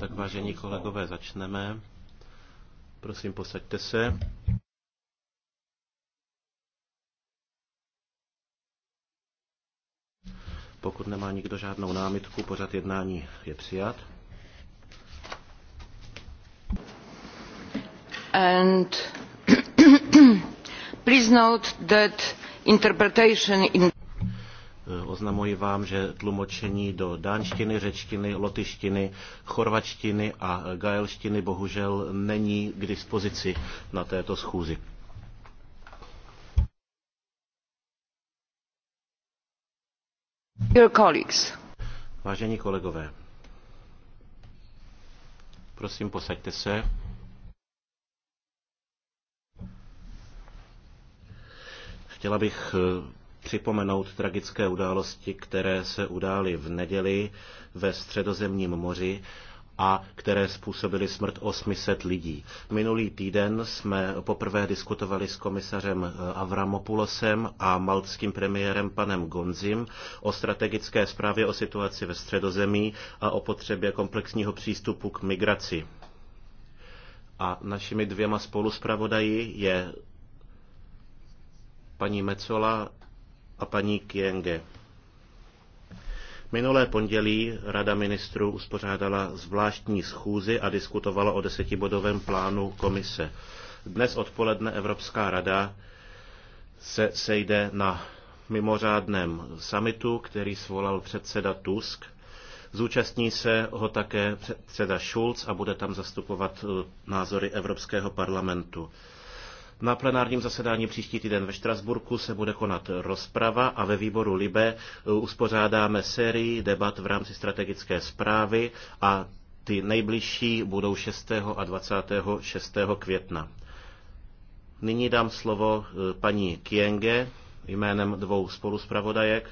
Tak vážení kolegové, začneme. Prosím, posaďte se. Pokud nemá nikdo žádnou námitku, pořad jednání je přijat. And please note that interpretation in oznamuji vám, že tlumočení do dánštiny, řečtiny, lotyštiny, chorvačtiny a gaelštiny bohužel není k dispozici na této schůzi. Your colleagues. Vážení kolegové, prosím posaďte se. Chtěla bych eh, připomenout tragické události, které se udály v neděli ve středozemním moři a které způsobily smrt 800 lidí. Minulý týden jsme poprvé diskutovali s komisařem Avramopulosem a maltským premiérem panem Gonzim o strategické zprávě o situaci ve středozemí a o potřebě komplexního přístupu k migraci. A našimi dvěma spoluspravodaji je paní Mecola a paní Kienge. Minulé pondělí Rada ministrů uspořádala zvláštní schůzi a diskutovala o desetibodovém plánu komise. Dnes odpoledne Evropská rada se sejde na mimořádném summitu, který svolal předseda Tusk. Zúčastní se ho také předseda Schulz a bude tam zastupovat eh, názory Evropského parlamentu. Na plenárním zasedání příští týden ve Štrasburku se bude konat rozprava a ve výboru Libe eh, uspořádáme sérii debat v rámci strategické zprávy a ty nejbližší budou 6. a 26. května. Nyní dám slovo eh, paní Kienge jménem dvou spoluspravodajek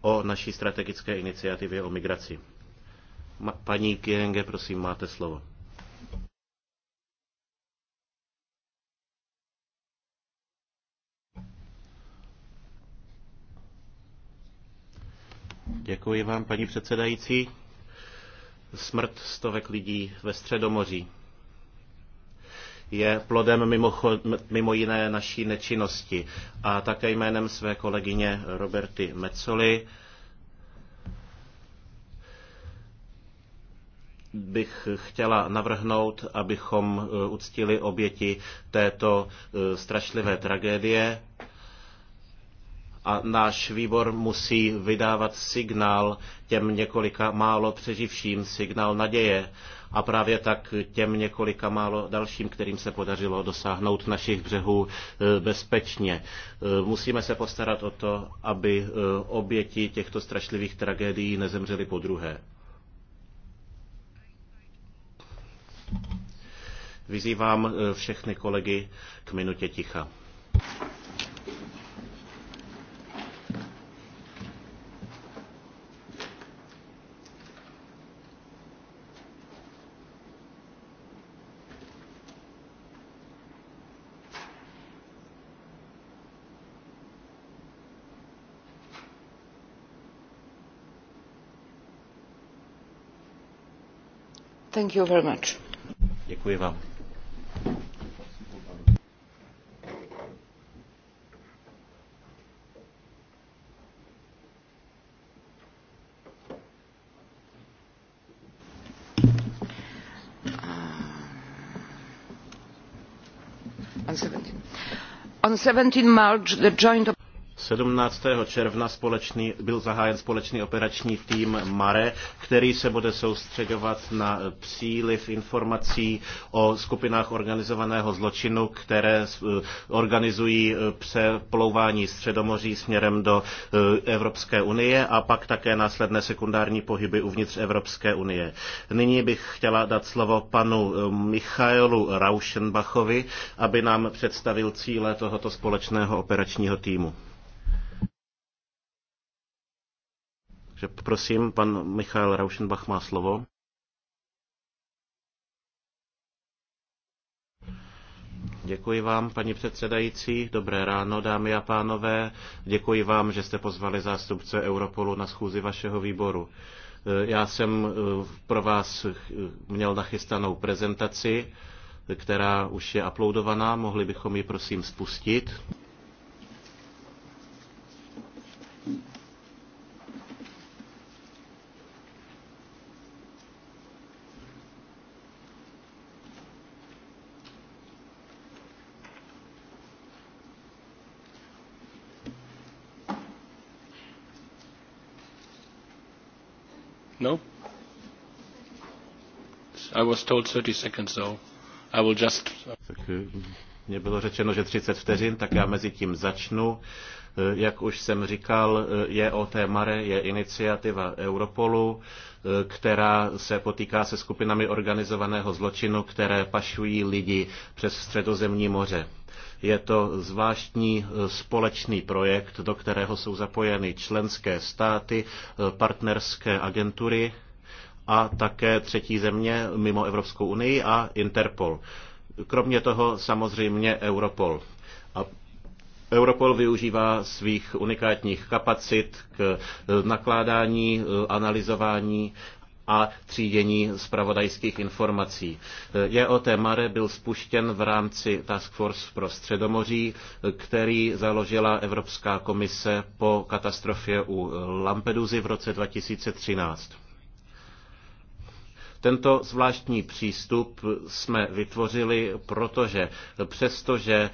o naší strategické iniciativě o migraci. Paní Kienge, prosím, máte slovo. Děkuji vám, paní předsedající. Smrt stovek lidí ve Středomoří je plodem mimo, mimo jiné naší nečinnosti. A také jménem své kolegyně Roberty Mecoli bych chtěla navrhnout, abychom eh, uctili oběti této eh, strašlivé tragédie a náš výbor musí vydávat signál těm několika málo přeživším, signál naděje a právě tak těm několika málo dalším, kterým se podařilo dosáhnout našich břehů e, bezpečně. E, musíme se postarat o to, aby e, oběti těchto strašlivých tragédií nezemřely po druhé. Vyzývám všechny kolegy k minutě ticha. Thank you very much. Děkuji vám. on 17. march the joint 17. června společný, byl zahájen společný operační tým MARE, který se bude soustředovat na příliv informací o skupinách organizovaného zločinu, které eh, organizují eh, přeplouvání Středomoří směrem do eh, Evropské unie a pak také následné sekundární pohyby uvnitř Evropské unie. Nyní bych chtěla dát slovo panu Michailu Rauschenbachovi, aby nám představil cíle tohoto společného operačního týmu. Takže poprosím, pan Michal Rauschenbach má slovo. Děkuji vám, paní předsedající. Dobré ráno, dámy a pánové. Děkuji vám, že jste pozvali zástupce Europolu na schůzi vašeho výboru. Já jsem eh, pro vás měl nachystanou prezentaci, která už je uploadovaná. Mohli bychom ji prosím spustit. No? I was told 30 seconds, so I will just... Uh, tak eh, mě bylo řečeno, že 30 vteřin, tak já mezi tím začnu. Eh, jak už jsem říkal, eh, je o té Mare, je iniciativa Europolu, která se potýká se skupinami organizovaného zločinu, které pašují lidi přes středozemní moře. Je to zvláštní e, společný projekt, do kterého jsou zapojeny členské státy, e, partnerské agentury a také třetí země mimo Evropskou unii a Interpol. Kromě toho samozřejmě Europol. A Europol využívá svých unikátních kapacit k e, nakládání, analyzování a třídění zpravodajských informací. JOT Mare byl spuštěn v rámci Task Force pro Středomoří, který založila Evropská komise po katastrofě u Lampedusy v roce 2013. Tento zvláštní přístup jsme vytvořili, protože přestože e,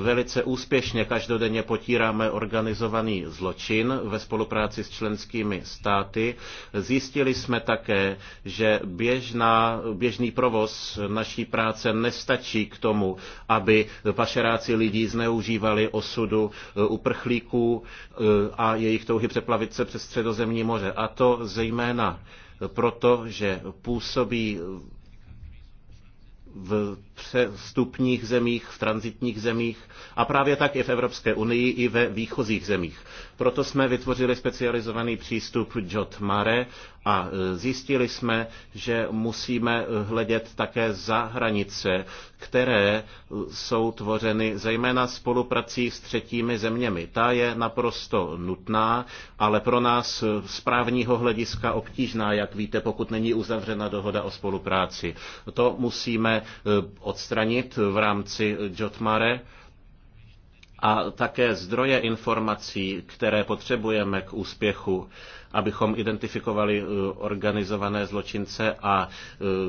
velice úspěšně každodenně potíráme organizovaný zločin ve spolupráci s členskými státy, zjistili jsme také, že běžná, běžný provoz naší práce nestačí k tomu, aby pašeráci lidí zneužívali osudu e, uprchlíků e, a jejich touhy přeplavit se přes středozemní moře. A to zejména že působí v přestupních zemích, v transitních zemích a právě tak i v Evropské unii i ve výchozích zemích. Proto jsme vytvořili specializovaný přístup JOT Mare a e, zjistili jsme, že musíme hledět také za hranice, které e, jsou tvořeny zejména spoluprací s třetími zeměmi. Ta je naprosto nutná, ale pro nás z právního hlediska obtížná, jak víte, pokud není uzavřena dohoda o spolupráci. To musíme e, odstranit v rámci Jotmare a také zdroje informací, které potřebujeme k úspěchu, abychom identifikovali eh, organizované zločince a eh,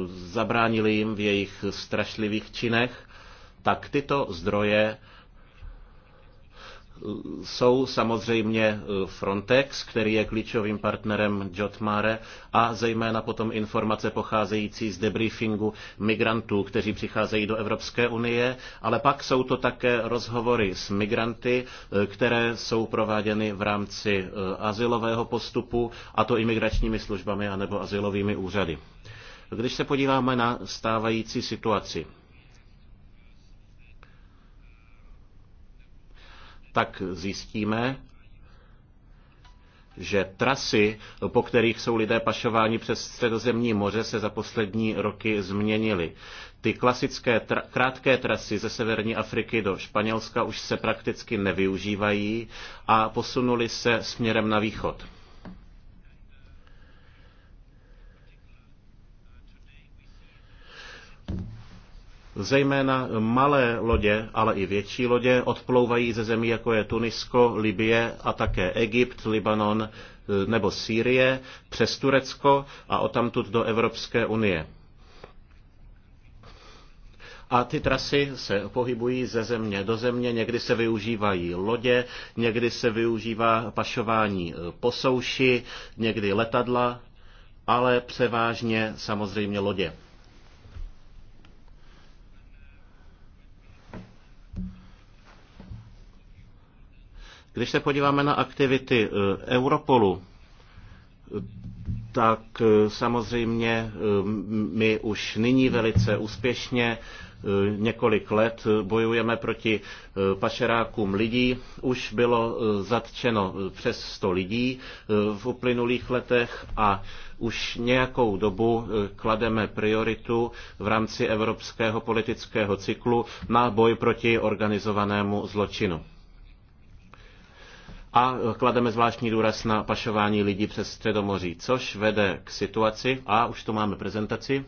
zabránili jim v jejich strašlivých činech, tak tyto zdroje jsou samozřejmě e, Frontex, který je klíčovým partnerem Jotmare a zejména potom informace pocházející z debriefingu migrantů, kteří přicházejí do Evropské unie, ale pak jsou to také rozhovory s migranty, e, které jsou prováděny v rámci e, asilového postupu, a to imigračními službami anebo asilovými úřady. Když se podíváme na stávající situaci, tak zjistíme, že trasy, po kterých jsou lidé pašováni přes středozemní moře, se za poslední roky změnily. Ty klasické tra- krátké trasy ze severní Afriky do Španělska už se prakticky nevyužívají a posunuli se směrem na východ. Zejména malé lodě, ale i větší lodě odplouvají ze zemí, jako je Tunisko, Libie a také Egypt, Libanon eh, nebo Sýrie, přes Turecko a odtamtud do Evropské unie. A ty trasy se pohybují ze země do země, někdy se využívají lodě, někdy se využívá pašování eh, po souši, někdy letadla, ale převážně samozřejmě lodě. Když se podíváme na aktivity eh, Europolu, tak eh, samozřejmě eh, my už nyní velice úspěšně několik let bojujeme proti pašerákům lidí. Už bylo zatčeno přes 100 lidí v uplynulých letech a už nějakou dobu klademe prioritu v rámci evropského politického cyklu na boj proti organizovanému zločinu a klademe zvláštní důraz na pašování lidí přes Středomoří, což vede k situaci, a už tu máme prezentaci,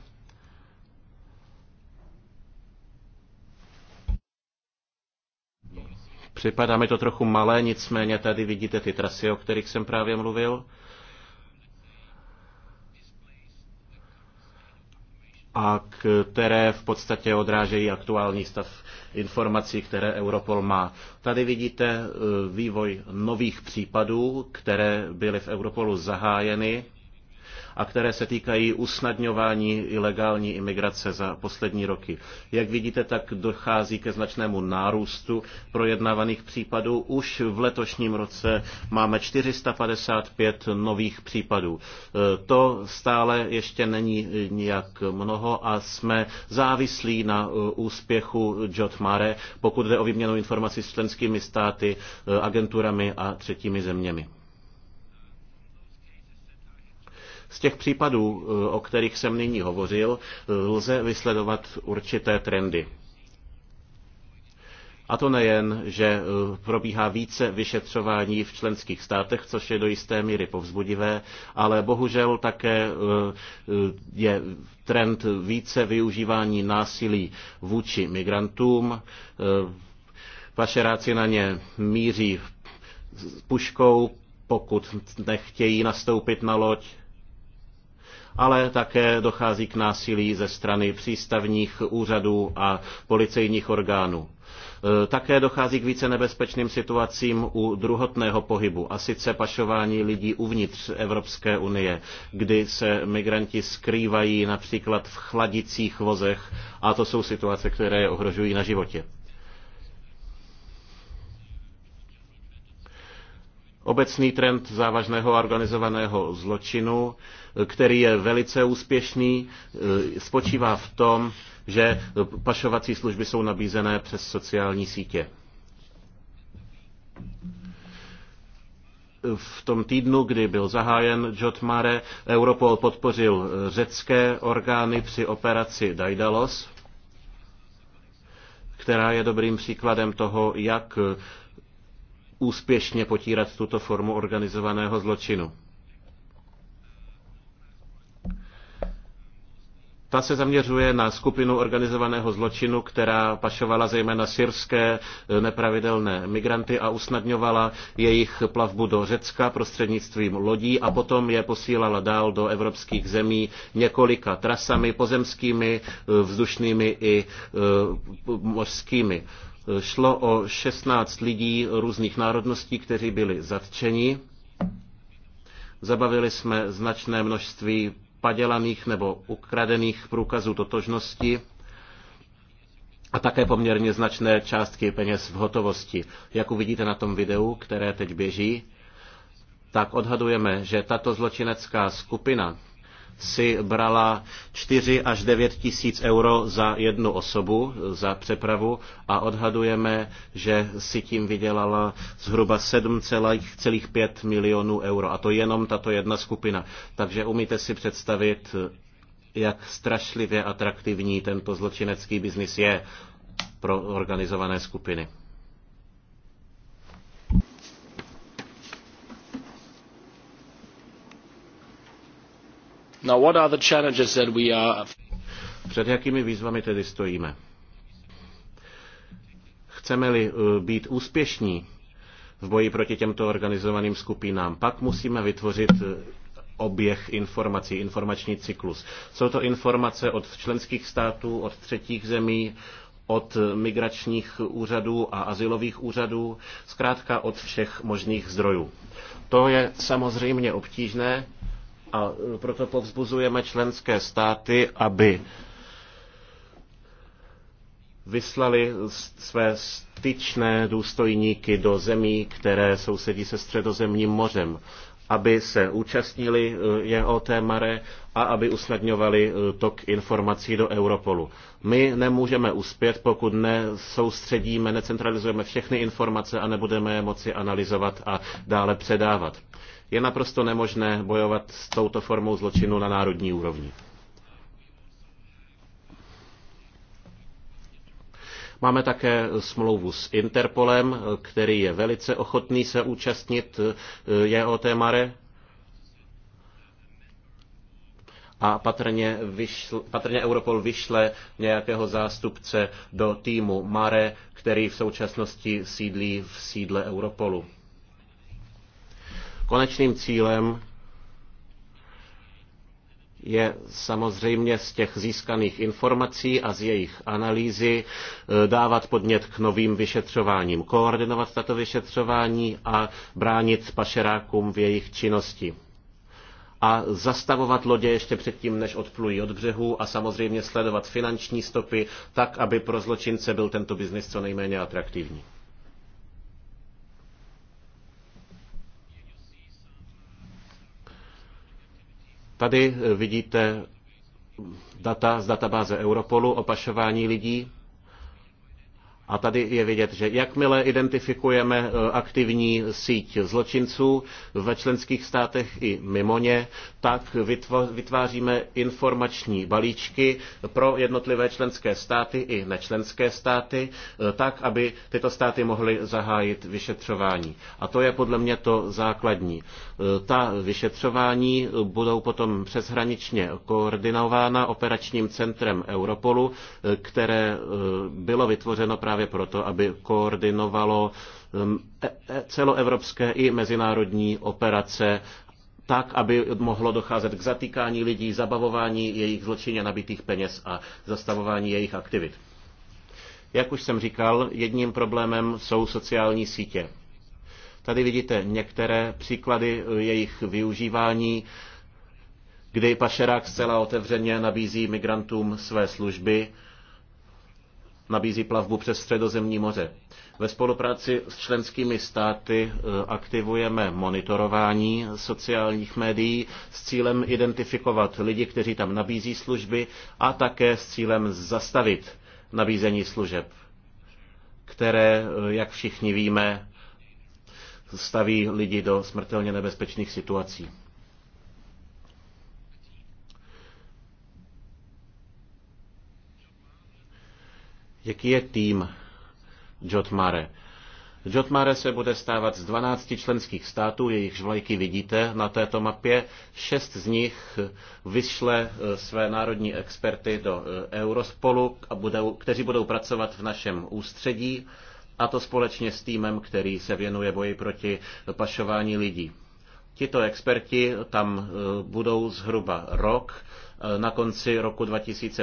Připadá mi to trochu malé, nicméně tady vidíte ty trasy, o kterých jsem právě mluvil. a které v podstatě odrážejí aktuální stav informací, které Europol má. Tady vidíte e, vývoj nových případů, které byly v Europolu zahájeny a které se týkají usnadňování ilegální imigrace za poslední roky. Jak vidíte, tak dochází ke značnému nárůstu projednávaných případů. Už v letošním roce máme 455 nových případů. E, to stále ještě není nijak mnoho a jsme závislí na e, úspěchu Mare, pokud jde o výměnu informací s členskými státy, e, agenturami a třetími zeměmi. Z těch případů, eh, o kterých jsem nyní hovořil, eh, lze vysledovat určité trendy. A to nejen, že eh, probíhá více vyšetřování v členských státech, což je do jisté míry povzbudivé, ale bohužel také je trend více využívání násilí vůči migrantům. Pašeráci na ně míří puškou, pokud nechtějí nastoupit na loď ale také dochází k násilí ze strany přístavních úřadů a policejních orgánů. E, také dochází k více nebezpečným situacím u druhotného pohybu, a sice pašování lidí uvnitř Evropské unie, kdy se migranti skrývají například v chladicích vozech a to jsou situace, které je ohrožují na životě. obecný trend závažného organizovaného zločinu, který je velice úspěšný, e, spočívá v tom, že pašovací služby jsou nabízené přes sociální sítě. v tom týdnu, kdy byl zahájen Jotmare, Europol podpořil řecké orgány při operaci Daidalos, která je dobrým příkladem toho, jak úspěšně potírat tuto formu organizovaného zločinu. Ta se zaměřuje na skupinu organizovaného zločinu, která pašovala zejména syrské e, nepravidelné migranty a usnadňovala jejich plavbu do Řecka prostřednictvím lodí a potom je posílala dál do evropských zemí několika trasami pozemskými, e, vzdušnými i e, mořskými. Šlo o 16 lidí různých národností, kteří byli zatčeni. Zabavili jsme značné množství padělaných nebo ukradených průkazů totožnosti a také poměrně značné částky peněz v hotovosti. Jak uvidíte na tom videu, které teď běží, tak odhadujeme, že tato zločinecká skupina si brala 4 až 9 tisíc euro za jednu osobu, za přepravu a odhadujeme, že si tím vydělala zhruba 7,5 milionů euro. A to jenom tato jedna skupina. Takže umíte si představit, jak strašlivě atraktivní tento zločinecký biznis je pro organizované skupiny. Now, what are the challenges that we are... Před jakými výzvami tedy stojíme? Chceme-li eh, být úspěšní v boji proti těmto organizovaným skupinám, pak musíme vytvořit eh, oběh informací, informační cyklus. Jsou to informace od členských států, od třetích zemí, od eh, migračních úřadů a asilových úřadů, zkrátka od všech možných zdrojů. To je samozřejmě obtížné, a proto povzbuzujeme členské státy, aby vyslali své styčné důstojníky do zemí, které sousedí se středozemním mořem, aby se účastnili eh, JOT Mare a aby usnadňovali eh, tok informací do Europolu. My nemůžeme uspět, pokud nesoustředíme, necentralizujeme všechny informace a nebudeme je moci analyzovat a dále předávat je naprosto nemožné bojovat s touto formou zločinu na národní úrovni. Máme také smlouvu s Interpolem, který je velice ochotný se účastnit eh, JOT Mare. A patrně, vyšl, patrně Europol vyšle nějakého zástupce do týmu Mare, který v současnosti sídlí v sídle Europolu. Konečným cílem je samozřejmě z těch získaných informací a z jejich analýzy eh, dávat podnět k novým vyšetřováním, koordinovat tato vyšetřování a bránit pašerákům v jejich činnosti a zastavovat lodě ještě předtím, než odplují od břehu a samozřejmě sledovat finanční stopy tak, aby pro zločince byl tento biznis co nejméně atraktivní. Tady eh, vidíte data z databáze Europolu o pašování lidí. A tady je vidět, že jakmile identifikujeme e, aktivní síť zločinců ve členských státech i mimo ně, tak vytváříme informační balíčky pro jednotlivé členské státy i nečlenské státy, e, tak, aby tyto státy mohly zahájit vyšetřování. A to je podle mě to základní. E, ta vyšetřování budou potom přeshraničně koordinována operačním centrem Europolu, které bylo vytvořeno právě právě proto, aby koordinovalo um, e, e, celoevropské i mezinárodní operace tak, aby mohlo docházet k zatýkání lidí, zabavování jejich zločině nabitých peněz a zastavování jejich aktivit. Jak už jsem říkal, jedním problémem jsou sociální sítě. Tady vidíte některé příklady jejich využívání, kdy pašerák zcela otevřeně nabízí migrantům své služby nabízí plavbu přes Středozemní moře. Ve spolupráci s členskými státy e, aktivujeme monitorování sociálních médií s cílem identifikovat lidi, kteří tam nabízí služby a také s cílem zastavit nabízení služeb, které, e, jak všichni víme, staví lidi do smrtelně nebezpečných situací. Jaký je tým Jotmare? Jotmare se bude stávat z 12 členských států, jejich vlajky vidíte na této mapě. Šest z nich vyšle e, své národní experty do e, Eurospolu, a budou, kteří budou pracovat v našem ústředí, a to společně s týmem, který se věnuje boji proti pašování lidí. Tito experti tam e, budou zhruba rok. E, na konci roku 2015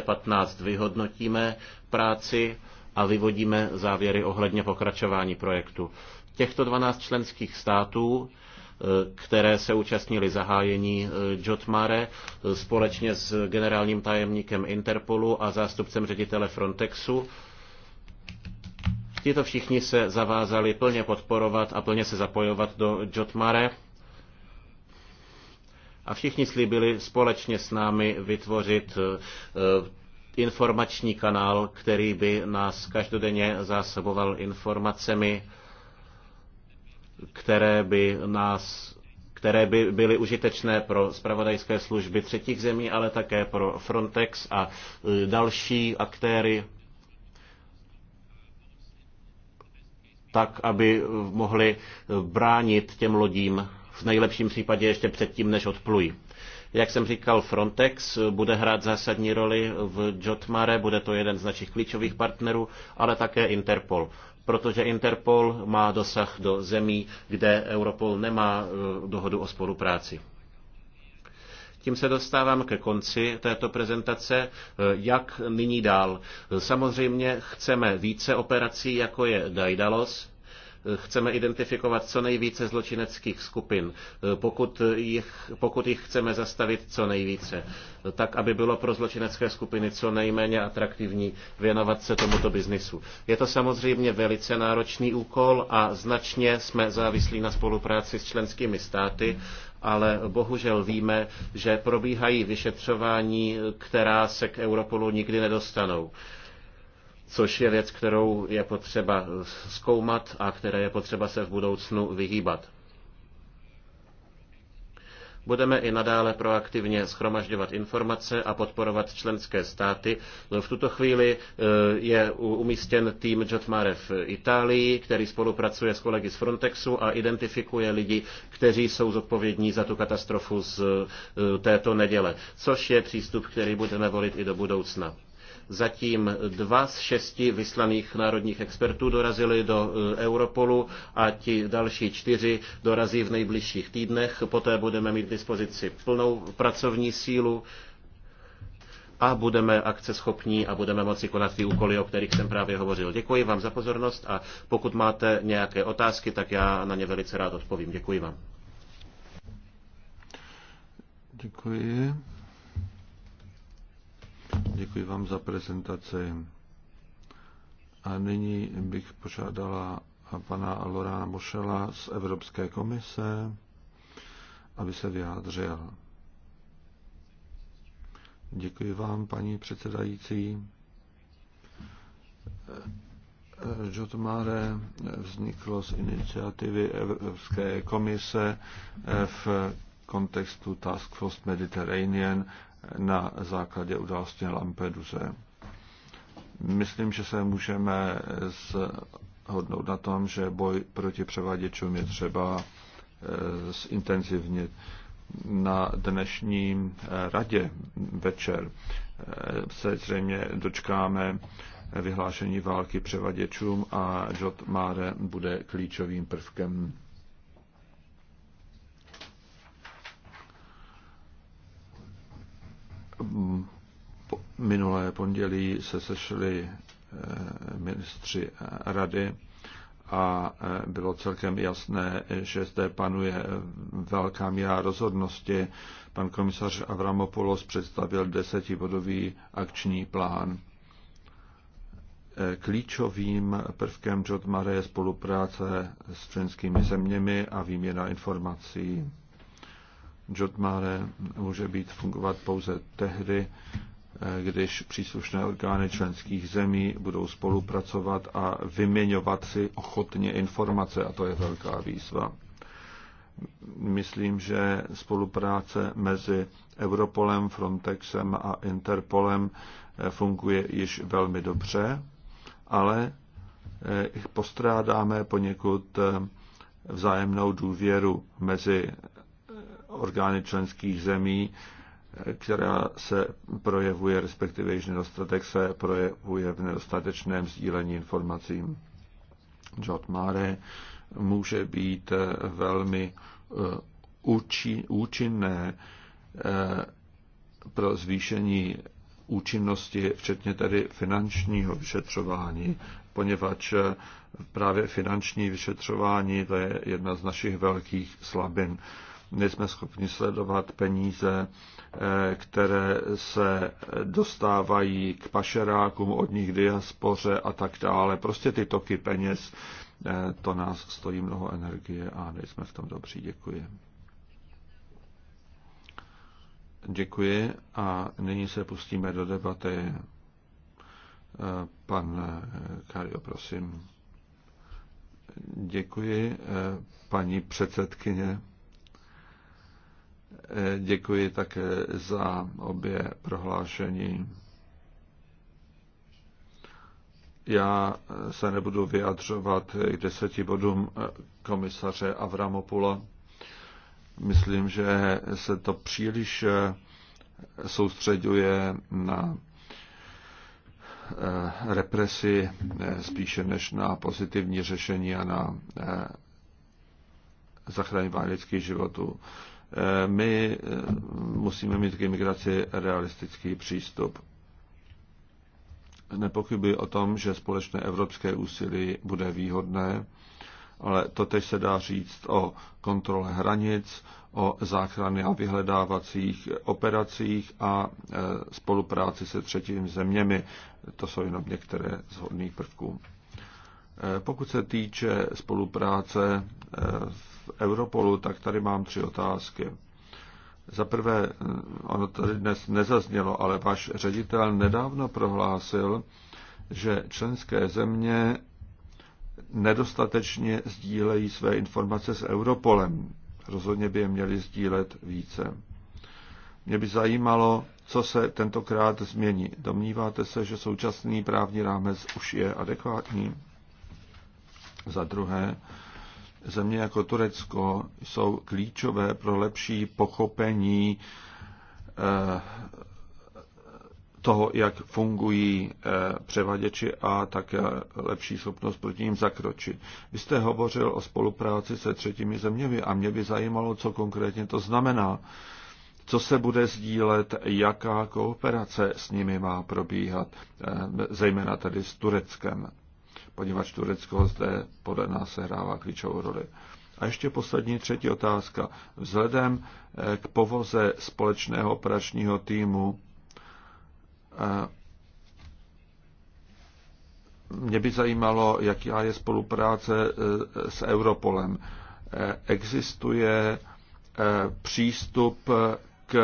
vyhodnotíme práci a vyvodíme závěry ohledně pokračování projektu. Těchto 12 členských států e, které se účastnili zahájení Jotmare společně s generálním tajemníkem Interpolu a zástupcem ředitele Frontexu. Tito všichni se zavázali plně podporovat a plně se zapojovat do Jotmare a všichni slíbili společně s námi vytvořit eh, eh, informační kanál, který by nás každodenně zásoboval informacemi, které by nás které by byly užitečné pro spravodajské služby třetích zemí, ale také pro Frontex a eh, další aktéry, tak, aby mohli bránit těm lodím, v nejlepším případě ještě předtím, než odplují. Jak jsem říkal, Frontex bude hrát zásadní roli v Jotmare, bude to jeden z našich klíčových partnerů, ale také Interpol protože Interpol má dosah do zemí, kde Europol nemá e, dohodu o spolupráci. Tím se dostávám ke konci této prezentace. E, jak nyní dál? Samozřejmě chceme více operací, jako je Daidalos, chceme identifikovat co nejvíce zločineckých skupin, pokud jich, pokud jich chceme zastavit co nejvíce, tak aby bylo pro zločinecké skupiny co nejméně atraktivní věnovat se tomuto biznisu. Je to samozřejmě velice náročný úkol a značně jsme závislí na spolupráci s členskými státy, ale bohužel víme, že probíhají vyšetřování, která se k Europolu nikdy nedostanou což je věc, kterou je potřeba zkoumat a které je potřeba se v budoucnu vyhýbat. Budeme i nadále proaktivně schromažďovat informace a podporovat členské státy. No, v tuto chvíli e, je umístěn tým Jotmare v Itálii, který spolupracuje s kolegy z Frontexu a identifikuje lidi, kteří jsou zodpovědní za tu katastrofu z e, této neděle, což je přístup, který budeme volit i do budoucna. Zatím dva z šesti vyslaných národních expertů dorazili do e, Europolu a ti další čtyři dorazí v nejbližších týdnech. Poté budeme mít k dispozici plnou pracovní sílu a budeme akceschopní a budeme moci konat ty úkoly, o kterých jsem právě hovořil. Děkuji vám za pozornost a pokud máte nějaké otázky, tak já na ně velice rád odpovím. Děkuji vám. Děkuji. Děkuji vám za prezentaci. A nyní bych požádala pana Lorana Mošela z Evropské komise, aby se vyjádřil. Děkuji vám, paní předsedající. Jotmare vzniklo z iniciativy Evropské komise v kontextu Task Force Mediterranean na základě události na Lampeduze. Myslím, že se můžeme shodnout na tom, že boj proti převaděčům je třeba eh, zintenzivnit. Na dnešním eh, radě večer eh, se zřejmě dočkáme vyhlášení války převaděčům a Jot Mare bude klíčovým prvkem minulé pondělí se sešli eh, ministři rady a eh, bylo celkem jasné, že zde panuje velká míra rozhodnosti. Pan komisař Avramopoulos představil desetibodový akční plán. Eh, klíčovým prvkem Jotmare je spolupráce s členskými zeměmi a výměna informací. Jodmare může být fungovat pouze tehdy, když příslušné orgány členských zemí budou spolupracovat a vyměňovat si ochotně informace, a to je velká výzva. Myslím, že spolupráce mezi Europolem, Frontexem a Interpolem eh, funguje již velmi dobře, ale eh, postrádáme poněkud eh, vzájemnou důvěru mezi orgány členských zemí, která se projevuje, respektive již nedostatek se projevuje v nedostatečném sdílení informací. Jot Mare může být eh, velmi eh, účinné eh, pro zvýšení účinnosti, včetně tedy finančního vyšetřování, poněvadž právě finanční vyšetřování to je jedna z našich velkých slabin nejsme schopni sledovat peníze, eh, které se dostávají k pašerákům, od nich diaspoře a tak dále. Prostě ty toky peněz, eh, to nás stojí mnoho energie a nejsme v tom dobří. Děkuji. Děkuji a nyní se pustíme do debaty. Eh, pan Kario, prosím. Děkuji, paní předsedkyně. Děkuji také za obě prohlášení. Já se nebudu vyjadřovat k deseti bodům komisaře Avramopula. Myslím, že se to příliš soustředuje na eh, represi eh, spíše než na pozitivní řešení a na eh, zachraňování lidských životů. Eh, my eh, musíme mít k imigraci realistický přístup. Nepochybuji o tom, že společné evropské úsilí bude výhodné, ale to teď se dá říct o kontrole hranic, o záchrany a vyhledávacích operacích a eh, spolupráci se třetími zeměmi. To jsou jenom některé z hodných prvků. Pokud se týče spolupráce v Europolu, tak tady mám tři otázky. Za prvé, ono tady dnes nezaznělo, ale váš ředitel nedávno prohlásil, že členské země nedostatečně sdílejí své informace s Europolem. Rozhodně by je měli sdílet více. Mě by zajímalo, co se tentokrát změní. Domníváte se, že současný právní rámec už je adekvátní? Za druhé, země jako Turecko jsou klíčové pro lepší pochopení eh, toho, jak fungují eh, převaděči a také lepší schopnost proti ním zakročit. Vy jste hovořil o spolupráci se třetími zeměmi a mě by zajímalo, co konkrétně to znamená. Co se bude sdílet, jaká kooperace s nimi má probíhat, eh, zejména tedy s Tureckem poněvadž Turecko zde podle nás sehrává klíčovou roli. A ještě poslední třetí otázka. Vzhledem eh, k povoze společného operačního týmu eh, mě by zajímalo, jaká je spolupráce eh, s Europolem. Existuje přístup k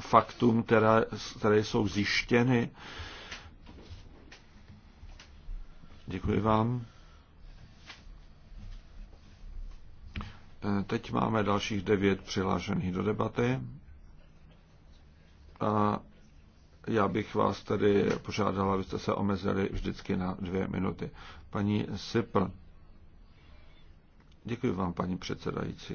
faktům, které, které jsou zjištěny Děkuji vám. Eh, teď máme dalších devět přihlášených do debaty. A já bych vás tedy požádala, abyste se omezili vždycky na dvě minuty. Paní Sipl. Děkuji vám, paní předsedající.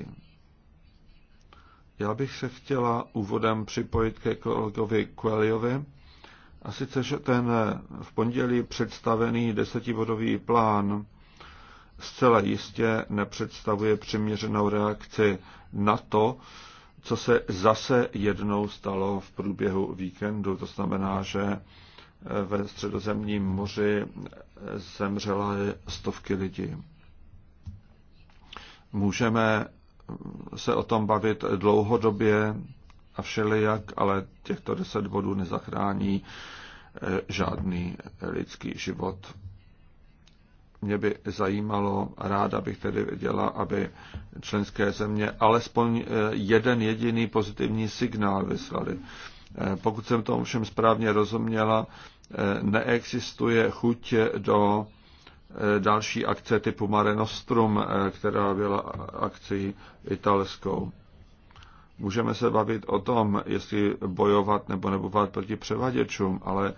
Já bych se chtěla úvodem připojit ke kolegovi Kueliovi. A sice, že ten eh, v pondělí představený desetibodový plán zcela jistě nepředstavuje přiměřenou reakci na to, co se zase jednou stalo v průběhu víkendu. To znamená, že eh, ve středozemním moři eh, zemřela stovky lidí. Můžeme mm, se o tom bavit dlouhodobě, a všelijak, ale těchto deset bodů nezachrání eh, žádný lidský život. Mě by zajímalo, ráda bych tedy věděla, aby členské země alespoň eh, jeden jediný pozitivní signál vyslali. Eh, pokud jsem to všem správně rozuměla, neexistuje chuť do další akce typu Mare Nostrum, která byla akcí italskou. Můžeme se bavit o tom, jestli bojovat nebo nebojovat proti převaděčům, ale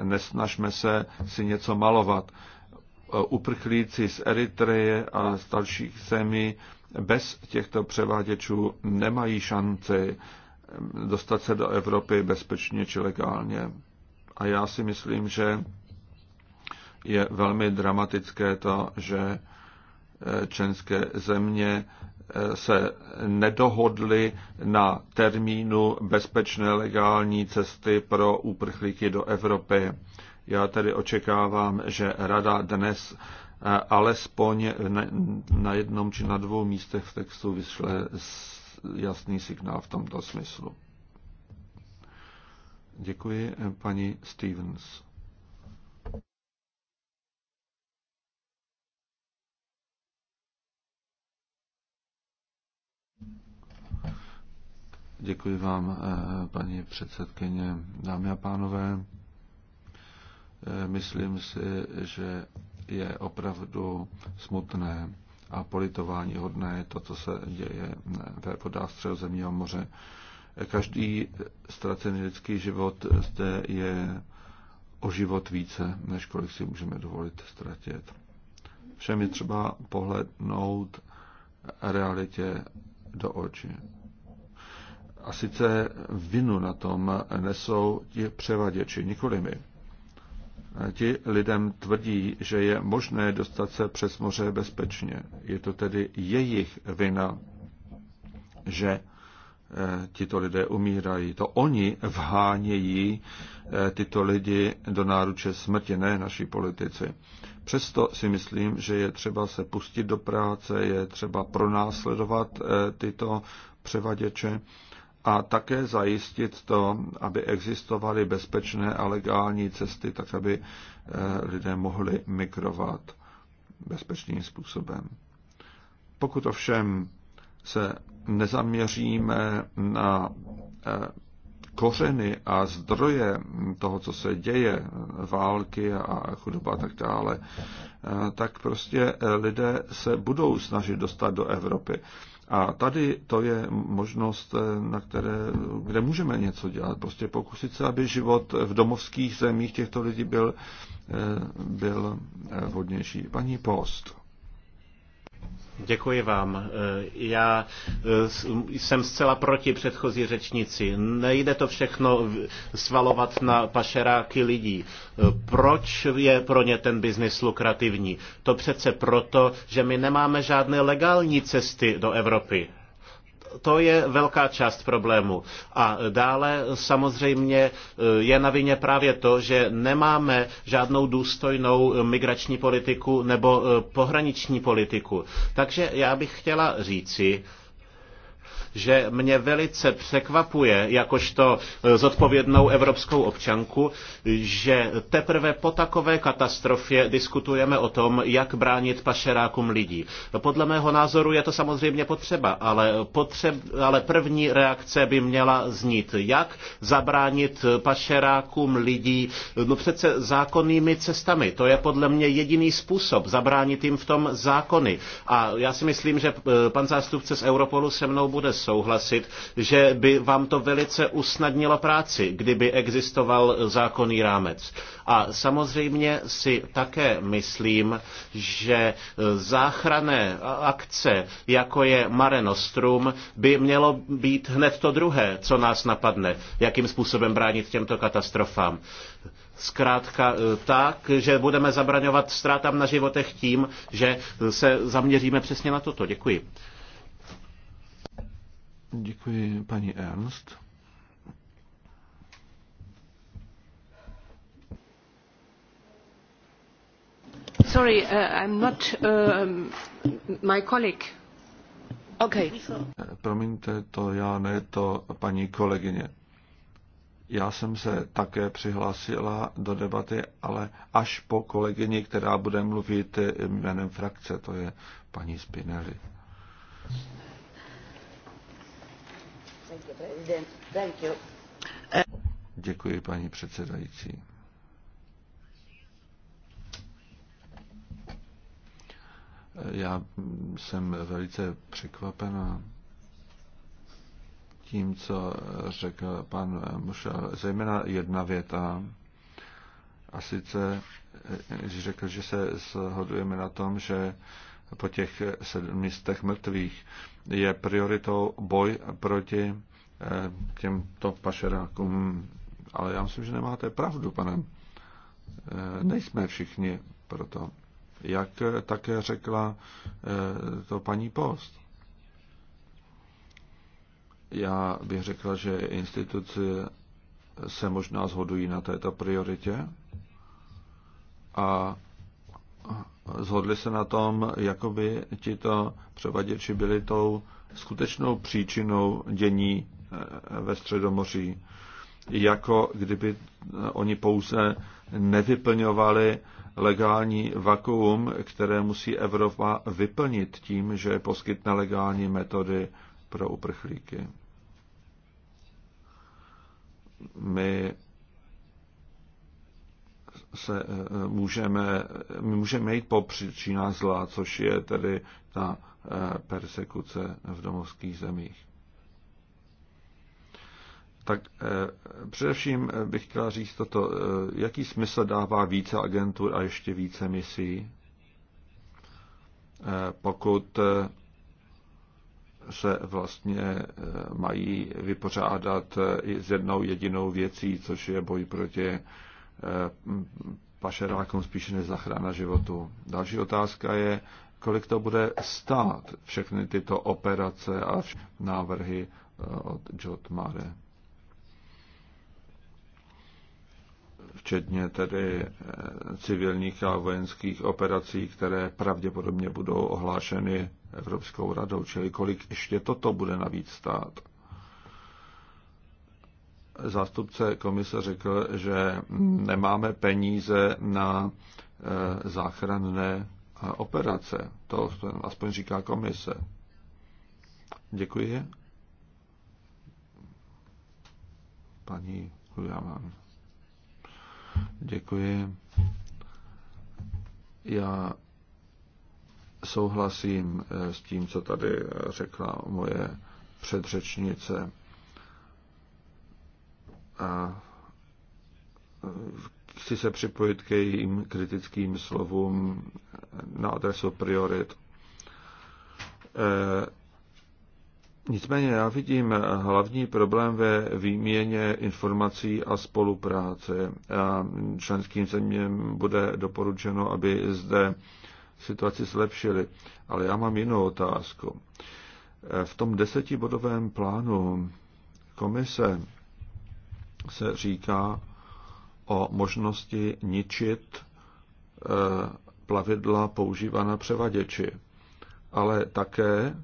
e, nesnažme se si něco malovat. E, uprchlíci z Eritreje a z dalších zemí bez těchto převáděčů nemají šanci e, dostat se do Evropy bezpečně či legálně. A já si myslím, že je velmi dramatické to, že členské země Eh, se nedohodli na termínu bezpečné legální cesty pro úprchlíky do Evropy. Já tedy očekávám, že Rada dnes eh, alespoň na jednom či na dvou místech v textu vyšle jasný signál v tomto smyslu. Děkuji, eh, paní Stevens. Děkuji vám, eh, paní předsedkyně, dámy a pánové. Eh, myslím si, že je opravdu smutné a politování hodné to, co se děje eh, ve vodách středozemního moře. Každý ztracený lidský život zde je o život více, než kolik si můžeme dovolit ztratit. Všem je třeba pohlednout realitě do očí. A sice vinu na tom nesou ti převaděči, nikoli my. Ti lidem tvrdí, že je možné dostat se přes moře bezpečně. Je to tedy jejich vina, že eh, tito lidé umírají. To oni vhánějí eh, tyto lidi do náruče smrti, ne naší politici. Přesto si myslím, že je třeba se pustit do práce, je třeba pronásledovat eh, tyto převaděče a také zajistit to, aby existovaly bezpečné a legální cesty, tak aby eh, lidé mohli migrovat bezpečným způsobem. Pokud ovšem se nezaměříme na eh, kořeny a zdroje toho, co se děje, války a chudoba a tak dále, eh, tak prostě lidé se budou snažit dostat do Evropy. A tady to je možnost, eh, na které, kde můžeme něco dělat. Prostě pokusit se, aby život v domovských zemích těchto lidí byl, eh, byl eh, vhodnější. Paní Post. Děkuji vám. Eh, já eh, jsem zcela proti předchozí řečnici. Nejde to všechno svalovat na pašeráky lidí. Eh, proč je pro ně ten biznis lukrativní? To přece proto, že my nemáme žádné legální cesty do Evropy to je velká část problému. A dále samozřejmě e, je na vině právě to, že nemáme žádnou důstojnou migrační politiku nebo e, pohraniční politiku. Takže já bych chtěla říci, že mě velice překvapuje, jakožto e, zodpovědnou evropskou občanku, že teprve po takové katastrofě diskutujeme o tom, jak bránit pašerákům lidí. Podle mého názoru je to samozřejmě potřeba, ale, potřeb, ale první reakce by měla znít, jak zabránit pašerákům lidí, no přece zákonnými cestami. To je podle mě jediný způsob zabránit jim v tom zákony. A já si myslím, že e, pan zástupce z Europolu se mnou bude souhlasit, že by vám to velice usnadnilo práci, kdyby existoval zákonný rámec. A samozřejmě si také myslím, že záchrané akce, jako je Mare Nostrum, by mělo být hned to druhé, co nás napadne, jakým způsobem bránit těmto katastrofám zkrátka e, tak, že budeme zabraňovat ztrátám na životech tím, že se zaměříme přesně na toto. Děkuji. Děkuji paní Ernst. Sorry, uh, I'm not uh, my colleague. Okay. Promiňte, to já ne, to paní kolegyně. Já jsem se také přihlásila do debaty, ale až po kolegyni, která bude mluvit jménem frakce, to je paní Spinelli. Děkuji, paní předsedající. Já jsem velice překvapena tím, co řekl pan Mušel, zejména jedna věta, a sice, řekl, že se shodujeme na tom, že po těch sedmistech mrtvých je prioritou boj proti těmto pašerákům. Ale já myslím, že nemáte pravdu, pane. Eh, nejsme všichni proto. Jak eh, také řekla eh, to paní Post. Já bych řekla, že instituce se možná zhodují na této prioritě a zhodli se na tom, jakoby tito převaděči byli tou skutečnou příčinou dění ve Středomoří, jako kdyby oni pouze nevyplňovali legální vakuum, které musí Evropa vyplnit tím, že poskytne legální metody pro uprchlíky. My se eh, můžeme, my můžeme jít po příčinách zla, což je tedy ta eh, persekuce v domovských zemích. Tak eh, především eh, bych chtěla říct toto, eh, jaký smysl dává více agentur a ještě více misí, pokud se vlastně mají vypořádat i s jednou jedinou věcí, což je boj proti pašerákům spíše než zachrana životu. Další otázka je, kolik to bude stát všechny tyto operace a návrhy od Jot Mare. včetně tedy eh, civilních a vojenských operací, které pravděpodobně budou ohlášeny Evropskou radou, čili kolik ještě toto bude navíc stát. Zástupce komise řekl, že nemáme peníze na eh, záchranné eh, operace. To aspoň říká komise. Děkuji. Paní Hujaman. Děkuji. Já souhlasím eh, s tím, co tady eh, řekla moje předřečnice. A eh, chci se připojit k jejím kritickým slovům na adresu priorit Nicméně já vidím hlavní problém ve výměně informací a spolupráce. A členským zeměm bude doporučeno, aby zde situaci zlepšili. Ale já mám jinou otázku. V tom desetibodovém plánu komise se říká o možnosti ničit eh, plavidla používaná převaděči, ale také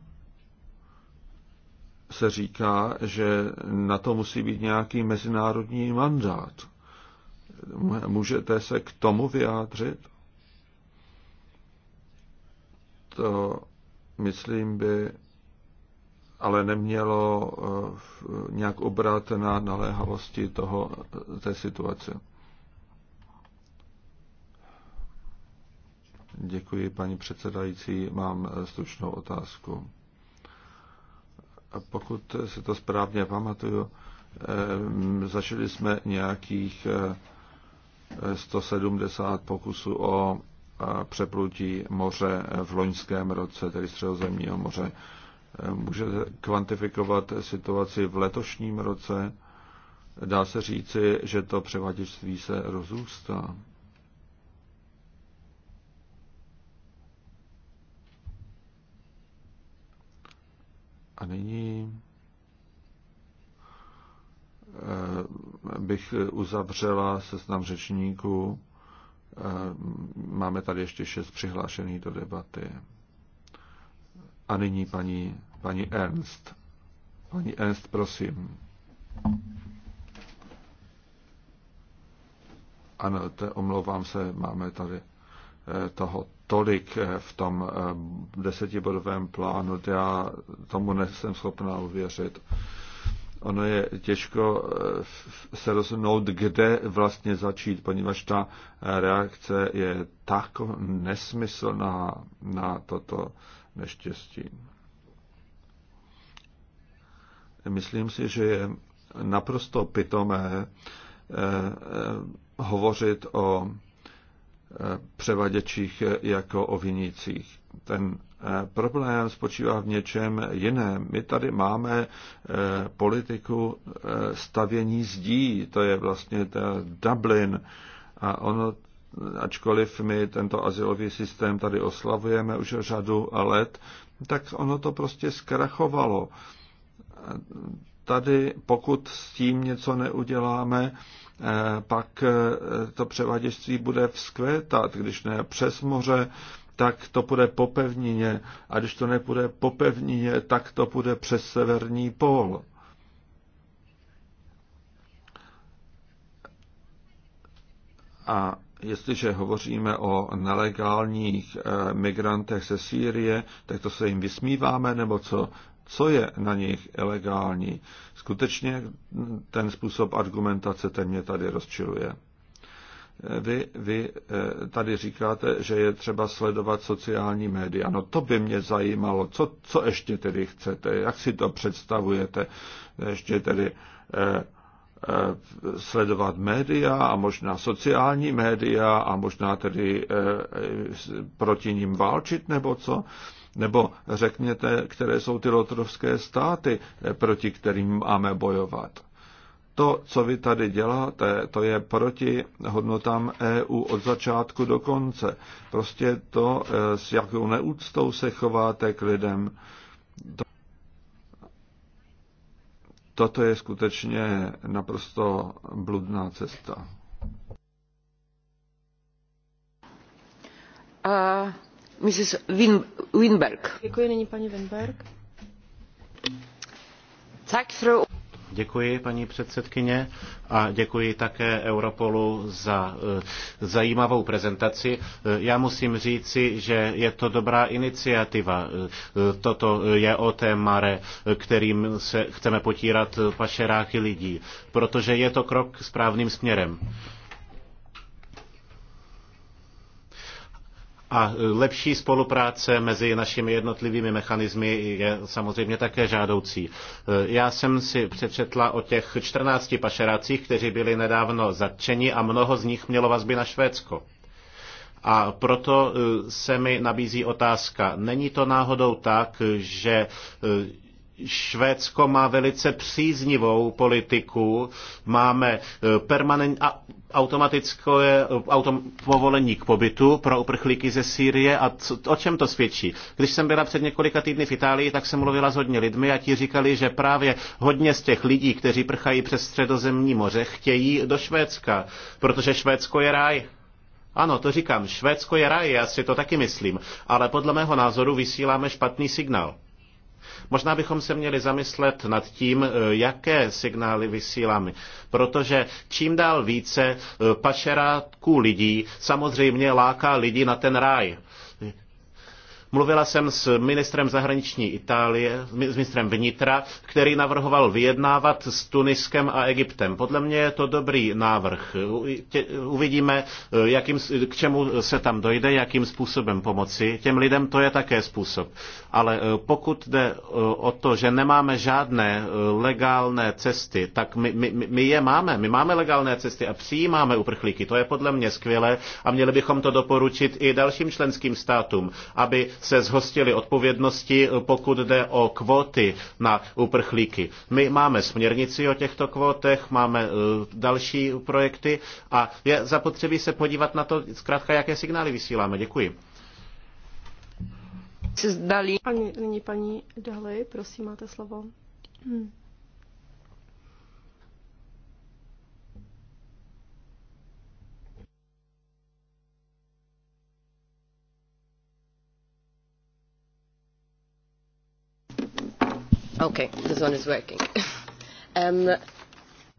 se říká, že na to musí být nějaký mezinárodní mandát. Můžete se k tomu vyjádřit? To, myslím, by ale nemělo eh, nějak obrat na naléhavosti toho, té situace. Děkuji, paní předsedající. Mám eh, stručnou otázku pokud se to správně pamatuju, začali jsme nějakých 170 eh, pokusů o eh, přeplutí moře v loňském roce, tedy středozemního moře. Eh, Můžete kvantifikovat situaci v letošním roce? Dá se říci, že to převaděčství se rozůstá. A nyní eh, bych uzavřela seznam řečníků. Eh, máme tady ještě šest přihlášených do debaty. A nyní paní, paní Ernst. Paní Ernst, prosím. Ano, te, omlouvám se, máme tady eh, toho tolik eh, v tom eh, desetibodovém plánu, to já tomu nejsem schopná uvěřit. Ono je těžko eh, se rozhodnout, kde vlastně začít, poněvadž ta reakce je tak nesmyslná na toto neštěstí. Myslím si, že je naprosto pitomé hovořit o převaděčích jako o vinících. Ten eh, problém spočívá v něčem jiném. My tady máme eh, politiku eh, stavění zdí, to je vlastně ta Dublin a ono ačkoliv my tento asilový systém tady oslavujeme už řadu let, tak ono to prostě zkrachovalo. Tady, pokud s tím něco neuděláme, Eh, pak eh, to převaděčství bude vzkvétat, když ne přes moře, tak to bude po pevnině a když to nepůjde po pevnině, tak to bude přes severní pól. A jestliže hovoříme o nelegálních eh, migrantech ze Sýrie, tak to se jim vysmíváme, nebo co co je na nich ilegální. Skutečně ten způsob argumentace ten mě tady rozčiluje. Vy, vy eh, tady říkáte, že je třeba sledovat sociální média. No to by mě zajímalo, co, co ještě tedy chcete, jak si to představujete, ještě tedy eh, eh, sledovat média a možná sociální média a možná tedy proti ním válčit nebo co. Nebo řekněte, které jsou ty lotrovské státy, eh, proti kterým máme bojovat. To, co vy tady děláte, to je proti hodnotám EU od začátku do konce. Prostě to, eh, s jakou neúctou se chováte k lidem, to toto je skutečně naprosto bludná cesta. Uh, Děkuji, paní Děkuji, paní předsedkyně, a děkuji také Europolu za eh, zajímavou prezentaci. Eh, já musím říci, že je to dobrá iniciativa. Eh, toto je o té mare, kterým se chceme potírat pašeráky lidí, protože je to krok správným směrem. A e, lepší spolupráce mezi našimi jednotlivými mechanismy je samozřejmě také žádoucí. E, já jsem si přečetla o těch 14 pašerácích, kteří byli nedávno zatčeni a mnoho z nich mělo vazby na Švédsko. A proto e, se mi nabízí otázka, není to náhodou tak, že Švédsko má velice příznivou politiku, máme permanent, a automatické autom, povolení k pobytu pro uprchlíky ze Sýrie a co, o čem to svědčí? Když jsem byla před několika týdny v Itálii, tak jsem mluvila s hodně lidmi a ti říkali, že právě hodně z těch lidí, kteří prchají přes středozemní moře, chtějí do Švédska, protože Švédsko je ráj. Ano, to říkám, Švédsko je ráj, já si to taky myslím, ale podle mého názoru vysíláme špatný signál. Možná bychom se měli zamyslet nad tím, eh, jaké signály vysíláme, protože čím dál více eh, pašeráků lidí samozřejmě láká lidi na ten ráj Mluvila jsem s ministrem zahraniční Itálie, s ministrem vnitra, který navrhoval vyjednávat s Tuniskem a Egyptem. Podle mě je to dobrý návrh. Uvidíme, jakým, k čemu se tam dojde, jakým způsobem pomoci. Těm lidem to je také způsob. Ale eh, pokud jde eh, o to, že nemáme žádné eh, legálné cesty, tak my, my, my je máme. My máme legálné cesty a přijímáme uprchlíky. To je podle mě skvělé a měli bychom to doporučit i dalším členským státům, aby se zhostili odpovědnosti, pokud jde o kvóty na uprchlíky. My máme směrnici o těchto kvótech, máme e, další projekty a je zapotřebí se podívat na to, zkrátka, jaké signály vysíláme. Děkuji. Dalí. nyní paní Dali, prosím, máte slovo. Hmm. Okay, this one is working. Um,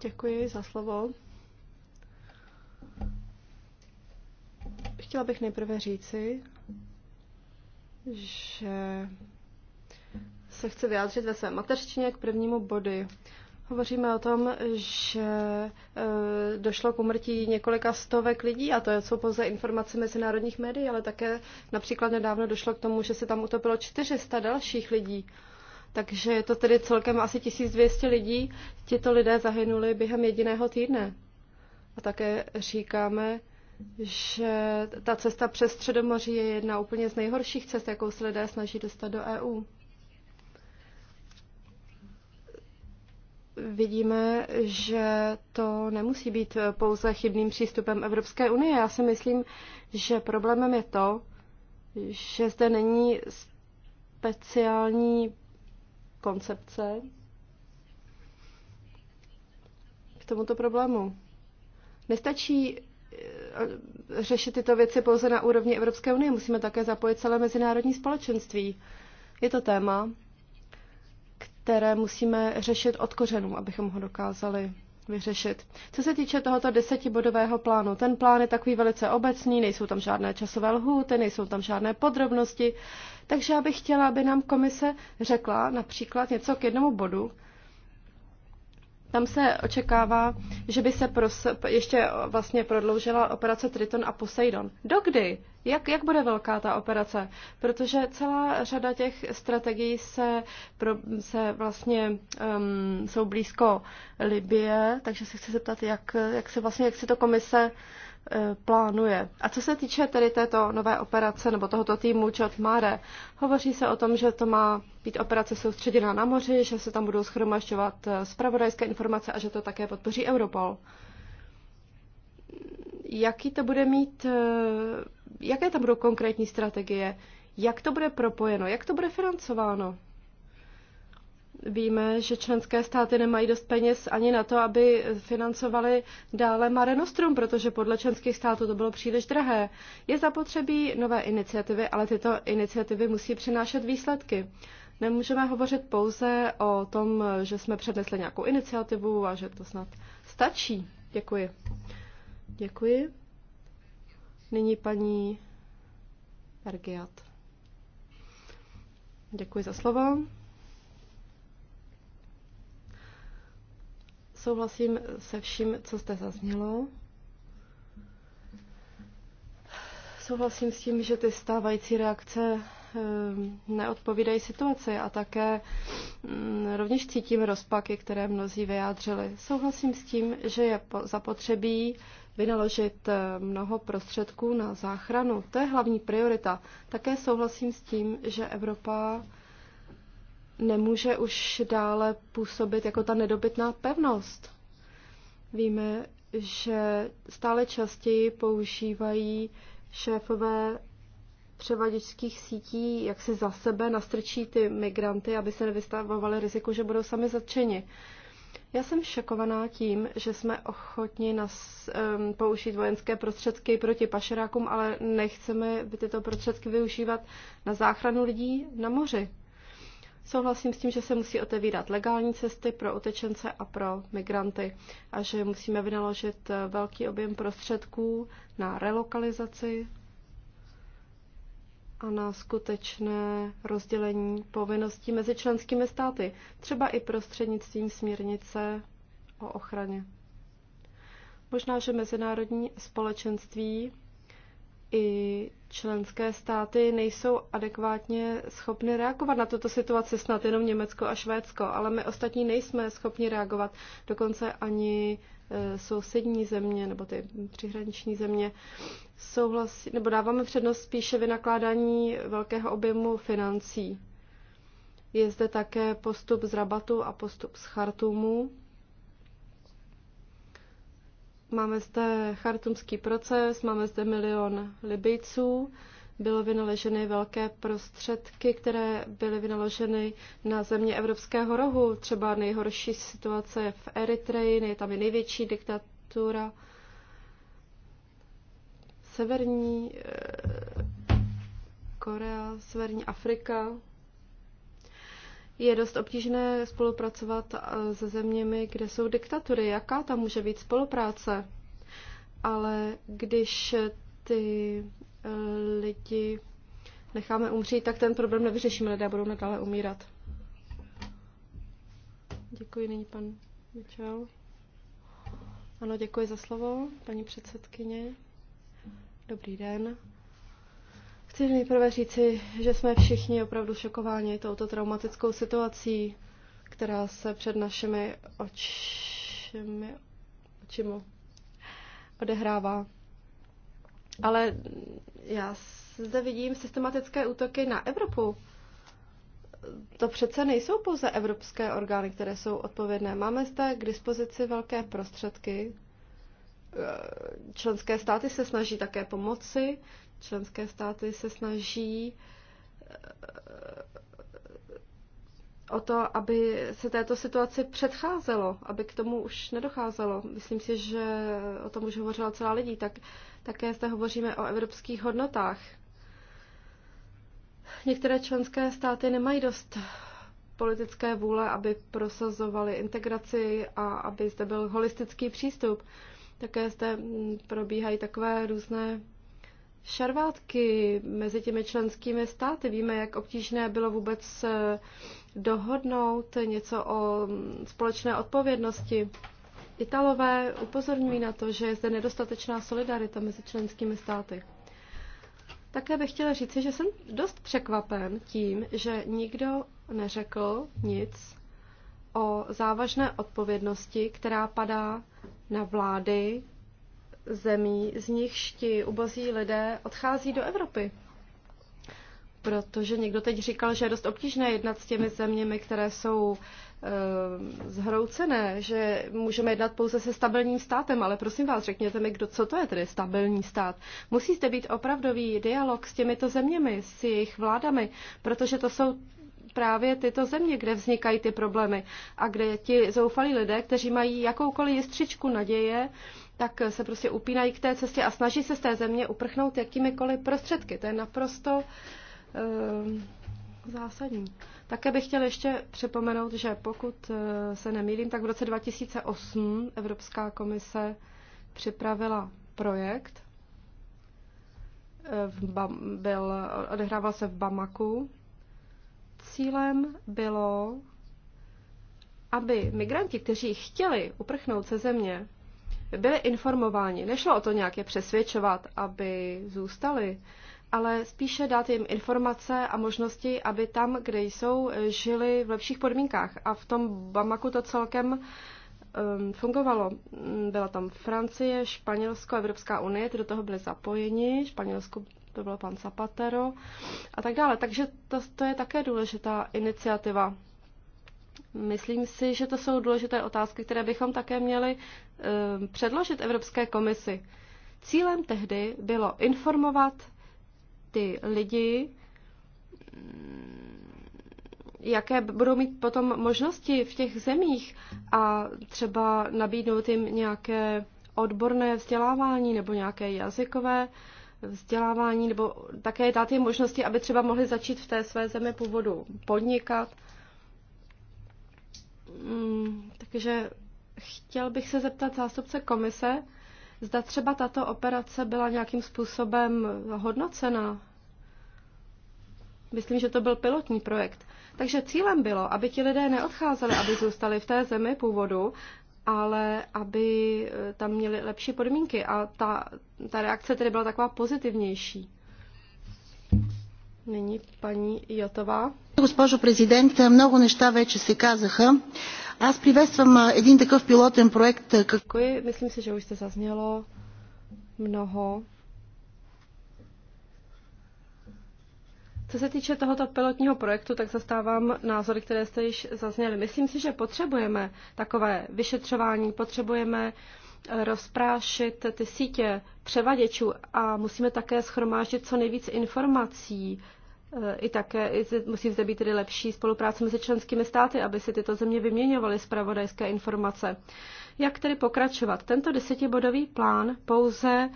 Děkuji za slovo. Chtěla bych nejprve říci, že se chci vyjádřit ve své mateřčině k prvnímu body. Hovoříme o tom, že eh, došlo k umrtí několika stovek lidí a to jsou pouze informace mezinárodních médií, ale také například nedávno došlo k tomu, že se tam utopilo 400 dalších lidí. Takže je to tedy celkem asi 1200 lidí. Tito lidé zahynuli během jediného týdne. A také říkáme, že ta cesta přes Středomoří je jedna úplně z nejhorších cest, jakou se lidé snaží dostat do EU. Vidíme, že to nemusí být pouze chybným přístupem Evropské unie. Já si myslím, že problémem je to, že zde není speciální koncepce k tomuto problému. Nestačí eh, řešit tyto věci pouze na úrovni Evropské unie, musíme také zapojit celé mezinárodní společenství. Je to téma, které musíme řešit od kořenů, abychom ho dokázali vyřešit. Co se týče tohoto desetibodového plánu, ten plán je takový velice obecný, nejsou tam žádné časové lhůty, nejsou tam žádné podrobnosti, takže já bych chtěla, aby nám komise řekla například něco k jednomu bodu, tam se očekává, že by se pros, ještě vlastně prodloužila operace Triton a Poseidon. Dokdy? Jak, jak bude velká ta operace? Protože celá řada těch strategií se, pro, se vlastně um, jsou blízko Libie, takže se chci zeptat, jak, jak, se vlastně, jak si to komise Eh, plánuje. A co se týče tedy této nové operace nebo tohoto týmu Čot Mare, hovoří se o tom, že to má být operace soustředěná na moři, že se tam budou schromažďovat eh, zpravodajské informace a že to také podpoří Europol. Jaký to bude mít, eh, jaké tam budou konkrétní strategie, jak to bude propojeno, jak to bude financováno? Víme, že členské státy nemají dost peněz ani na to, aby financovali dále Mare Nostrum, protože podle členských států to bylo příliš drahé. Je zapotřebí nové iniciativy, ale tyto iniciativy musí přinášet výsledky. Nemůžeme hovořit pouze o tom, že jsme přednesli nějakou iniciativu a že to snad stačí. Děkuji. Děkuji. Nyní paní Bergiat. Děkuji za slovo. Souhlasím se vším, co jste zaznělo. Souhlasím s tím, že ty stávající reakce eh, neodpovídají situaci a také mm, rovněž cítím rozpaky, které mnozí vyjádřili. Souhlasím s tím, že je zapotřebí vynaložit eh, mnoho prostředků na záchranu. To je hlavní priorita. Také souhlasím s tím, že Evropa nemůže už dále působit jako ta nedobytná pevnost. Víme, že stále častěji používají šéfové převaděčských sítí, jak si za sebe nastrčí ty migranty, aby se nevystavovali riziku, že budou sami zatčeni. Já jsem šokovaná tím, že jsme ochotni nas, um, použít vojenské prostředky proti pašerákům, ale nechceme tyto prostředky využívat na záchranu lidí na moři. Souhlasím s tím, že se musí otevírat legální cesty pro utečence a pro migranty a že musíme vynaložit eh, velký objem prostředků na relokalizaci a na skutečné rozdělení povinností mezi členskými státy, třeba i prostřednictvím směrnice o ochraně. Možná, že mezinárodní společenství i členské státy nejsou adekvátně schopny reagovat na tuto situaci, snad jenom Německo a Švédsko, ale my ostatní nejsme schopni reagovat, dokonce ani e, sousední země nebo ty přihraniční země souhlasí, nebo dáváme přednost spíše vynakládání velkého objemu financí. Je zde také postup z Rabatu a postup z Chartumu. Máme zde chartumský proces, máme zde milion Libyjců, bylo vynaloženy velké prostředky, které byly vynaloženy na země Evropského rohu. Třeba nejhorší situace je v Eritreji, je tam i největší diktatura. Severní eh, Korea, Severní Afrika, je dost obtížné spolupracovat eh, se zeměmi, kde jsou diktatury. Jaká tam může být spolupráce? Ale když ty eh, lidi necháme umřít, tak ten problém nevyřešíme. Lidé budou nadále umírat. Děkuji, nyní pan Mitchell. Ano, děkuji za slovo, paní předsedkyně. Dobrý den. Chci nejprve říci, že jsme všichni opravdu šokováni touto traumatickou situací, která se před našimi očimi, očimu odehrává. Ale já zde vidím systematické útoky na Evropu. To přece nejsou pouze evropské orgány, které jsou odpovědné. Máme zde k dispozici velké prostředky. Členské státy se snaží také pomoci. Členské státy se snaží eh, o to, aby se této situaci předcházelo, aby k tomu už nedocházelo. Myslím si, že o tom už hovořila celá lidí, tak také zde hovoříme o evropských hodnotách. Některé členské státy nemají dost politické vůle, aby prosazovali integraci a aby zde byl holistický přístup. Také zde probíhají takové různé šarvátky mezi těmi členskými státy. Víme, jak obtížné bylo vůbec eh, dohodnout něco o mm, společné odpovědnosti. Italové upozorňují na to, že je zde nedostatečná solidarita mezi členskými státy. Také bych chtěla říci, že jsem dost překvapen tím, že nikdo neřekl nic o závažné odpovědnosti, která padá na vlády zemí, z nichž ti ubozí lidé odchází do Evropy. Protože někdo teď říkal, že je dost obtížné jednat s těmi zeměmi, které jsou e, zhroucené, že můžeme jednat pouze se stabilním státem, ale prosím vás, řekněte mi, kdo, co to je tedy stabilní stát. Musí zde být opravdový dialog s těmito zeměmi, s jejich vládami, protože to jsou právě tyto země, kde vznikají ty problémy a kde ti zoufalí lidé, kteří mají jakoukoliv jistřičku naděje, tak se prostě upínají k té cestě a snaží se z té země uprchnout jakýmikoliv prostředky. To je naprosto uh, zásadní. Také bych chtěl ještě připomenout, že pokud eh, se nemýlím, tak v roce 2008 Evropská komise připravila projekt. Eh, v Bam, byl, odehrával se v Bamaku. Cílem bylo, aby migranti, kteří chtěli uprchnout ze země, byli informováni. Nešlo o to nějak je přesvědčovat, aby zůstali, ale spíše dát jim informace a možnosti, aby tam, kde jsou, žili v lepších podmínkách. A v tom Bamaku to celkem um, fungovalo. Byla tam Francie, Španělsko, Evropská unie, ty do toho byly zapojeni. Španělsko to byl pan Zapatero a tak dále. Takže to, to je také důležitá iniciativa. Myslím si, že to jsou důležité otázky, které bychom také měli eh, předložit Evropské komisi. Cílem tehdy bylo informovat ty lidi, mm, jaké budou mít potom možnosti v těch zemích a třeba nabídnout jim nějaké odborné vzdělávání nebo nějaké jazykové vzdělávání, nebo také dát jim možnosti, aby třeba mohli začít v té své zemi původu podnikat. Mm, takže chtěl bych se zeptat zástupce komise, zda třeba tato operace byla nějakým způsobem hodnocena. Myslím, že to byl pilotní projekt. Takže cílem bylo, aby ti lidé neodcházeli, aby zůstali v té zemi původu, ale aby eh, tam měli lepší podmínky. A ta, ta reakce tedy byla taková pozitivnější. Nyní paní Jotová. Госпожо президент, много неща вече се казаха. Аз приветствам един такъв пилотен проект. Děkuji, myslím si, že už jste zaznělo mnoho. Co se týče tohoto pilotního projektu, tak zastávám názory, které jste již zazněli. Myslím si, že potřebujeme takové vyšetřování, potřebujeme eh, rozprášit ty sítě převaděčů a musíme také schromáždit co nejvíc informací Eh, I také musí zde být tedy lepší spolupráce mezi členskými státy, aby si tyto země vyměňovaly zpravodajské informace. Jak tedy pokračovat? Tento desetibodový plán pouze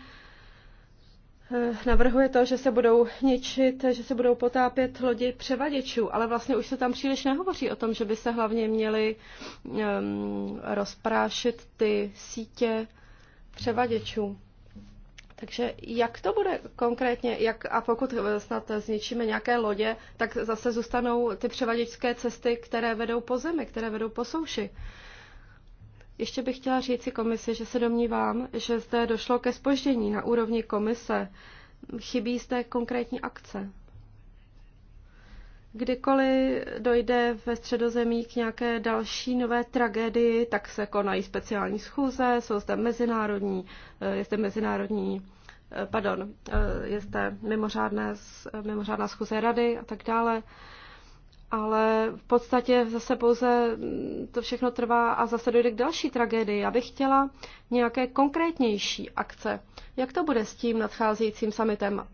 eh, navrhuje to, že se budou ničit, že se budou potápět lodi převaděčů, ale vlastně už se tam příliš nehovoří o tom, že by se hlavně měly um, rozprášit ty sítě převaděčů. Takže jak to bude konkrétně, jak, a pokud eh, snad zničíme nějaké lodě, tak zase zůstanou ty převaděčské cesty, které vedou po zemi, které vedou po souši. Ještě bych chtěla říct si komisi, že se domnívám, že zde došlo ke spoždění na úrovni komise. Chybí zde konkrétní akce. Kdykoliv dojde ve středozemí k nějaké další nové tragédii, tak se konají speciální schůze, jsou zde mezinárodní, eh, je zde mezinárodní, eh, pardon, eh, je zde mimořádné, mimořádná schůze rady a tak dále. Ale v podstatě zase pouze mm, to všechno trvá a zase dojde k další tragédii. Já bych chtěla nějaké konkrétnější akce. Jak to bude s tím nadcházejícím summitem?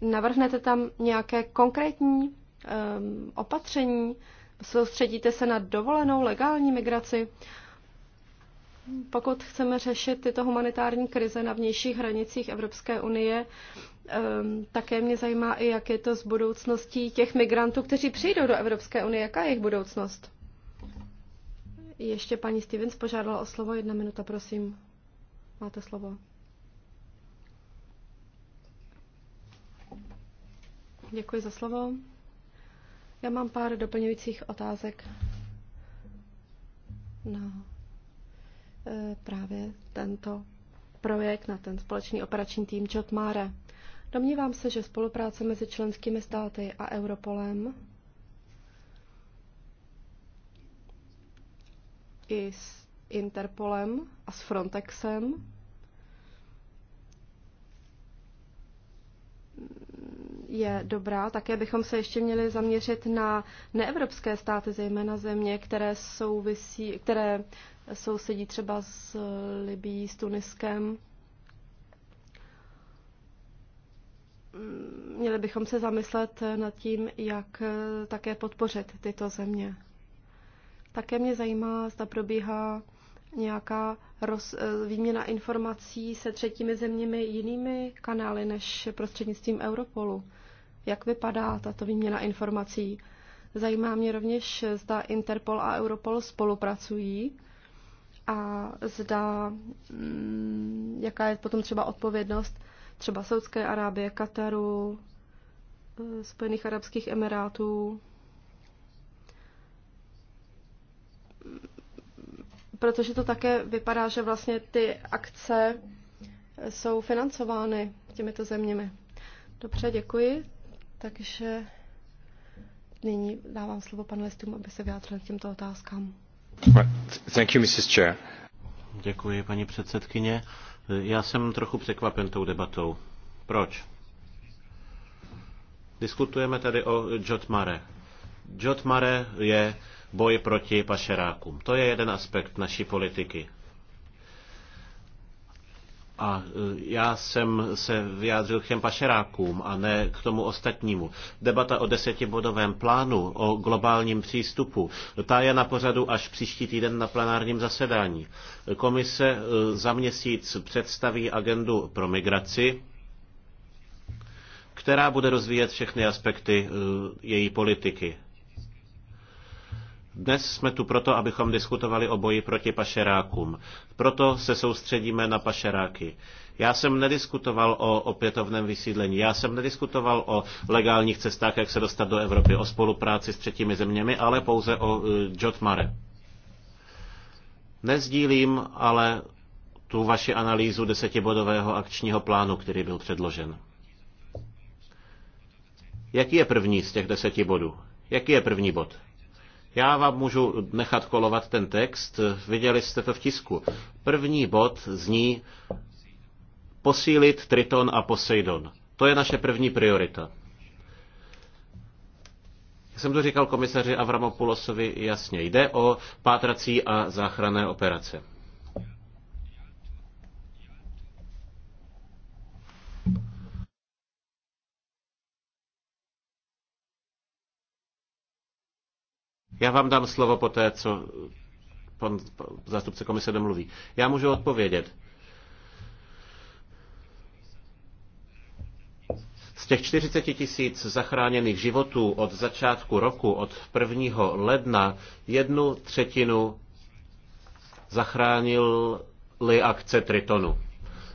Navrhnete tam nějaké konkrétní um, opatření? Soustředíte se na dovolenou legální migraci? Pokud chceme řešit tyto humanitární krize na vnějších hranicích Evropské unie, um, také mě zajímá i, jak je to s budoucností těch migrantů, kteří přijdou do Evropské unie. Jaká je jejich budoucnost? Ještě paní Stevens požádala o slovo. Jedna minuta, prosím. Máte slovo. Děkuji za slovo. Já mám pár doplňujících otázek na e, právě tento projekt, na ten společný operační tým Čotmáre. Domnívám se, že spolupráce mezi členskými státy a Europolem i s Interpolem a s Frontexem je dobrá. Také bychom se ještě měli zaměřit na neevropské státy, zejména země, které, souvisí, které sousedí třeba s Libií, s Tuniskem. Měli bychom se zamyslet nad tím, jak také podpořit tyto země. Také mě zajímá, zda probíhá nějaká roz, eh, výměna informací se třetími zeměmi jinými kanály než prostřednictvím Europolu? Jak vypadá tato výměna informací? Zajímá mě rovněž, zda Interpol a Europol spolupracují a zda, mm, jaká je potom třeba odpovědnost třeba Saudské Arábie, Kataru, eh, Spojených Arabských Emirátů. protože to také vypadá, že vlastně ty akce jsou financovány těmito zeměmi. Dobře, děkuji. Takže nyní dávám slovo panelistům, aby se vyjádřili k těmto otázkám. Thank you, Mrs. Chair. Děkuji, paní předsedkyně. Já jsem trochu překvapen tou debatou. Proč? Diskutujeme tady o Jotmare. Jotmare je boj proti pašerákům. To je jeden aspekt naší politiky. A e, já jsem se vyjádřil k těm pašerákům a ne k tomu ostatnímu. Debata o desetibodovém plánu, o globálním přístupu, ta je na pořadu až příští týden na plenárním zasedání. Komise e, za měsíc představí agendu pro migraci, která bude rozvíjet všechny aspekty e, její politiky. Dnes jsme tu proto, abychom diskutovali o boji proti pašerákům. Proto se soustředíme na pašeráky. Já jsem nediskutoval o opětovném vysídlení, já jsem nediskutoval o legálních cestách, jak se dostat do Evropy, o spolupráci s třetími zeměmi, ale pouze o e, Jotmare. Nezdílím ale tu vaši analýzu desetibodového akčního plánu, který byl předložen. Jaký je první z těch deseti bodů? Jaký je první bod? Já vám můžu nechat kolovat ten text, viděli jste to v tisku. První bod zní posílit Triton a Poseidon. To je naše první priorita. jsem to říkal komisaři Avramopoulosovi jasně, jde o pátrací a záchranné operace. Já vám dám slovo po té, co pan zástupce komise domluví. Já můžu odpovědět. Z těch 40 tisíc zachráněných životů od začátku roku, od 1. ledna, jednu třetinu zachránili akce Tritonu.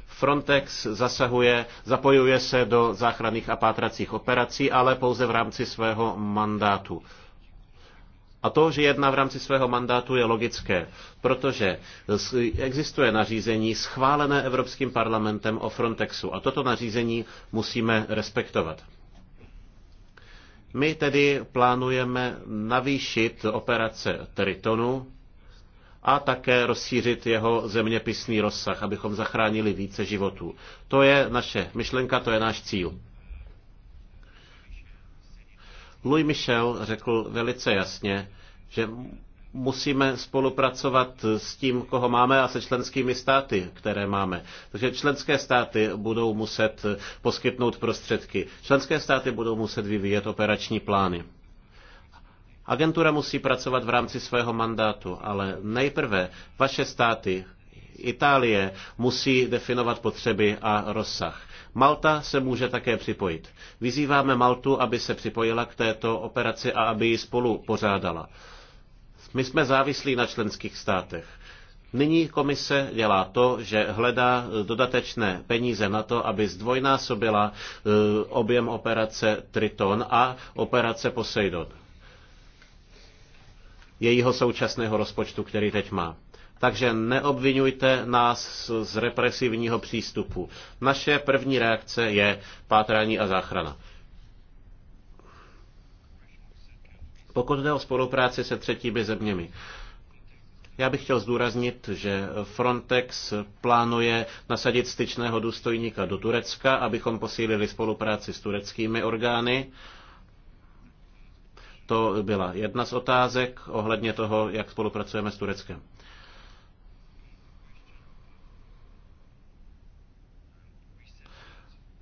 Frontex zasahuje, zapojuje se do záchranných a pátracích operací, ale pouze v rámci svého mandátu. A to, že jedná v rámci svého mandátu, je logické, protože existuje nařízení schválené Evropským parlamentem o Frontexu a toto nařízení musíme respektovat. My tedy plánujeme navýšit operace Tritonu a také rozšířit jeho zeměpisný rozsah, abychom zachránili více životů. To je naše myšlenka, to je náš cíl. Louis Michel řekl velice jasně, že musíme spolupracovat s tím, koho máme a se členskými státy, které máme. Takže členské státy budou muset poskytnout prostředky. Členské státy budou muset vyvíjet operační plány. Agentura musí pracovat v rámci svého mandátu, ale nejprve vaše státy, Itálie, musí definovat potřeby a rozsah. Malta se může také připojit. Vyzýváme Maltu, aby se připojila k této operaci a aby ji spolu pořádala. My jsme závislí na členských státech. Nyní komise dělá to, že hledá dodatečné peníze na to, aby zdvojnásobila e, objem operace Triton a operace Poseidon. Jejího současného rozpočtu, který teď má. Takže neobvinujte nás z represivního přístupu. Naše první reakce je pátrání a záchrana. Pokud jde o spolupráci se třetími zeměmi, já bych chtěl zdůraznit, že Frontex plánuje nasadit styčného důstojníka do Turecka, abychom posílili spolupráci s tureckými orgány. To byla jedna z otázek ohledně toho, jak spolupracujeme s Tureckem.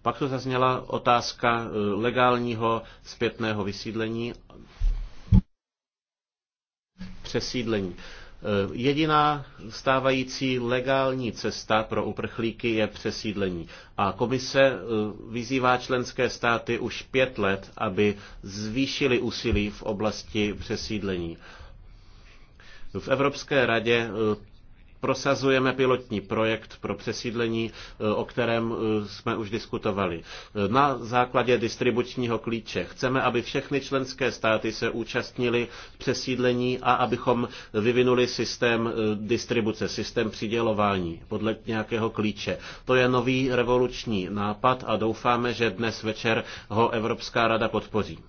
Pak tu zazněla otázka eh, legálního zpětného vysídlení, přesídlení. Eh, jediná stávající legální cesta pro uprchlíky je přesídlení. A komise eh, vyzývá členské státy už pět let, aby zvýšili úsilí v oblasti přesídlení. V Evropské radě prosazujeme pilotní projekt pro přesídlení, e, o kterém e, jsme už diskutovali. E, na základě distribučního klíče chceme, aby všechny členské státy se účastnili přesídlení a abychom vyvinuli systém distribuce, systém přidělování podle nějakého klíče. To je nový revoluční nápad a doufáme, že dnes večer ho Evropská rada podpoří.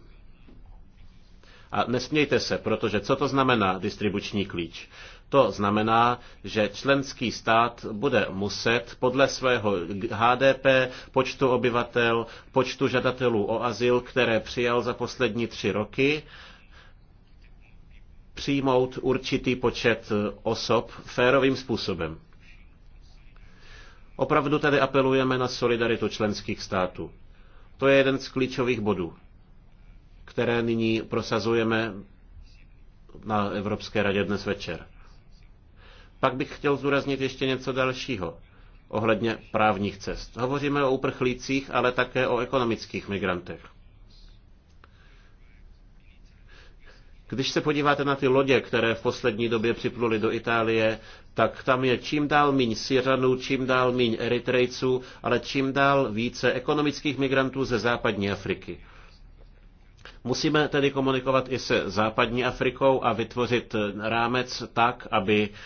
A nesmějte se, protože co to znamená distribuční klíč? To znamená, že členský stát bude muset podle svého HDP, počtu obyvatel, počtu žadatelů o azyl, které přijal za poslední tři roky, přijmout určitý počet osob férovým způsobem. Opravdu tedy apelujeme na solidaritu členských států. To je jeden z klíčových bodů, které nyní prosazujeme na Evropské radě dnes večer. Pak bych chtěl zúraznit ještě něco dalšího ohledně právních cest. Hovoříme o uprchlících, ale také o ekonomických migrantech. Když se podíváte na ty lodě, které v poslední době připluly do Itálie, tak tam je čím dál míň Syřanů, čím dál míň Eritrejců, ale čím dál více ekonomických migrantů ze západní Afriky. Musíme tedy komunikovat i se západní Afrikou a vytvořit rámec tak, aby uh,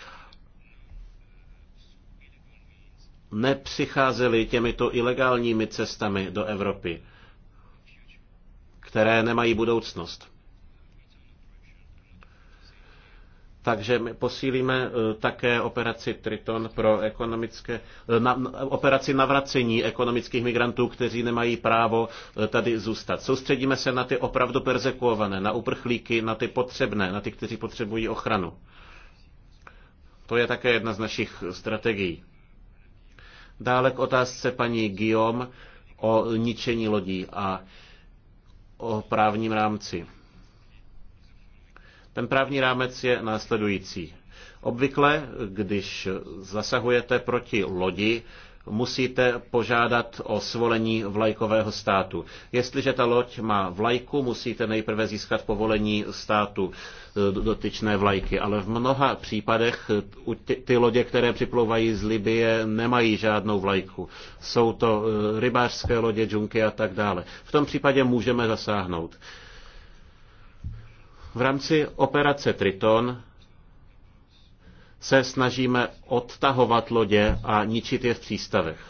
nepřicházeli těmito ilegálními cestami do Evropy, které nemají budoucnost. Takže my posílíme eh, také operaci Triton pro ekonomické, eh, na, operaci navracení ekonomických migrantů, kteří nemají právo eh, tady zůstat. Soustředíme se na ty opravdu persekuované, na uprchlíky, na ty potřebné, na ty, kteří potřebují ochranu. To je také jedna z našich strategií. Dále k otázce paní Guillaume o ničení lodí a o právním rámci. Ten právní rámec je následující. Obvykle, když zasahujete proti lodi, musíte požádat o svolení vlajkového státu. Jestliže ta loď má vlajku, musíte nejprve získat povolení státu e, dotyčné vlajky. Ale v mnoha případech e, ty lodě, které připlouvají z Libie, nemají žádnou vlajku. Jsou to e, rybářské lodě, džunky a tak dále. V tom případě můžeme zasáhnout. V rámci operace Triton se snažíme odtahovat lodě a ničit je v přístavech.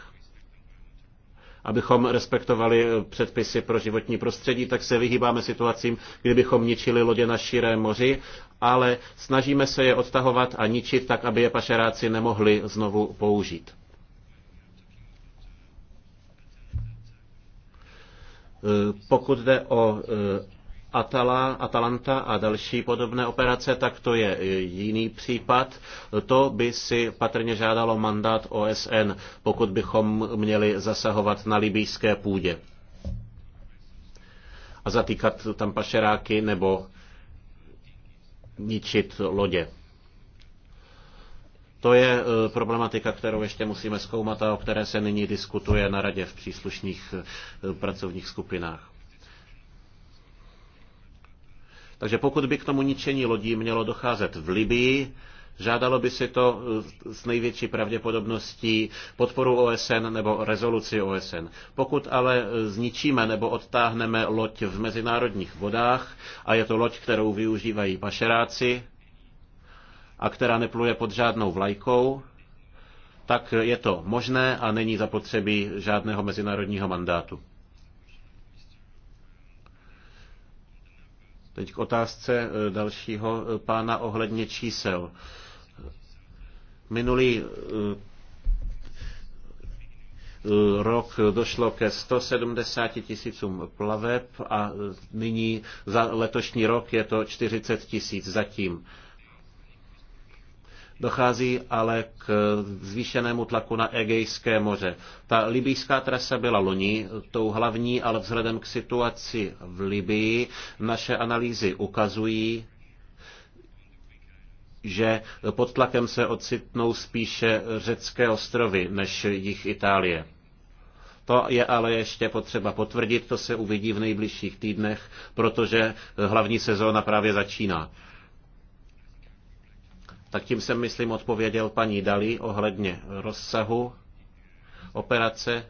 Abychom respektovali předpisy pro životní prostředí, tak se vyhýbáme situacím, kdybychom ničili lodě na širé moři, ale snažíme se je odtahovat a ničit tak, aby je pašeráci nemohli znovu použít. E, pokud jde o e, Atala, Atalanta a další podobné operace, tak to je e, jiný případ. To by si patrně žádalo mandát OSN, pokud bychom měli zasahovat na libýské půdě a zatýkat tam pašeráky nebo ničit lodě. To je e, problematika, kterou ještě musíme zkoumat a o které se nyní diskutuje na radě v příslušných e, pracovních skupinách. Takže pokud by k tomu ničení lodí mělo docházet v Libii, Žádalo by si to eh, s největší pravděpodobností podporu OSN nebo rezoluci OSN. Pokud ale eh, zničíme nebo odtáhneme loď v mezinárodních vodách a je to loď, kterou využívají pašeráci a která nepluje pod žádnou vlajkou, tak je to možné a není zapotřebí žádného mezinárodního mandátu. Teď k otázce eh, dalšího eh, pána ohledně čísel. Minulý eh, rok došlo ke 170 tisícům plaveb a nyní za letošní rok je to 40 tisíc zatím dochází ale k zvýšenému tlaku na Egejské moře. Ta libýská trasa byla loni tou hlavní, ale vzhledem k situaci v Libii naše analýzy ukazují, že pod tlakem se ocitnou spíše řecké ostrovy než jich Itálie. To je ale ještě potřeba potvrdit, to se uvidí v nejbližších týdnech, protože hlavní sezóna právě začíná. Tak tím jsem, myslím, odpověděl paní Dali ohledně rozsahu operace,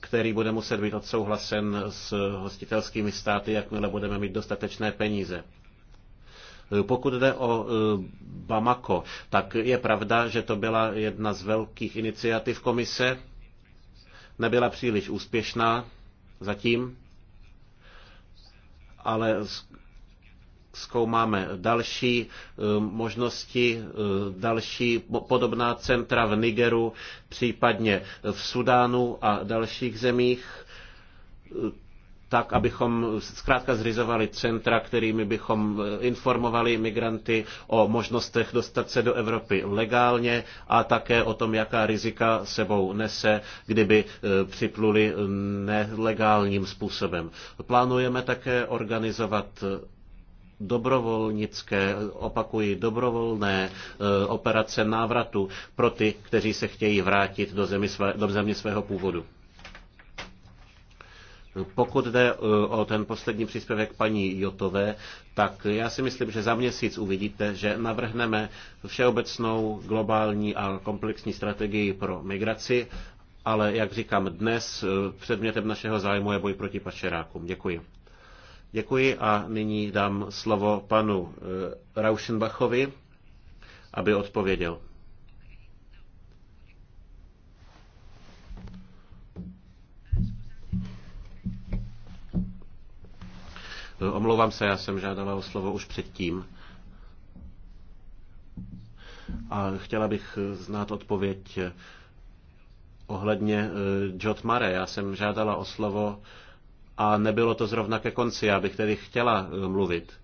který bude muset být odsouhlasen s hostitelskými státy, jakmile budeme mít dostatečné peníze. Pokud jde o e, Bamako, tak je pravda, že to byla jedna z velkých iniciativ komise. Nebyla příliš úspěšná zatím, ale zkoumáme další eh, možnosti, eh, další podobná centra v Nigeru, případně v Sudánu a dalších zemích eh, tak, abychom zkrátka zřizovali centra, kterými bychom informovali migranty o možnostech dostat se do Evropy legálně a také o tom, jaká rizika sebou nese, kdyby připluli nelegálním způsobem. Plánujeme také organizovat dobrovolnické, opakuji, dobrovolné e, operace návratu pro ty, kteří se chtějí vrátit do, zemi své, do země svého původu. Pokud jde e, o ten poslední příspěvek paní Jotové, tak já si myslím, že za měsíc uvidíte, že navrhneme všeobecnou globální a komplexní strategii pro migraci, ale jak říkám, dnes e, předmětem našeho zájmu je boj proti pašerákům. Děkuji. Děkuji a nyní dám slovo panu eh, Rauschenbachovi, aby odpověděl. Eh, omlouvám se, já jsem žádala o slovo už předtím. A chtěla bych eh, znát odpověď ohledně Jot Mare. Já jsem žádala o slovo a nebylo to zrovna ke konci. Já bych tedy chtěla eh, mluvit.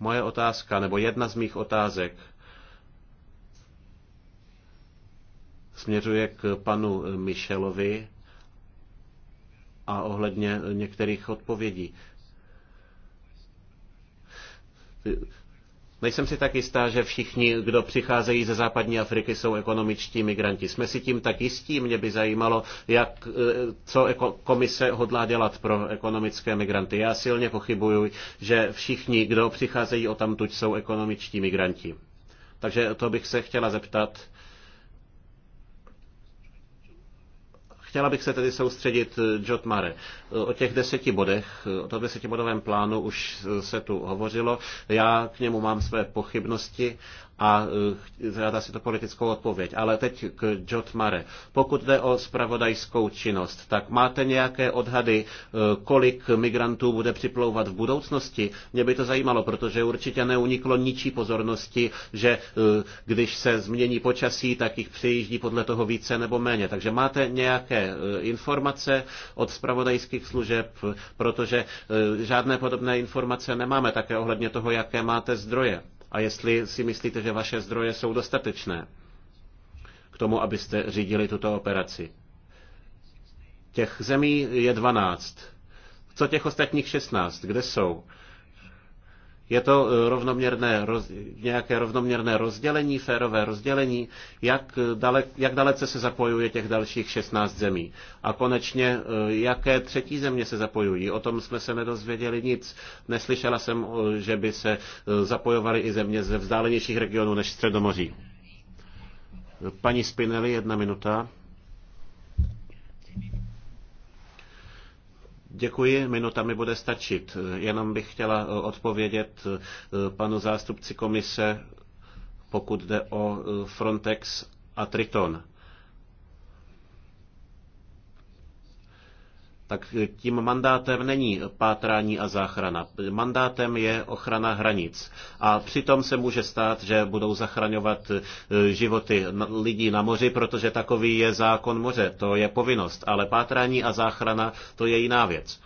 Moje otázka, nebo jedna z mých otázek, směřuje k panu eh, Michelovi a ohledně eh, některých odpovědí Nejsem si tak jistá, že všichni, kdo přicházejí ze západní Afriky, jsou ekonomičtí migranti. Jsme si tím tak jistí? Mě by zajímalo, jak, e, co komise hodlá dělat pro ekonomické migranty. Já silně pochybuju, že všichni, kdo přicházejí o tamtuť, jsou ekonomičtí migranti. Takže to bych se chtěla zeptat Chtěla bych se tedy soustředit, eh, Mare, eh, o těch deseti bodech, eh, o tom desetibodovém plánu už se tu hovořilo. Já k němu mám své pochybnosti a žádá e, si to politickou odpověď. Ale teď k Jotmare. Pokud jde o spravodajskou činnost, tak máte nějaké odhady, e, kolik migrantů bude připlouvat v budoucnosti? Mě by to zajímalo, protože určitě neuniklo ničí pozornosti, že e, když se změní počasí, tak jich přijíždí podle toho více nebo méně. Takže máte nějaké informace od spravodajských služeb, protože žádné podobné informace nemáme také ohledně toho, jaké máte zdroje a jestli si myslíte, že vaše zdroje jsou dostatečné k tomu, abyste řídili tuto operaci. Těch zemí je 12. Co těch ostatních 16? Kde jsou? Je to eh, rovnoměrné, roz, nějaké rovnoměrné rozdělení, férové rozdělení, jak, eh, dalek, jak dalece se zapojuje těch dalších 16 zemí. A konečně, eh, jaké třetí země se zapojují. O tom jsme se nedozvěděli nic. Neslyšela jsem, že by se zapojovaly i země ze vzdálenějších regionů než Středomoří. Paní Spinelli, jedna minuta. Děkuji, minuta mi bude stačit. Jenom bych chtěla eh, odpovědět eh, panu zástupci komise, pokud jde o eh, Frontex a Triton. tak tím mandátem není pátrání a záchrana. Mandátem je ochrana hranic. A přitom se může stát, že budou zachraňovat eh, životy lidí na moři, protože takový je zákon moře. To je povinnost. Ale pátrání a záchrana to je jiná věc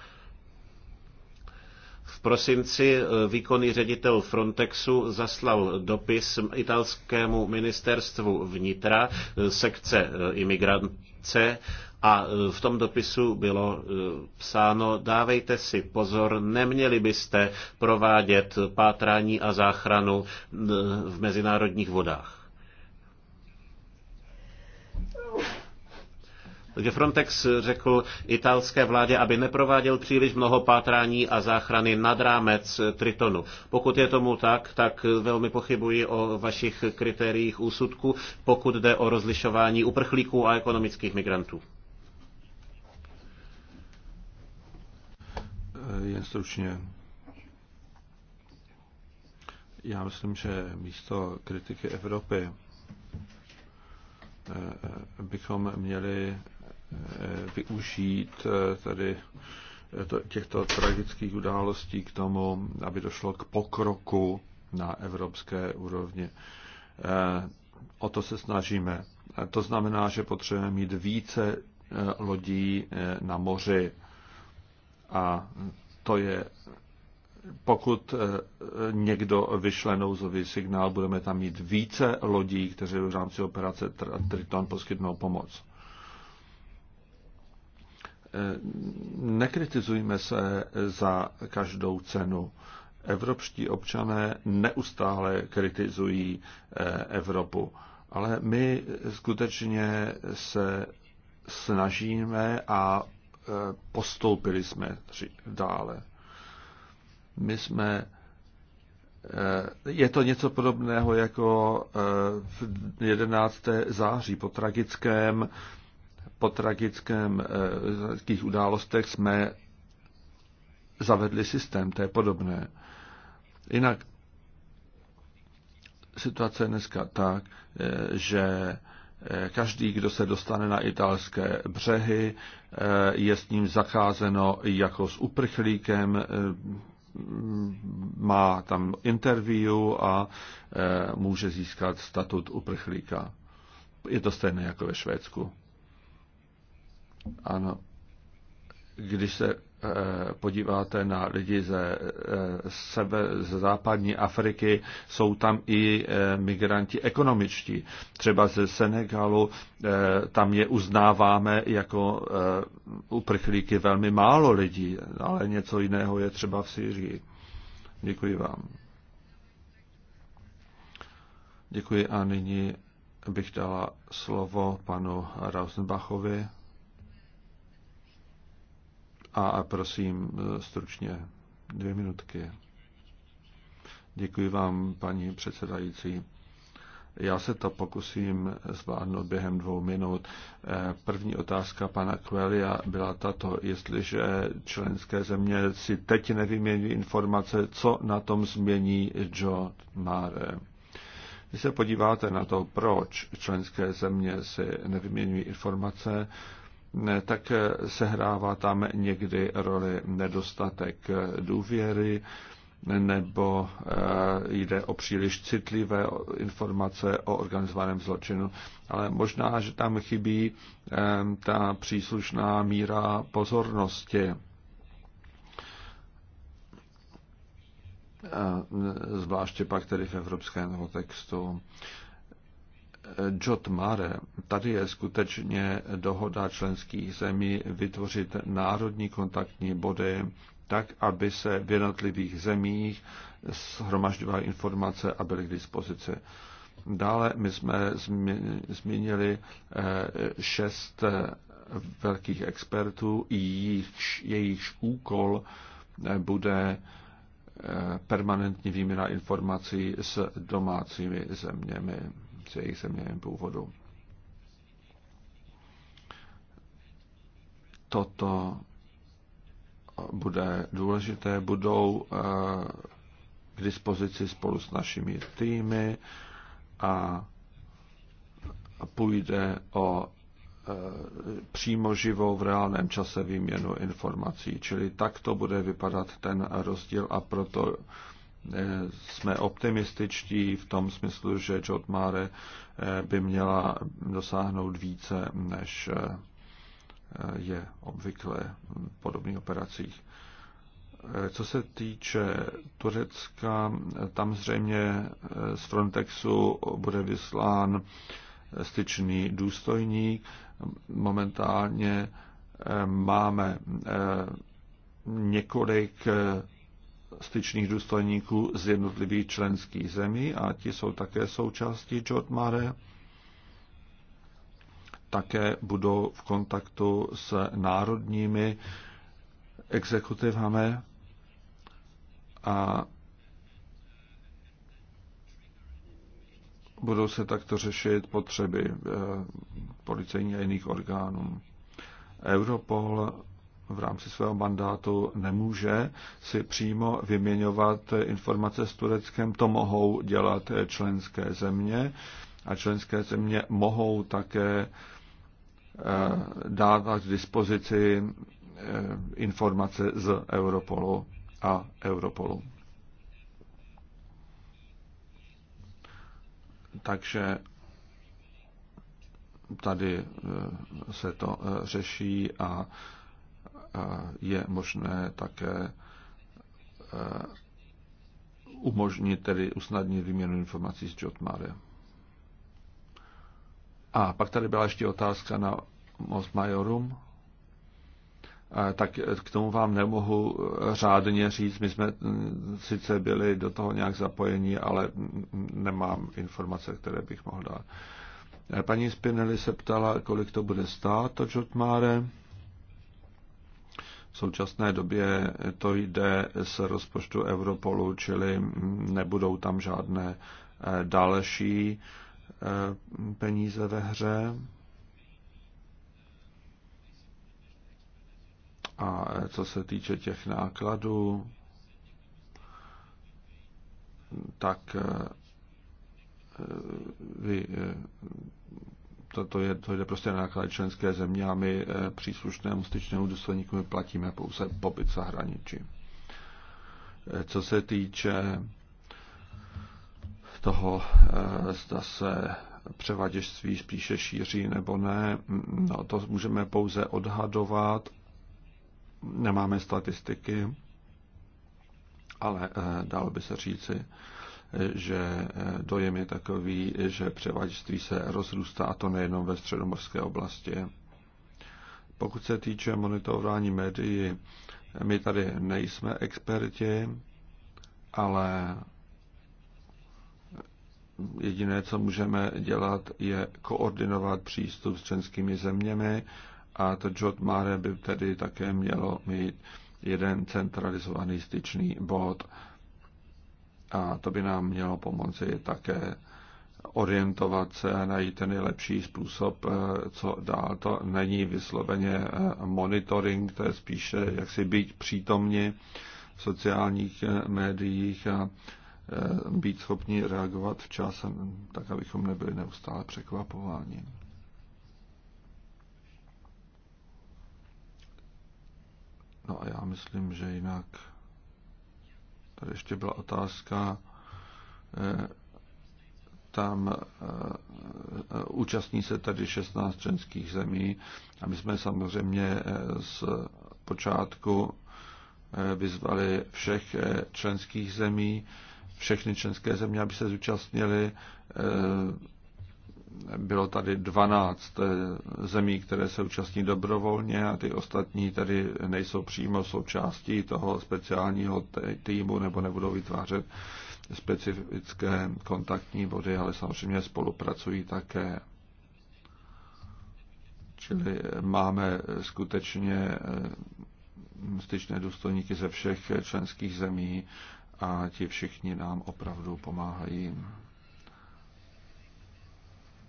V prosinci eh, výkonný ředitel Frontexu zaslal dopis italskému ministerstvu vnitra eh, sekce imigrantů a e, v tom dopisu bylo e, psáno, dávejte si pozor, neměli byste provádět pátrání a záchranu e, v mezinárodních vodách. Takže Frontex řekl italské vládě, aby neprováděl příliš mnoho pátrání a záchrany nad rámec Tritonu. Pokud je tomu tak, tak velmi pochybuji o vašich kritériích úsudku, pokud jde o rozlišování uprchlíků a ekonomických migrantů. jen stručně. Já myslím, že místo kritiky Evropy eh, eh, bychom měli eh, využít tady těchto tragických událostí k tomu, aby došlo k pokroku na evropské úrovni. O to se snažíme. To znamená, že potřebujeme mít více lodí na moři a to je, pokud eh, někdo vyšle nouzový signál, budeme tam mít více lodí, kteří v rámci operace Triton poskytnou pomoc. Eh, nekritizujme se za každou cenu evropští občané neustále kritizují eh, Evropu. Ale my skutečně se snažíme a postoupili jsme dále. My jsme eh, je to něco podobného jako eh, v 11. září po tragickém po tragickém eh, tragických událostech jsme zavedli systém, to je podobné. Jinak situace je dneska tak, že Eh, každý, kdo se dostane na italské břehy, eh, je s ním zakázeno jako s uprchlíkem, eh, má tam interview a může získat statut uprchlíka. Je to stejné jako ve Švédsku. Ano. Když se Eh, podíváte na lidi ze, eh, sebe, ze západní Afriky, jsou tam i eh, migranti ekonomičtí. Třeba ze Senegalu, tam je uznáváme jako uprchlíky velmi málo lidí, ale něco jiného je třeba v Syrii. Děkuji vám. Děkuji a nyní bych dala slovo panu Rausenbachovi. A prosím, eh, stručně dvě minutky. Děkuji vám, paní předsedající. Já se to pokusím zvládnout během dvou minut. Eh, první otázka pana Quelia byla tato, jestliže členské země si teď nevymění informace, co na tom změní Joe Mare. Když se podíváte na to, proč členské země si nevyměňují informace, tak eh, sehrává tam někdy roli nedostatek eh, důvěry nebo eh, jde o příliš citlivé informace o organizovaném zločinu. Ale možná, že tam chybí ta příslušná míra pozornosti. Zvláště pak tedy v evropském textu. Jot Mare, tady je skutečně dohoda členských zemí vytvořit národní kontaktní body, tak, aby se v jednotlivých zemích shromažďovaly informace a byly k dispozici. Dále my jsme zmínili eh, šest eh, velkých expertů, jejichž, jejichž úkol eh, bude permanentní výměna informací s domácími zeměmi s jejich zeměmi původu. Toto bude důležité, budou eh, k dispozici spolu s našimi týmy a půjde o eh, přímo živou v reálném čase výměnu informací. Čili tak to bude vypadat ten rozdíl a proto Eh, jsme optimističtí v tom smyslu, že Čotmáre eh, by měla dosáhnout více, než eh, je obvykle v podobných operacích. Co se týče Turecka, tam zřejmě z Frontexu bude vyslán styčný důstojník. Momentálně máme několik styčných důstojníků z jednotlivých členských zemí a ti jsou také součástí George Také budou v kontaktu s národními exekutivami a budou se takto řešit potřeby eh, policejní a jiných orgánů. Europol v rámci svého mandátu nemůže si přímo vyměňovat informace s Tureckem. To mohou dělat členské země a členské země mohou také eh, dát k dispozici eh, informace z Europolu a Europolu. Takže tady eh, se to řeší a je možné také eh, umožnit, tedy usnadnit výměnu informací s Jotmare. A pak tady byla ještě otázka na Most Majorum. Tak eh, k tomu vám nemohu eh, řádně říct. My jsme hm, sice byli do toho nějak zapojeni, ale hm, hm, nemám informace, které bych mohl dát. Paní Spinelli se ptala, kolik to bude stát, to Jotmare. V současné době to jde z rozpočtu Europolu, čili nebudou tam žádné eh, další eh, peníze ve hře. A eh, co se týče těch nákladů, tak vy to, to, je, to jde prostě na náklady členské země a my eh, příslušnému styčnému důstojníku platíme pouze pobyt v zahraničí. Eh, co se týče toho, eh, zda se převaděžství spíše šíří nebo ne, mm, no, to můžeme pouze odhadovat. Nemáme statistiky, ale dalo by se říci, že eh, dojem je takový, že převáděství se rozrůstá, a to nejenom ve středomorské oblasti. Pokud se týče monitorování médií, my tady nejsme experti, ale jediné, co můžeme dělat, je koordinovat přístup s členskými zeměmi a to Jot Mare by tedy také mělo mít jeden centralizovaný styčný bod a to by nám mělo pomoci také orientovat se a najít ten nejlepší způsob, eh, co dál. To není vysloveně eh, monitoring, to je spíše jak si být přítomni v sociálních eh, médiích a být schopni reagovat včas, tak abychom nebyli neustále překvapováni. No a já myslím, že jinak Tady ještě byla otázka eh, tam eh, eh, účastní se tady 16 členských zemí a my jsme samozřejmě z počátku vyzvali všech členských zemí, všechny členské země, aby se zúčastnili bylo tady 12 eh, zemí, které se účastní dobrovolně a ty ostatní tady nejsou přímo součástí toho speciálního týmu nebo nebudou vytvářet specifické kontaktní body, ale samozřejmě spolupracují také. Čili máme skutečně eh, styčné důstojníky ze všech členských zemí a ti všichni nám opravdu pomáhají.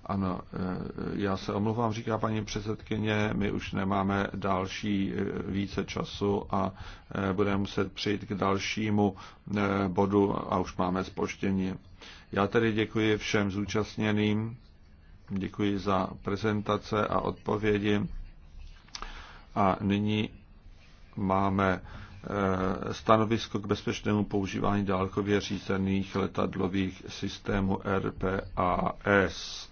Ano, eh, já se omlouvám, říká paní předsedkyně, my už nemáme další eh, více času a eh, budeme muset přijít k dalšímu bodu a už máme spoštění. Já tedy děkuji všem zúčastněným, děkuji za prezentace a odpovědi a nyní máme stanovisko k bezpečnému používání dálkově řízených letadlových systémů RPAS.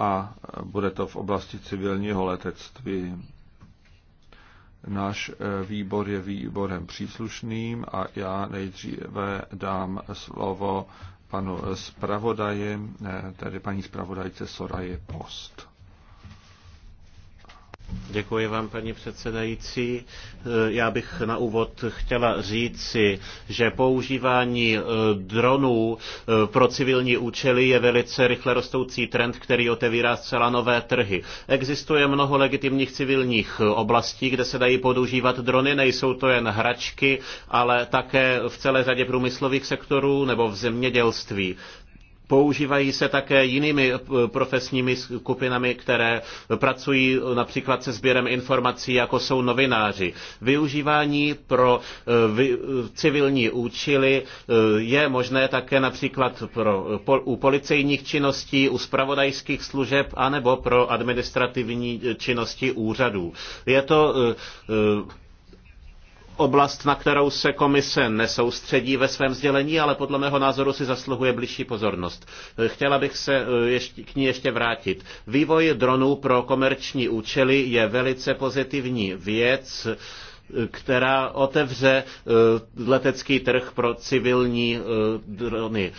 a bude to v oblasti civilního letectví. Náš eh, výbor je výborem příslušným a já nejdříve dám slovo panu zpravodaji, eh, tedy paní zpravodajce Soraje Post. Děkuji vám, paní předsedající. Já bych na úvod chtěla říci, že používání eh, dronů eh, pro civilní účely je velice rychle rostoucí trend, který otevírá zcela nové trhy. Existuje mnoho legitimních civilních eh, oblastí, kde se dají používat drony, nejsou to jen hračky, ale také v celé řadě průmyslových sektorů nebo v zemědělství. Používají se také jinými eh, profesními skupinami, které pracují eh, například se sběrem informací, jako jsou novináři. Využívání pro eh, civilní účely je možné také například pro, u policejních činností, u spravodajských služeb anebo pro administrativní činnosti úřadů. Je to oblast, na kterou se komise nesoustředí ve svém sdělení, ale podle mého názoru si zasluhuje blížší pozornost. Chtěla bych se eh, ještě, k ní ještě vrátit. Vývoj dronů pro komerční účely je velice pozitivní věc eh, která otevře eh, letecký trh pro civilní drony.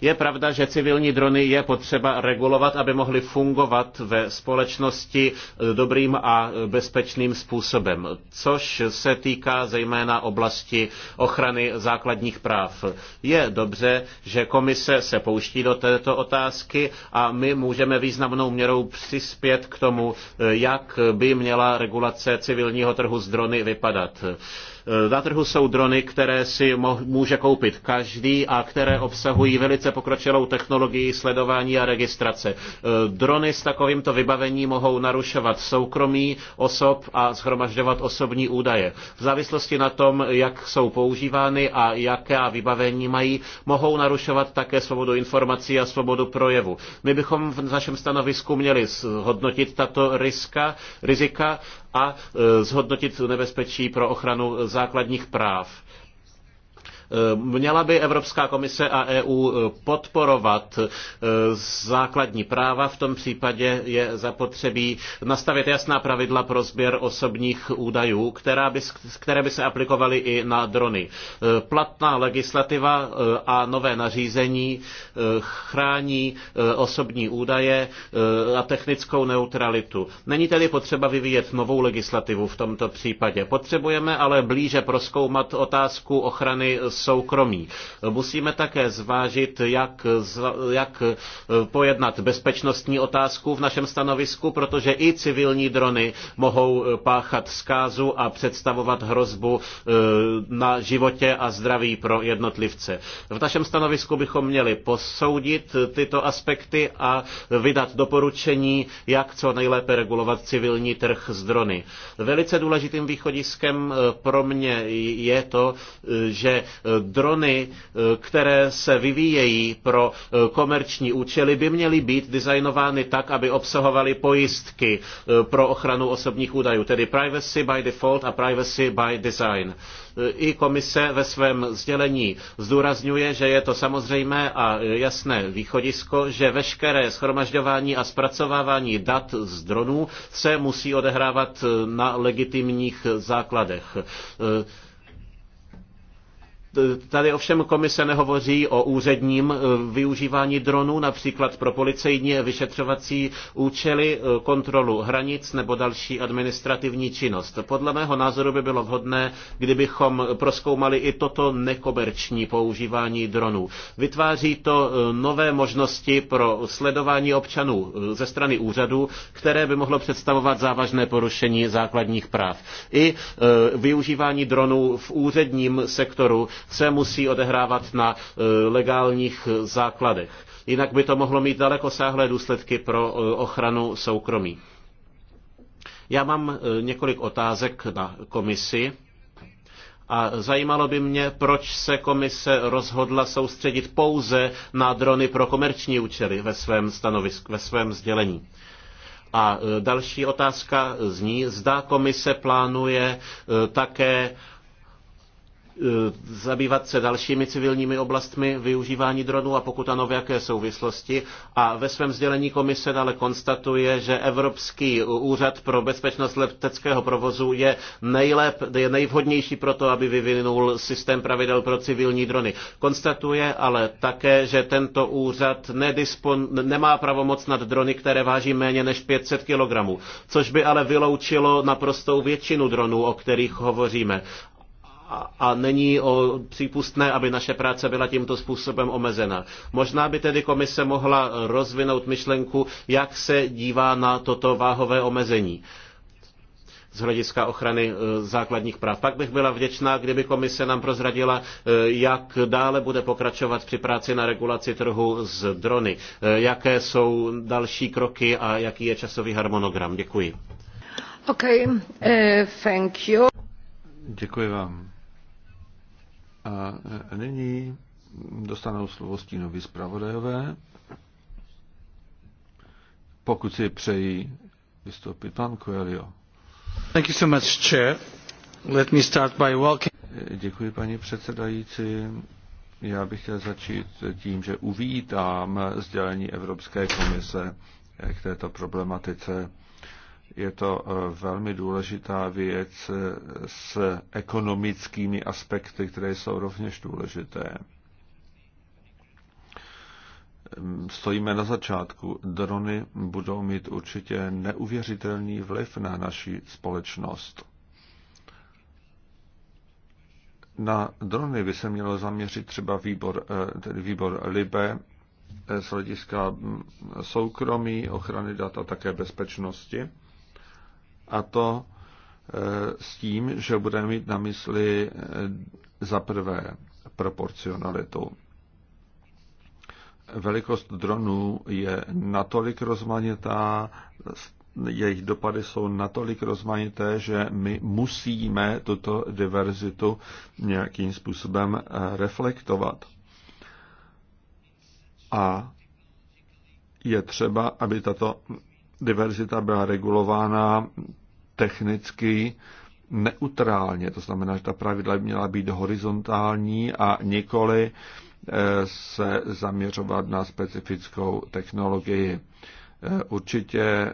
Je pravda, že civilní drony je potřeba regulovat, aby mohly fungovat ve společnosti dobrým a bezpečným způsobem, což se týká zejména oblasti ochrany základních práv. Je dobře, že komise se pouští do této otázky a my můžeme významnou měrou přispět k tomu, jak by měla regulace civilního trhu s drony vypadat. Eh, na trhu jsou drony, které si může koupit každý a které obsahují velice pokročilou technologii sledování a registrace. Eh, drony s takovýmto vybavením mohou narušovat soukromí osob a schromažďovat osobní údaje. V závislosti na tom, jak jsou používány a jaké vybavení mají, mohou narušovat také svobodu informací a svobodu projevu. My bychom v našem stanovisku měli hodnotit tato riska, rizika a e, zhodnotit nebezpečí pro ochranu základních práv Eh, měla by Evropská komise a EU eh, podporovat eh, základní práva, v tom případě je zapotřebí nastavit jasná pravidla pro sběr osobních údajů, která by, které by se aplikovaly i na drony. Platná legislativa a nové nařízení chrání osobní údaje a technickou neutralitu. Není tedy potřeba vyvíjet novou legislativu v tomto případě. Potřebujeme ale blíže proskoumat otázku ochrany soukromí. Musíme také zvážit, jak, jak eh, pojednat bezpečnostní otázku v našem stanovisku, protože i civilní drony mohou eh, páchat zkázu a představovat hrozbu eh, na životě a zdraví pro jednotlivce. V našem stanovisku bychom měli posoudit tyto aspekty a vydat doporučení, jak co nejlépe regulovat civilní trh s drony. Velice důležitým východiskem pro mě je to, že Eh, drony, eh, které se vyvíjejí pro eh, komerční účely, by měly být designovány tak, aby obsahovaly pojistky pro ochranu osobních údajů, tedy privacy by default a privacy by design. I komise ve svém sdělení zdůrazňuje, že je to samozřejmé a jasné východisko, že veškeré schromažďování a zpracovávání dat z dronů se musí odehrávat na legitimních základech. Tady ovšem komise nehovoří o úředním eh, využívání dronů, například pro policejní vyšetřovací účely, eh, kontrolu hranic nebo další administrativní činnost. Podle mého názoru by bylo vhodné, kdybychom proskoumali i toto nekomerční používání dronů. Vytváří to eh, nové možnosti pro sledování občanů ze strany úřadů, které by mohlo představovat závažné porušení základních práv. I využívání dronů v úředním sektoru se musí odehrávat na e, legálních základech. Jinak by to mohlo mít dalekosáhlé důsledky pro e, ochranu soukromí. Já mám e, několik otázek na komisi. A zajímalo by mě, proč se komise rozhodla soustředit pouze na drony pro komerční účely ve svém stanovisku, ve svém sdělení. A další otázka zní, zda komise plánuje také Eh, zabývat se dalšími civilními oblastmi využívání dronů a pokud ano, v jaké souvislosti. A ve svém sdělení komise dále konstatuje, že Evropský úřad pro bezpečnost leteckého provozu je, nejlép, je nejvhodnější pro to, aby vyvinul systém pravidel pro civilní drony. Konstatuje ale také, že tento úřad nedispon, nemá pravomoc nad drony, které váží méně než 500 kg, což by ale vyloučilo naprostou většinu dronů, o kterých hovoříme a není o přípustné, aby naše práce byla tímto způsobem omezena. Možná by tedy komise mohla rozvinout myšlenku, jak se dívá na toto váhové omezení z hlediska ochrany e, základních práv. Pak bych byla vděčná, kdyby komise nám prozradila, e, jak dále bude pokračovat při práci na regulaci trhu s drony. E, jaké jsou další kroky a jaký je časový harmonogram? Děkuji. Okay. Uh, thank you. Děkuji vám. A nyní dostanou slovo stínoví zpravodajové. Pokud si přejí vystoupit pan Coelho. Thank you so much, Chair. Let me start by walking. Děkuji, paní předsedající. Já bych chtěl začít tím, že uvítám sdělení Evropské komise k této problematice. Je to eh, velmi důležitá věc eh, s ekonomickými aspekty, které jsou rovněž důležité. Hm, stojíme na začátku. Drony budou mít určitě neuvěřitelný vliv na naši společnost. Na drony by se mělo zaměřit třeba výbor, eh, tedy výbor LIBE z hlediska hm, soukromí, ochrany dat a také bezpečnosti. A to e, s tím, že budeme mít na mysli e, za prvé proporcionalitu. Velikost dronů je natolik rozmanitá, jejich dopady jsou natolik rozmanité, že my musíme tuto diverzitu nějakým způsobem e, reflektovat. A je třeba, aby tato diverzita byla regulována technicky neutrálně. To znamená, že ta pravidla by měla být horizontální a nikoli e, se zaměřovat na specifickou technologii. E, určitě e,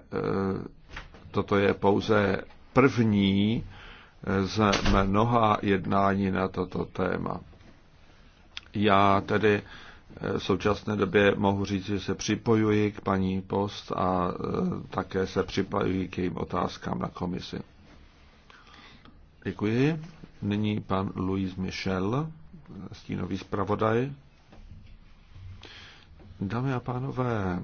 toto je pouze první z mnoha jednání na toto téma. Já tedy v současné době mohu říct, že se připojuji k paní Post a e, také se připojuji k jejím otázkám na komisi. Děkuji. Nyní pan Louis Michel, stínový zpravodaj. Dámy a pánové,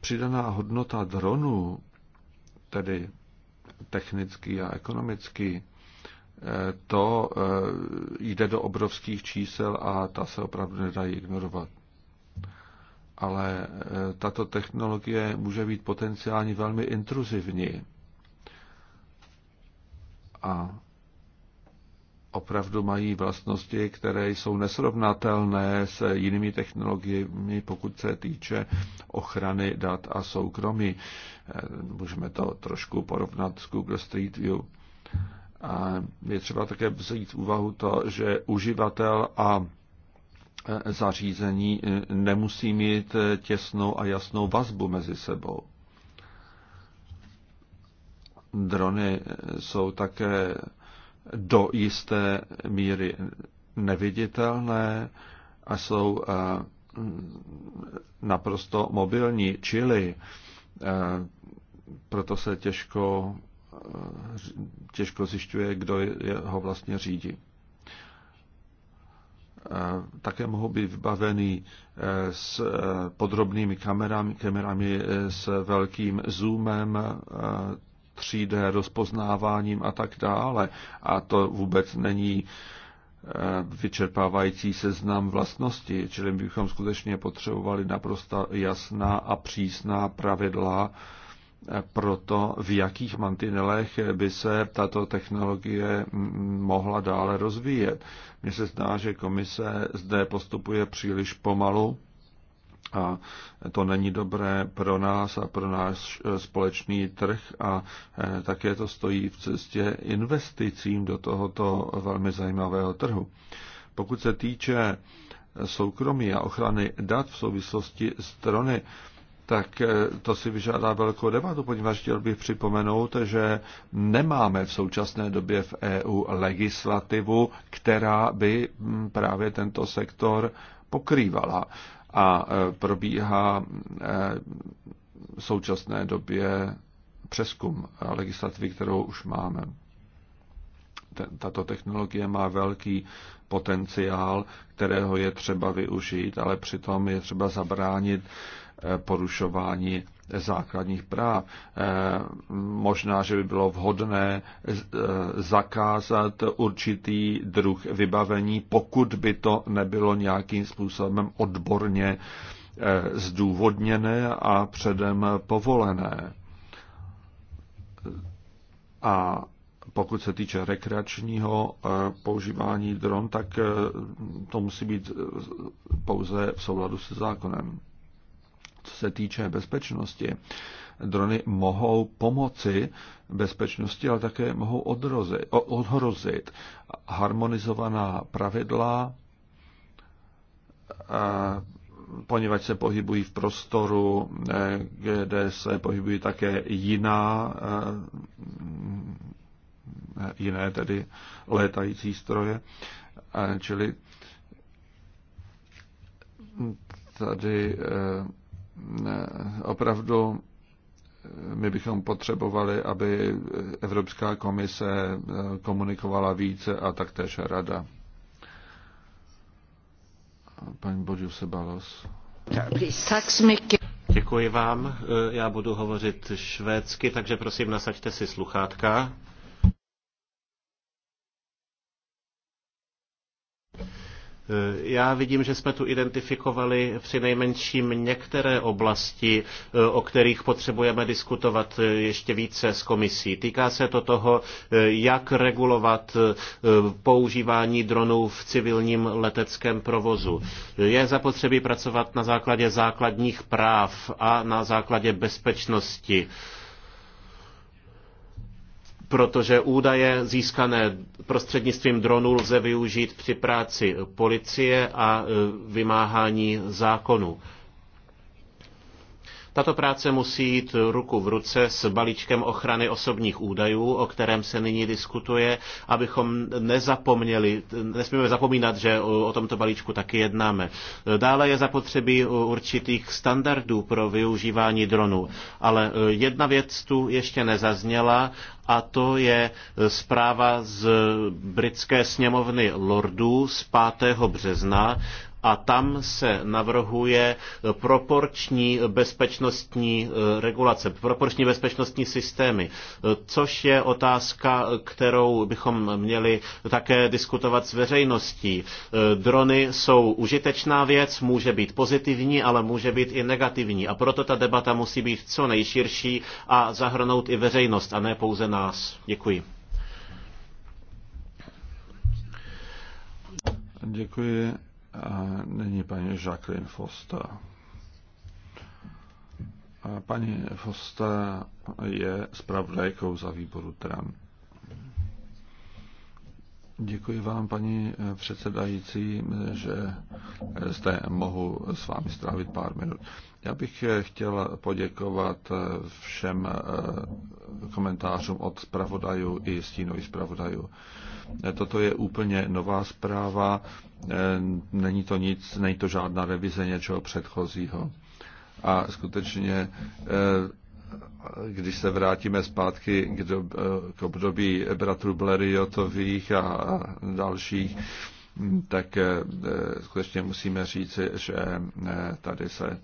přidaná hodnota dronu, tedy technický a ekonomický, to eh, jde do obrovských čísel a ta se opravdu nedají ignorovat. Ale eh, tato technologie může být potenciálně velmi intruzivní. A opravdu mají vlastnosti, které jsou nesrovnatelné s jinými technologiemi, pokud se týče ochrany dat a soukromí. Eh, můžeme to trošku porovnat s Google Street View. A je třeba také vzít v úvahu to, že uživatel a e, zařízení e, nemusí mít e, těsnou a jasnou vazbu mezi sebou. Drony jsou také do jisté míry neviditelné a jsou naprosto mobilní, čili proto se těžko Eh, těžko zjišťuje, kdo ho vlastně řídí. Eh, také mohou být vybavený eh, s podrobnými kamerami, kamerami s velkým zoomem, 3D rozpoznáváním a tak dále. A to vůbec není vyčerpávající seznam vlastností, čili bychom skutečně potřebovali naprosto jasná a přísná pravidla, pro to, v jakých mantinelech by se tato technologie mohla dále rozvíjet. Mně se zdá, že komise zde postupuje příliš pomalu a to není dobré pro nás a pro náš eh, společný trh a eh, také to stojí v cestě investicím do tohoto velmi zajímavého trhu. Pokud se týče soukromí a ochrany dat v souvislosti s trony, tak eh, to si vyžádá velkou debatu, poněvadž chtěl bych připomenout, že nemáme v současné době v EU legislativu, která by hm, právě tento sektor pokrývala. A eh, probíhá eh, v současné době přeskum legislativy, kterou už máme. Tato technologie má velký potenciál, kterého je třeba využít, ale přitom je třeba zabránit porušování základních práv. Eh, možná, že by bylo vhodné eh, zakázat určitý druh vybavení, pokud by to nebylo nějakým způsobem odborně eh, zdůvodněné a předem povolené. A pokud se týče rekreačního používání dron, tak to musí být pouze v souladu se zákonem se týče bezpečnosti, drony mohou pomoci bezpečnosti, ale také mohou odrozit, odhrozit harmonizovaná pravidla, poněvadž se pohybují v prostoru, e, kde se pohybují také jiná, e, jiné tedy létající stroje, e, čili tady opravdu my bychom potřebovali, aby Evropská komise eh, komunikovala více a taktéž rada. Paní Bodžu Sebalos. Děkuji vám. Eh, já budu hovořit švédsky, takže prosím nasaďte si sluchátka. Eh, já vidím, že jsme tu identifikovali při nejmenším některé oblasti, eh, o kterých potřebujeme diskutovat eh, ještě více s komisí. Týká se to toho, jak regulovat používání dronů v civilním leteckém provozu. Je zapotřebí pracovat na základě základních práv a na základě bezpečnosti protože údaje získané prostřednictvím dronů lze využít při práci policie a e, vymáhání zákonů. Tato práce musí jít ruku v ruce s balíčkem ochrany osobních údajů, o kterém se nyní diskutuje, abychom nezapomněli, nesmíme zapomínat, že o tomto balíčku taky jednáme. Dále je zapotřebí určitých standardů pro využívání dronů, ale e, jedna věc tu ještě nezazněla a to je e, zpráva z britské sněmovny Lordů z 5. března, a tam se navrhuje proporční bezpečnostní e, regulace, proporční bezpečnostní systémy, e, což je otázka, kterou bychom měli také diskutovat s veřejností. E, drony jsou užitečná věc, může být pozitivní, ale může být i negativní a proto ta debata musí být co nejširší a zahrnout i veřejnost a ne pouze nás. Děkuji. Děkuji a nyní paní Jacqueline Foster. A paní Foster je zpravodajkou za výboru Trump. Děkuji vám, paní eh, předsedající, že eh, jste mohu s vámi strávit pár minut. Já bych eh, chtěl poděkovat všem komentářům od zpravodajů i stínových zpravodajů. Toto je úplně nová zpráva, není to nic, není to žádná revize něčeho předchozího. A skutečně když se vrátíme zpátky k, do, k období bratrů Bleriotových a, dalších, tak eh, skutečně musíme říci, že eh, tady se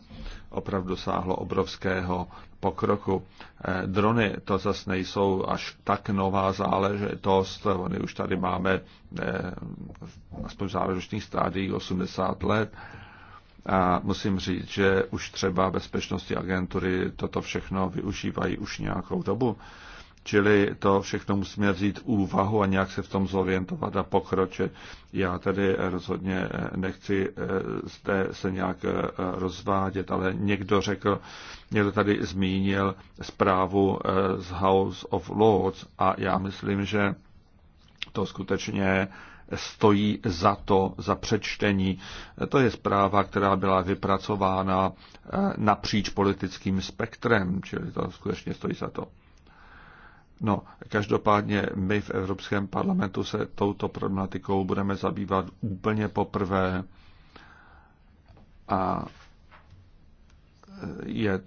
opravdu sáhlo obrovského pokroku. Eh, drony to zase nejsou až tak nová záležitost, oni už tady máme aspoň v záležitých stádiích 80 let a musím říct, že už třeba bezpečnostní agentury toto všechno využívají už nějakou dobu. Čili to všechno musíme vzít úvahu a nějak se v tom zorientovat a pokročit. Já tedy rozhodně eh, nechci eh, zde se nějak eh, rozvádět, ale někdo řekl, někdo tady zmínil zprávu z House of Lords a já myslím, že to skutečně stojí za to, za přečtení. To je zpráva, která byla vypracována eh, napříč politickým spektrem, čili to skutečně stojí za to. No, každopádně my v Evropském parlamentu se touto problematikou budeme zabývat úplně poprvé a je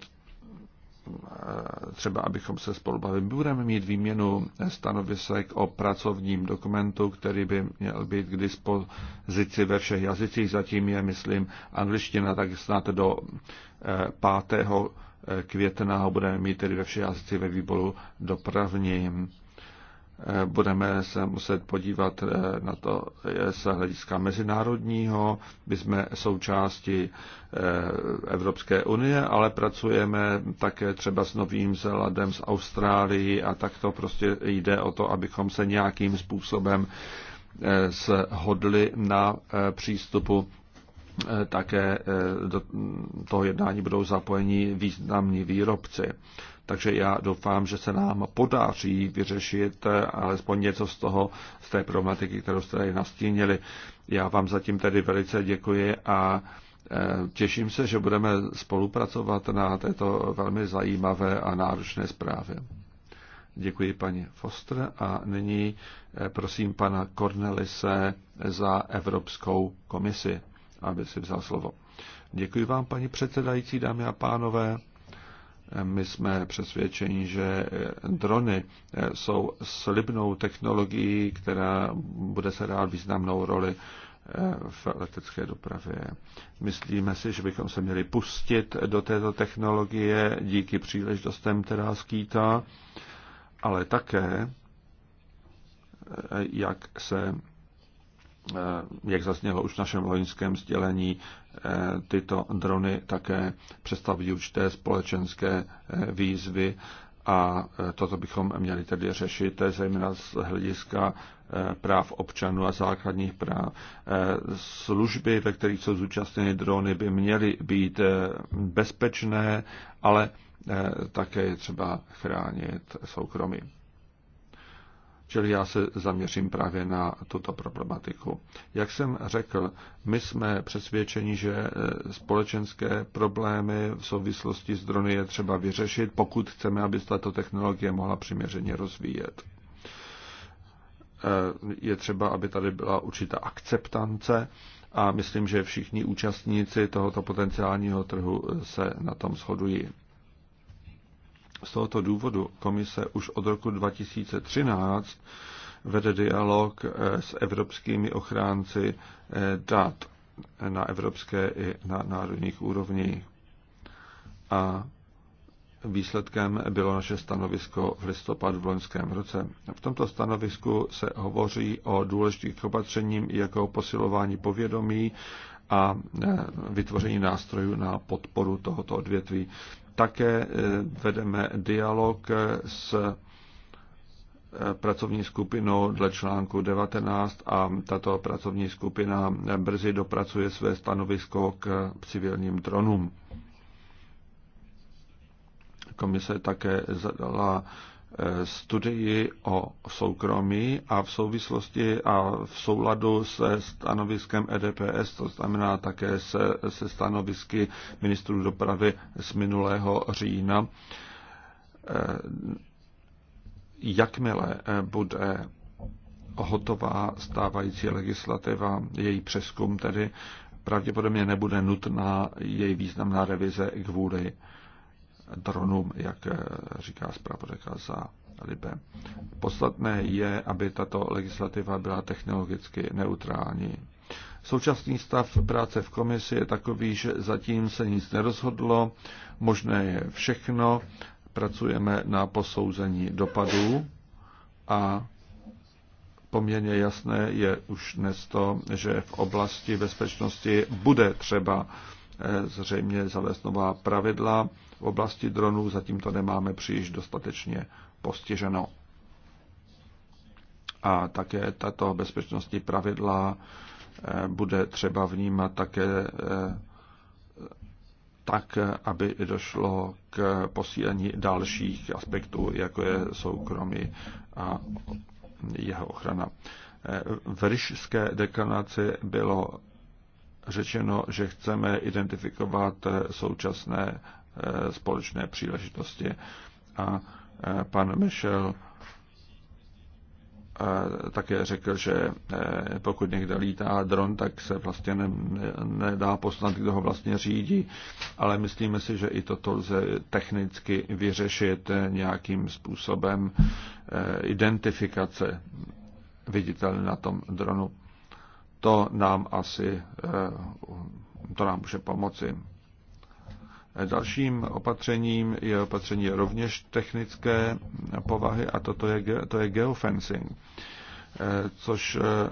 Eh, třeba abychom se spolu bavili. Budeme mít výměnu stanovisek o pracovním dokumentu, který by měl být k dispozici ve všech jazycích. Zatím je, myslím, angličtina, tak snad do 5. Eh, eh, května ho budeme mít tedy ve všech jazycích ve výboru dopravním budeme se muset podívat eh, na to z hlediska mezinárodního. My jsme součástí eh, Evropské unie, ale pracujeme také třeba s Novým Zélandem, s Austrálií a tak to prostě jde o to, abychom se nějakým způsobem eh, shodli na přístupu Eh, také eh, do toho jednání budou zapojeni významní výrobci. Takže já doufám, že se nám podaří vyřešit eh, alespoň něco z toho, z té problematiky, kterou jste tady nastínili. Já vám zatím tedy velice děkuji a těším se, že budeme spolupracovat na této velmi zajímavé a náročné zprávě. Děkuji paní Foster a nyní prosím pana Cornelise za Evropskou komisi aby si vzal slovo. Děkuji vám, paní předsedající, dámy a pánové. My jsme přesvědčeni, že drony jsou slibnou technologií, která bude se dát významnou roli v letecké dopravě. Myslíme si, že bychom se měli pustit do této technologie díky příležitostem, která skýtá, ale také, jak se Eh, jak zaznělo už v našem loňském sdělení, eh, tyto drony také představují určité společenské eh, výzvy a toto bychom měli tedy řešit, to je zejména z hlediska práv občanů a základních práv. Služby, ve kterých jsou zúčastněny drony, by měly být bezpečné, ale také je třeba chránit soukromí. Čili já se zaměřím právě na tuto problematiku. Jak jsem řekl, my jsme přesvědčeni, že eh, společenské problémy v souvislosti s drony je třeba vyřešit, pokud chceme, aby se tato technologie mohla přiměřeně rozvíjet. Eh, je třeba, aby tady byla určitá akceptance a myslím, že všichni účastníci tohoto potenciálního trhu eh, se na tom shodují. Z tohoto důvodu komise už od roku 2013 vede dialog eh, s evropskými ochránci eh, dat na evropské i na národních úrovních. A výsledkem bylo naše stanovisko v listopadu v loňském roce. V tomto stanovisku se hovoří o důležitých opatřením jako posilování povědomí a eh, vytvoření nástrojů na podporu tohoto odvětví. Také eh, vedeme dialog s eh, pracovní skupinou dle článku 19 a tato pracovní skupina eh, brzy dopracuje své stanovisko k civilním dronům. Komise také zadala studii o soukromí a v souvislosti a v souladu se stanoviskem EDPS, to znamená také se, se stanovisky ministrů dopravy z minulého října. Eh, jakmile eh, bude hotová stávající legislativa, její přeskum tedy, pravděpodobně nebude nutná její významná revize kvůli dronům, jak eh, říká zpravodajka za Libe. Podstatné je, aby tato legislativa byla technologicky neutrální. Současný stav práce v komisi je takový, že zatím se nic nerozhodlo, možné je všechno, pracujeme na posouzení dopadů a poměrně jasné je už dnes to, že v oblasti bezpečnosti bude třeba eh, zřejmě zavést nová pravidla, v oblasti dronů zatím to nemáme příliš dostatečně postiženo. A také tato bezpečnostní pravidla eh, bude třeba vnímat také eh, tak, aby došlo k posílení dalších aspektů, jako je soukromí a jeho ochrana. Eh, v Ryšské deklaraci bylo řečeno, že chceme identifikovat současné Eh, společné příležitosti. A eh, pan Michel eh, také řekl, že pokud někde lítá dron, tak se vlastně ne, ne, nedá poslat, kdo ho vlastně řídí, ale myslíme si, že i toto lze technicky vyřešit nějakým způsobem identifikace viditelné na tom dronu. To nám asi to nám může pomoci. Dalším opatřením je opatření rovněž technické povahy a toto je, to je geofencing, což eh,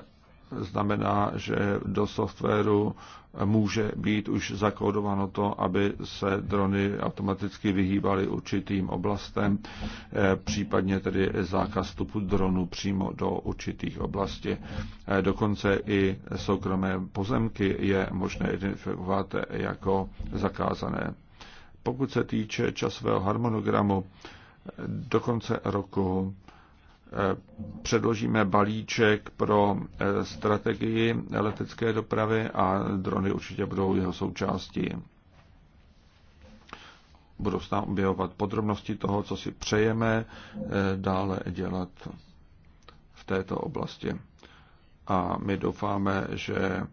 znamená, že do softwaru může být už zakódováno to, aby se drony automaticky vyhýbaly určitým oblastem, eh, případně tedy zákaz vstupu dronu přímo do určitých oblastí. Eh, dokonce i soukromé pozemky je možné identifikovat jako zakázané. Pokud se týče časového harmonogramu, do konce roku eh, předložíme balíček pro eh, strategii letecké dopravy a drony určitě budou jeho součástí. Budou se tam objevovat podrobnosti toho, co si přejeme eh, dále dělat v této oblasti. A my doufáme, že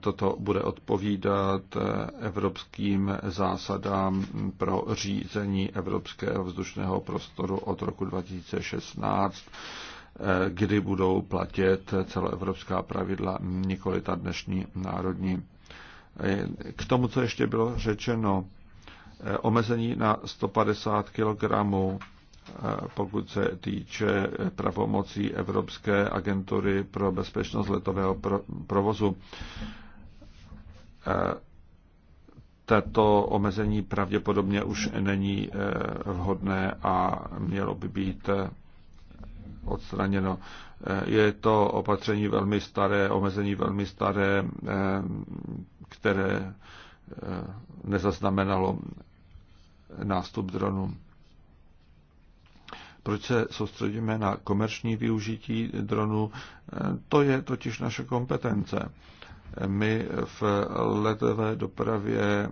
Toto bude odpovídat eh, evropským zásadám pro řízení evropského vzdušného prostoru od roku 2016 eh, kdy budou platit celoevropská pravidla, nikoli ta dnešní národní. Eh, k tomu, co ještě bylo řečeno, omezení na 150 kg pokud se týče pravomocí Evropské agentury pro bezpečnost letového provozu. Eh, tato omezení pravděpodobně už není eh, vhodné a mělo by být eh, odstraněno. Je to opatření velmi staré, omezení velmi staré, které nezaznamenalo nástup dronů. Proč se soustředíme na komerční využití dronů? To je totiž naše kompetence. My v letové dopravě eh,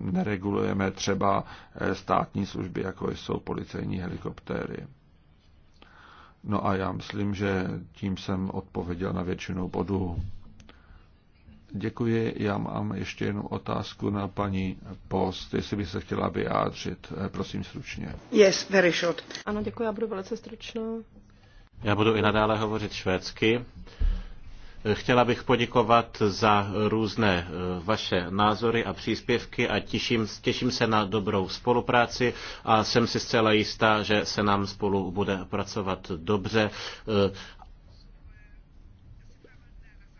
neregulujeme třeba eh, státní služby, jako jsou policejní helikoptéry. No a já myslím, že tím jsem odpověděl na většinu bodů. Děkuji. Já mám ještě jednu otázku na paní Post, jestli by se chtěla vyjádřit. Eh, Prosím stručně. Yes, very short. Ano, děkuji, já budu velice stručná. Já budu i nadále hovořit švédsky. Eh, chtěla bych poděkovat za různé eh, vaše názory a příspěvky a těším, těším se na dobrou spolupráci a jsem si zcela jistá, že se nám spolu bude pracovat dobře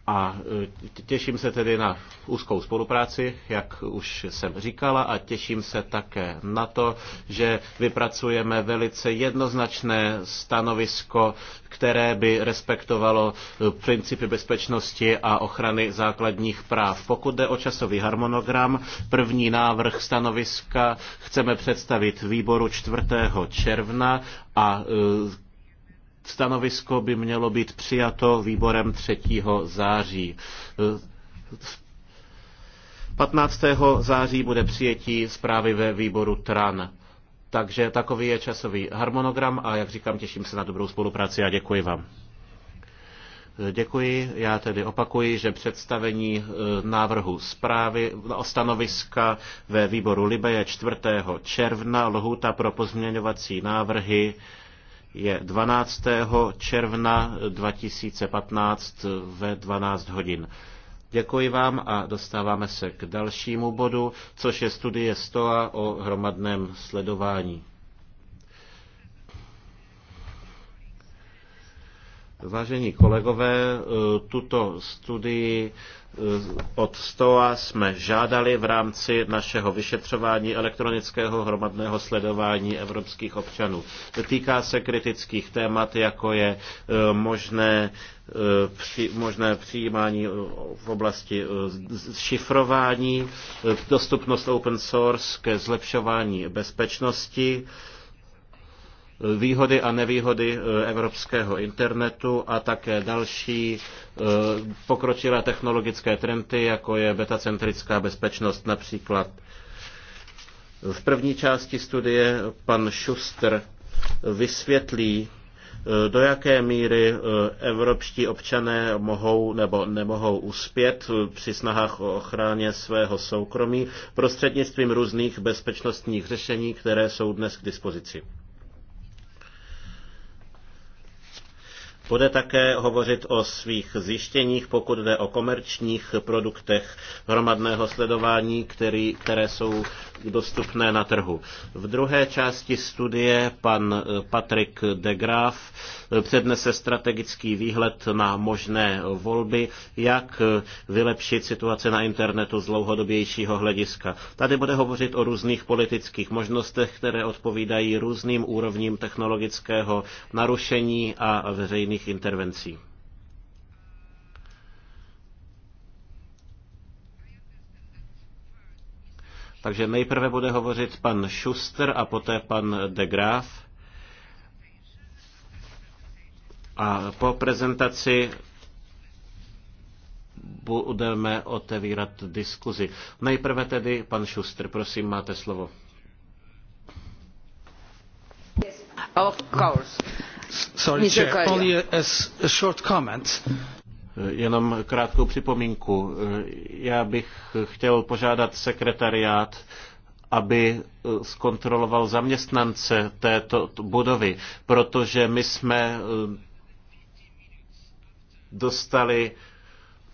a e, těším se tedy na úzkou spolupráci, jak už jsem říkala, a těším se také na to, že vypracujeme velice jednoznačné stanovisko, které by respektovalo e, principy bezpečnosti a ochrany základních práv. Pokud jde o časový harmonogram, první návrh stanoviska chceme představit výboru 4. června a e, Stanovisko by mělo být přijato výborem 3. září. 15. září bude přijetí zprávy ve výboru TRAN. Takže takový je časový harmonogram a jak říkám, těším se na dobrou spolupráci a děkuji vám. Děkuji. Já tedy opakuji, že představení e, návrhu zprávy o no, stanoviska ve výboru Libe je 4. června, lhůta pro pozměňovací návrhy je 12. června 2015 ve 12 hodin. Děkuji vám a dostáváme se k dalšímu bodu, což je studie STOA o hromadném sledování. Vážení kolegové, eh, tuto studii eh, od STOA jsme žádali v rámci našeho vyšetřování elektronického hromadného sledování evropských občanů. Týká se kritických témat, jako je eh, možné, možné přijímání v oblasti šifrování, dostupnost open source ke zlepšování bezpečnosti, výhody a nevýhody eh, evropského internetu a také další eh, pokročilé technologické trendy, jako je betacentrická bezpečnost například. V první části studie pan Schuster vysvětlí, eh, do jaké míry evropští občané mohou nebo nemohou uspět při snahách o ochráně svého soukromí prostřednictvím různých bezpečnostních řešení, které jsou dnes k dispozici. Bude také hovořit o svých zjištěních, pokud jde o komerčních produktech hromadného sledování, který, které jsou dostupné na trhu. V druhé části studie pan eh, Patrik de Graaf eh, přednese strategický výhled na možné volby, jak eh, vylepšit situaci na internetu z dlouhodobějšího hlediska. Tady bude hovořit o různých politických možnostech, které odpovídají různým úrovním technologického narušení a veřejných různých intervencí. Takže nejprve bude hovořit pan Schuster a poté pan de Graaf. A po prezentaci budeme otevírat diskuzi. Nejprve tedy pan Schuster, prosím, máte slovo. Yes, of course. Jenom krátkou připomínku. Já bych chtěl požádat sekretariát, aby e, zkontroloval zaměstnance této budovy, protože my jsme e, dostali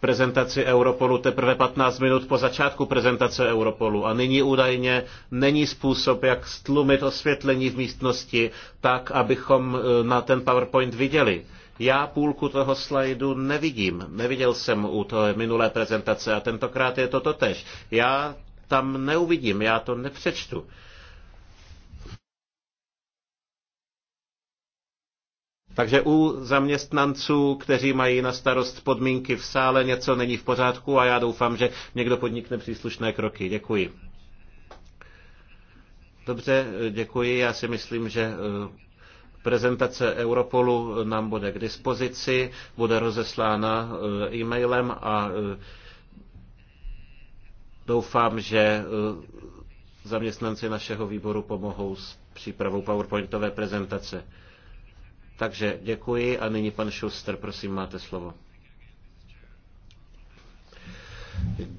prezentaci Europolu teprve 15 minut po začátku prezentace Europolu a nyní údajně není způsob, jak stlumit osvětlení v místnosti tak, abychom eh, na ten PowerPoint viděli. Já půlku toho slajdu nevidím. Neviděl jsem u té minulé prezentace a tentokrát je to totež. Já tam neuvidím, já to nepřečtu. Takže u zaměstnanců, kteří mají na starost podmínky v sále, něco není v pořádku a já doufám, že někdo podnikne příslušné kroky. Děkuji. Dobře, děkuji. Já si myslím, že eh, prezentace Europolu nám bude k dispozici, bude rozeslána eh, e-mailem a eh, doufám, že zaměstnanci našeho výboru pomohou s přípravou PowerPointové prezentace. Takže děkuji a nyní pan Šuster, prosím, máte slovo.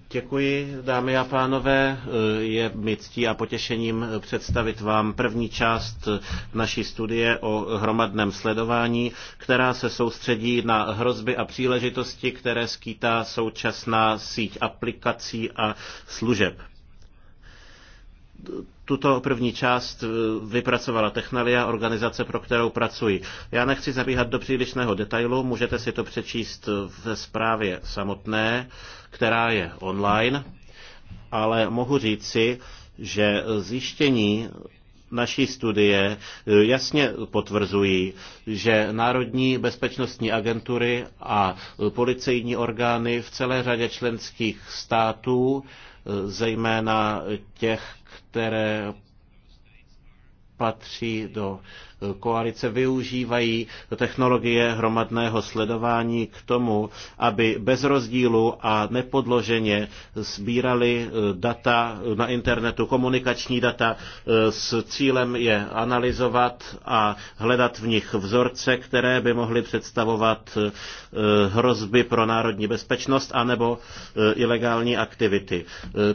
Děkuji, dámy a pánové. Je mi ctí a potěšením představit vám první část naší studie o hromadném sledování, která se soustředí na hrozby a příležitosti, které skýtá současná síť aplikací a služeb tuto první část eh, vypracovala Technalia, organizace, pro kterou pracuji. Já nechci zabíhat do přílišného detailu, můžete si to přečíst eh, ve zprávě samotné, která je online, ale mohu říci, že zjištění naší studie eh, jasně potvrzují, že národní bezpečnostní agentury a policejní orgány v celé řadě členských států zejména těch, které patří do koalice využívají technologie hromadného sledování k tomu, aby bez rozdílu a nepodloženě sbírali eh, data na internetu, komunikační data eh, s cílem je analyzovat a hledat v nich vzorce, které by mohly představovat eh, hrozby pro národní bezpečnost anebo ilegální aktivity.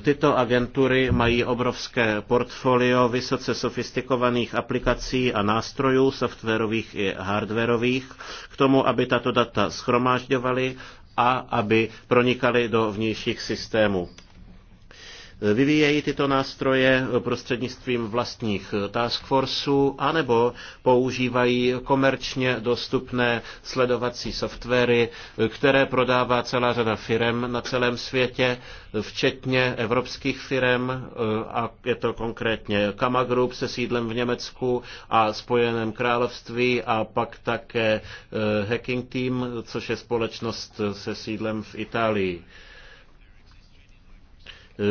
Tyto agentury mají obrovské portfolio vysoce sofistikovaných aplikací a nástrojů, nástrojů, softwarových i hardwarových, k tomu, aby tato data schromážďovaly a aby pronikaly do vnějších systémů vyvíjejí tyto nástroje prostřednictvím vlastních task forceů anebo používají komerčně dostupné sledovací softwary, které prodává celá řada firem na celém světě, včetně evropských firem a je to konkrétně Kama Group se sídlem v Německu a Spojeném království a pak také eh, Hacking Team, což je společnost se sídlem v Itálii.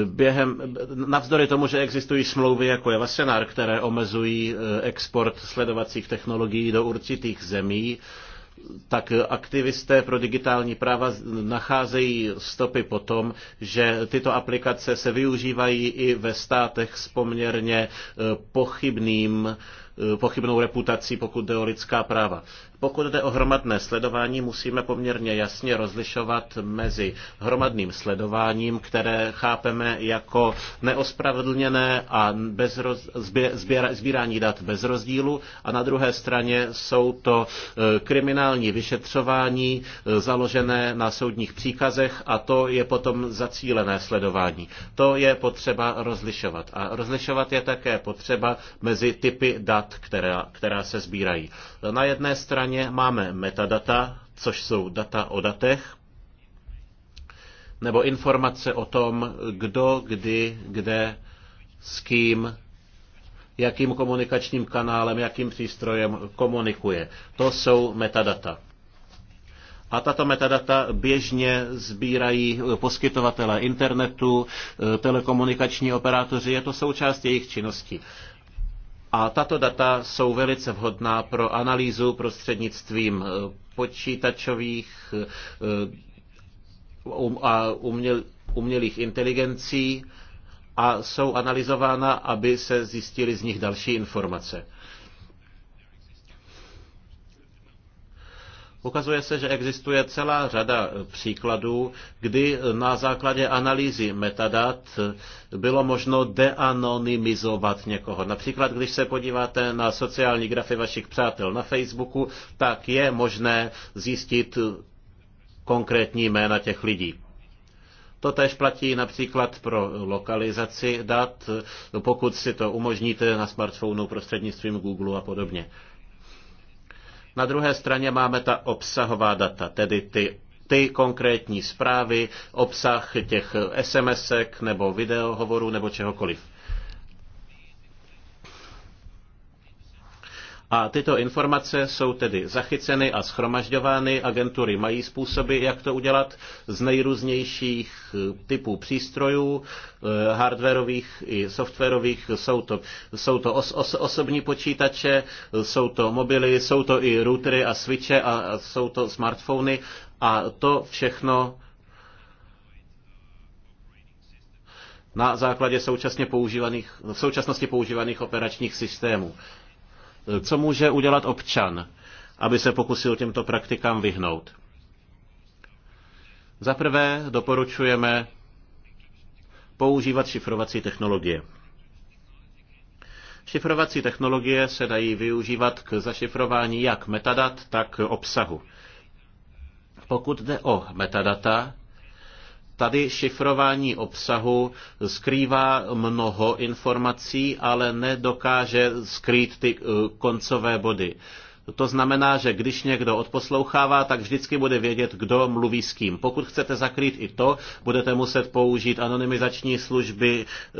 Během, navzdory tomu, že existují smlouvy jako je Vasenar, které omezují eh, export sledovacích technologií do určitých zemí, tak aktivisté pro digitální práva nacházejí stopy po tom, že tyto aplikace se využívají i ve státech s poměrně eh, pochybným, eh, pochybnou reputací, pokud jde o lidská práva. Pokud jde o hromadné sledování, musíme poměrně jasně rozlišovat mezi hromadným sledováním, které chápeme jako neospravedlněné a bez sbírání dat bez rozdílu a na druhé straně jsou to eh, kriminální vyšetřování eh, založené na soudních příkazech a to je potom zacílené sledování. To je potřeba rozlišovat. A rozlišovat je také potřeba mezi typy dat, která, která se sbírají. Na jedné straně máme metadata, což jsou data o datech, nebo informace o tom, kdo, kdy, kde, s kým, jakým komunikačním kanálem, jakým přístrojem komunikuje. To jsou metadata. A tato metadata běžně sbírají poskytovatele internetu, telekomunikační operátoři, je to součást jejich činnosti. A tato data jsou velice vhodná pro analýzu prostřednictvím eh, počítačových eh, um, a uměl, umělých inteligencí a jsou analyzována, aby se zjistily z nich další informace. Ukazuje se, že existuje celá řada eh, příkladů, kdy eh, na základě analýzy metadat eh, bylo možno deanonymizovat někoho. Například, když se podíváte na sociální grafy vašich přátel na Facebooku, tak je možné zjistit konkrétní jména těch lidí. To tež platí například pro lokalizaci dat, pokud si to umožníte na smartphonu prostřednictvím Google a podobně. Na druhé straně máme ta obsahová data, tedy ty ty konkrétní zprávy, obsah těch SMSek nebo videohovorů nebo čehokoliv. A tyto informace jsou tedy zachyceny a schromažďovány. Agentury mají způsoby, jak to udělat z nejrůznějších eh, typů přístrojů, eh, hardwareových i softwarových. Jsou to, jsou to os, os, osobní počítače, jsou to mobily, jsou to i routery a switche a, a jsou to smartfony. A to všechno na základě současně používaných, v současnosti používaných operačních systémů. Co může udělat občan, aby se pokusil těmto praktikám vyhnout? Za prvé doporučujeme používat šifrovací technologie. Šifrovací technologie se dají využívat k zašifrování jak metadat, tak obsahu. Pokud jde o metadata, Tady šifrování obsahu skrývá mnoho informací, ale nedokáže skrýt ty eh, koncové body. To znamená, že když někdo odposlouchává, tak vždycky bude vědět, kdo mluví s kým. Pokud chcete zakrýt i to, budete muset použít anonymizační služby eh,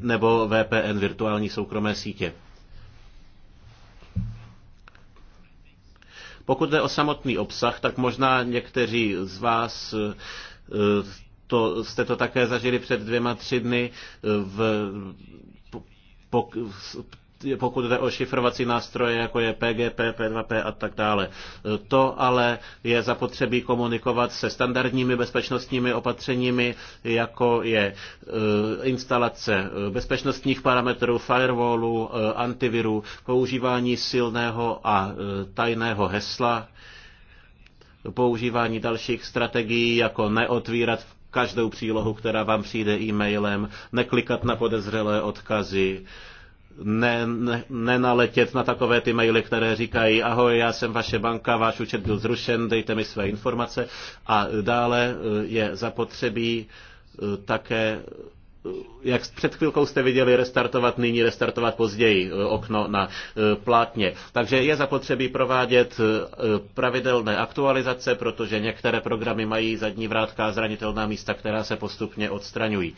nebo VPN, virtuální soukromé sítě. Pokud jde o samotný obsah, tak možná někteří z vás eh, to jste to také zažili před dvěma, tři dny eh, v, po, pokud jde o šifrovací nástroje, jako je PGP, P2P a tak dále. Eh, to ale je zapotřebí komunikovat se standardními bezpečnostními opatřeními, jako je eh, instalace bezpečnostních parametrů, firewallů, antivirů, používání silného a tajného hesla, používání dalších strategií, jako neotvírat každou přílohu, která vám přijde e-mailem, neklikat na podezřelé odkazy, ne, ne, nenaletět na takové ty maily, které říkají, ahoj, já jsem vaše banka, váš účet byl zrušen, dejte mi své informace. A dále e, je zapotřebí e, také jak před chvilkou jste viděli, restartovat nyní, restartovat později e, okno na e, plátně. Takže je zapotřebí provádět e, pravidelné aktualizace, protože některé programy mají zadní vrátka a zranitelná místa, která se postupně odstraňují.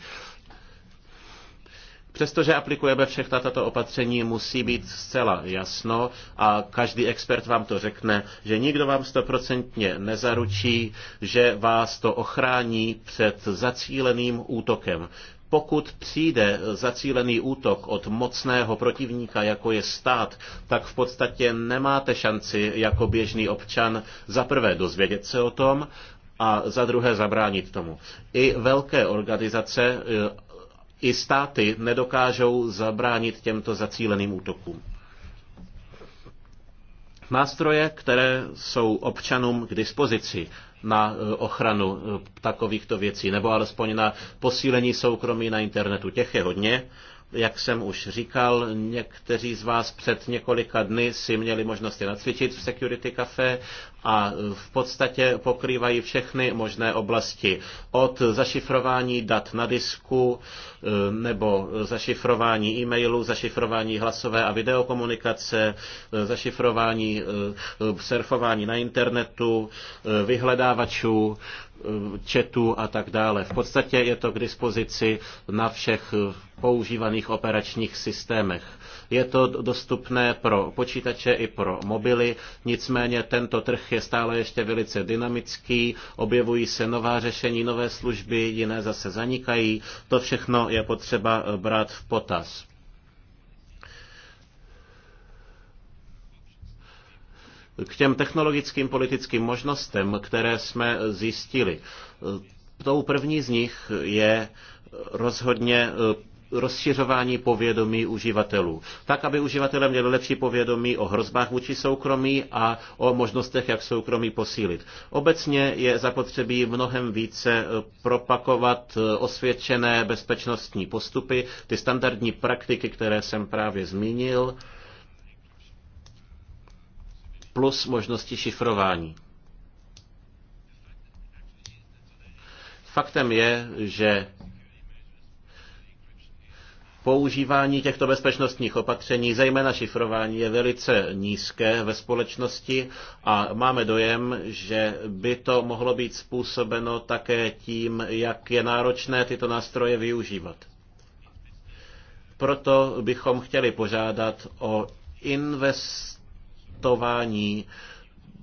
Přestože aplikujeme všechna tato opatření, musí být zcela jasno a každý expert vám to řekne, že nikdo vám stoprocentně nezaručí, že vás to ochrání před zacíleným útokem pokud přijde zacílený útok od mocného protivníka, jako je stát, tak v podstatě nemáte šanci jako běžný občan za prvé dozvědět se o tom a za druhé zabránit tomu. I velké organizace, eh, i státy nedokážou zabránit těmto zacíleným útokům. Nástroje, které jsou občanům k dispozici, na eh, ochranu eh, takovýchto věcí, nebo alespoň na posílení soukromí na internetu. Těch je hodně. Jak jsem už říkal, někteří z vás před několika dny si měli možnost je nacvičit v Security Café a v podstatě pokrývají všechny možné oblasti. Od zašifrování dat na disku eh, nebo zašifrování e-mailu, zašifrování hlasové a videokomunikace, eh, zašifrování eh, surfování na internetu, vyhledávačů, četů a tak dále. V podstatě je to k dispozici na všech používaných operačních systémech. Je to dostupné pro počítače i pro mobily, nicméně tento trh je stále ještě velice dynamický, objevují se nová řešení, nové služby, jiné zase zanikají. To všechno je potřeba brát v potaz. K těm technologickým politickým možnostem, které jsme zjistili. Tou první z nich je rozhodně rozšiřování povědomí uživatelů. Tak, aby uživatelé měli lepší povědomí o hrozbách vůči soukromí a o možnostech, jak soukromí posílit. Obecně je zapotřebí mnohem více eh, propakovat eh, osvědčené bezpečnostní postupy, ty standardní praktiky, které jsem právě zmínil, plus možnosti šifrování. Faktem je, že Používání těchto bezpečnostních opatření, zejména šifrování, je velice nízké ve společnosti a máme dojem, že by to mohlo být způsobeno také tím, jak je náročné tyto nástroje využívat. Proto bychom chtěli požádat o investování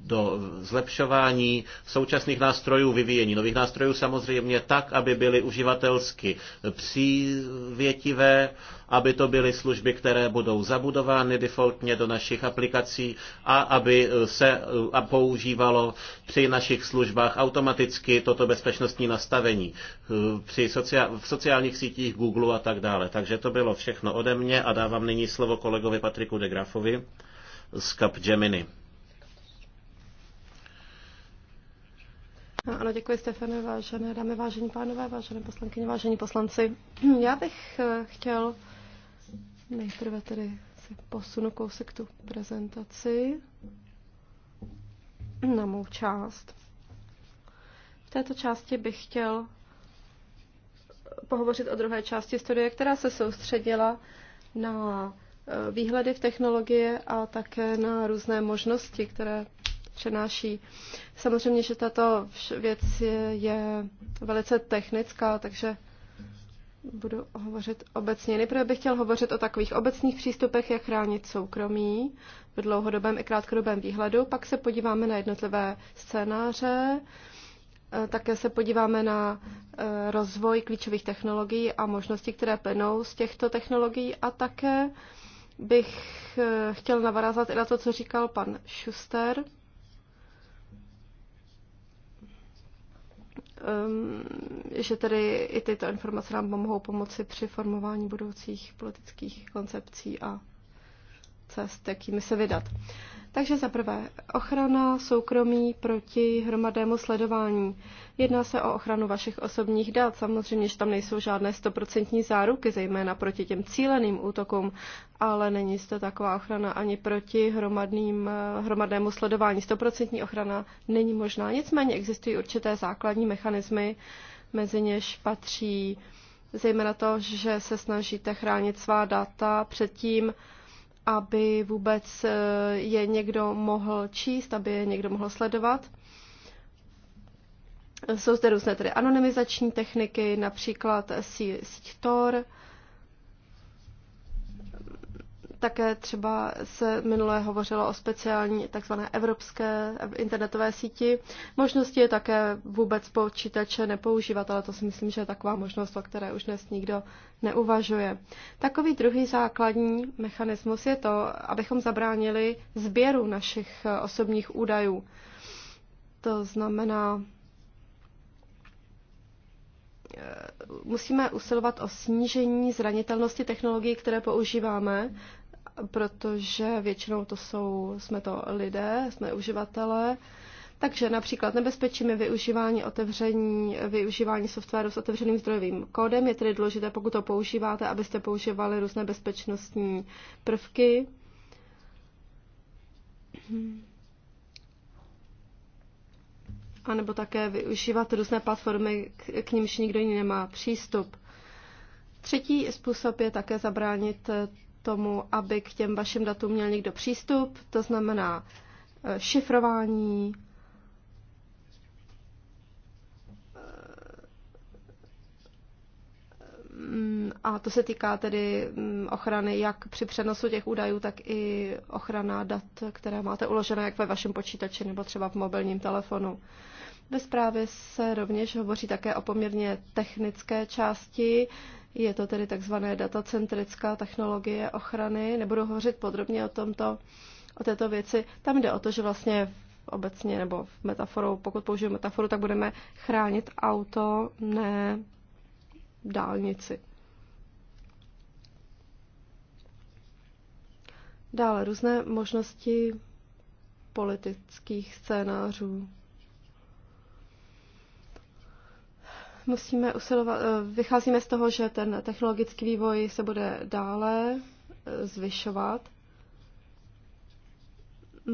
do zlepšování současných nástrojů vyvíjení, nových nástrojů samozřejmě tak, aby byly uživatelsky přívětivé, aby to byly služby, které budou zabudovány defaultně do našich aplikací a aby se používalo při našich službách automaticky toto bezpečnostní nastavení při sociál, v sociálních sítích Google a tak dále. Takže to bylo všechno ode mě a dávám nyní slovo kolegovi Patriku de Grafovi z Cap Gemini. Ano, děkuji Stefane, vážené dámy, vážení pánové, vážené poslankyně, vážení poslanci. Já bych eh, chtěl nejprve tedy si posunu kousek tu prezentaci na mou část. V této části bych chtěl pohovořit o druhé části studie, která se soustředila na eh, výhledy v technologie a také na různé možnosti, které přenáší. Samozřejmě, že tato věc je, je velice technická, takže budu hovořit obecně. Nejprve bych chtěl hovořit o takových obecných přístupech, jak chránit soukromí v dlouhodobém i krátkodobém výhledu. Pak se podíváme na jednotlivé scénáře. Eh, také se podíváme na eh, rozvoj klíčových technologií a možnosti, které plynou z těchto technologií a také bych eh, chtěl navarázat i na to, co říkal pan Schuster. Um, že tedy i tyto informace nám mohou pomoci při formování budoucích politických koncepcí a cest, jakými se vydat. Takže za prvé, ochrana soukromí proti hromadému sledování. Jedná se o ochranu vašich osobních dat. Samozřejmě, že tam nejsou žádné stoprocentní záruky, zejména proti těm cíleným útokům, ale není to taková ochrana ani proti hromadným, eh, hromadnému sledování. Stoprocentní ochrana není možná. Nicméně existují určité základní mechanismy, mezi něž patří zejména to, že se snažíte chránit svá data před tím, aby vůbec eh, je někdo mohl číst, aby je někdo mohl sledovat. Jsou zde různé tedy anonymizační techniky, například síť Tor, také třeba se minule hovořilo o speciální takzvané evropské internetové síti. Možnosti je také vůbec počítače nepoužívat, ale to si myslím, že je taková možnost, o které už dnes nikdo neuvažuje. Takový druhý základní mechanismus je to, abychom zabránili sběru našich osobních údajů. To znamená, e, musíme usilovat o snížení zranitelnosti technologií, které používáme, protože většinou to jsou, jsme to lidé, jsme uživatelé, takže například nebezpečím je využívání otevření, využívání softwaru s otevřeným zdrojovým kódem. Je tedy důležité, pokud to používáte, abyste používali různé bezpečnostní prvky. A nebo také využívat různé platformy, k, k nimž nikdo jiný nemá přístup. Třetí způsob je také zabránit tomu, aby k těm vašim datům měl někdo přístup, to znamená eh, šifrování, eh, a to se týká tedy mm, ochrany jak při přenosu těch údajů, tak i ochrana dat, které máte uložené jak ve vašem počítači nebo třeba v mobilním telefonu. Ve zprávě se rovněž hovoří také o poměrně technické části. Je to tedy takzvané datacentrická technologie ochrany. Nebudu hovořit podrobně o tomto, o této věci. Tam jde o to, že vlastně obecně nebo v metaforou, pokud použiju metaforu, tak budeme chránit auto, ne dálnici. Dále různé možnosti politických scénářů. Musíme usilovat, eh, vycházíme z toho, že ten technologický vývoj se bude dále eh, zvyšovat.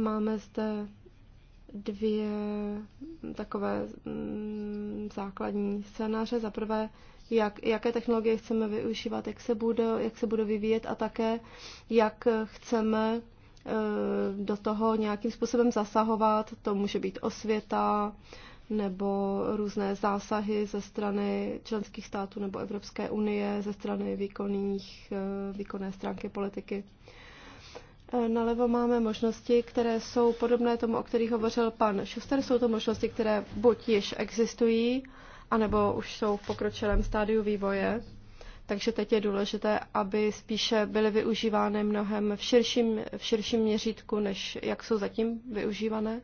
Máme zde dvě takové mm, základní scénáře. Za prvé, jak, jaké technologie chceme využívat, jak se, bude, jak se bude vyvíjet a také, jak chceme eh, do toho nějakým způsobem zasahovat. To může být osvěta, nebo různé zásahy ze strany členských států nebo Evropské unie, ze strany výkonných, eh, výkonné stránky politiky. Eh, nalevo máme možnosti, které jsou podobné tomu, o kterých hovořil pan Schuster. Jsou to možnosti, které buď již existují, anebo už jsou v pokročilém stádiu vývoje. Takže teď je důležité, aby spíše byly využívány mnohem v širším, v širším měřítku, než jak jsou zatím využívané.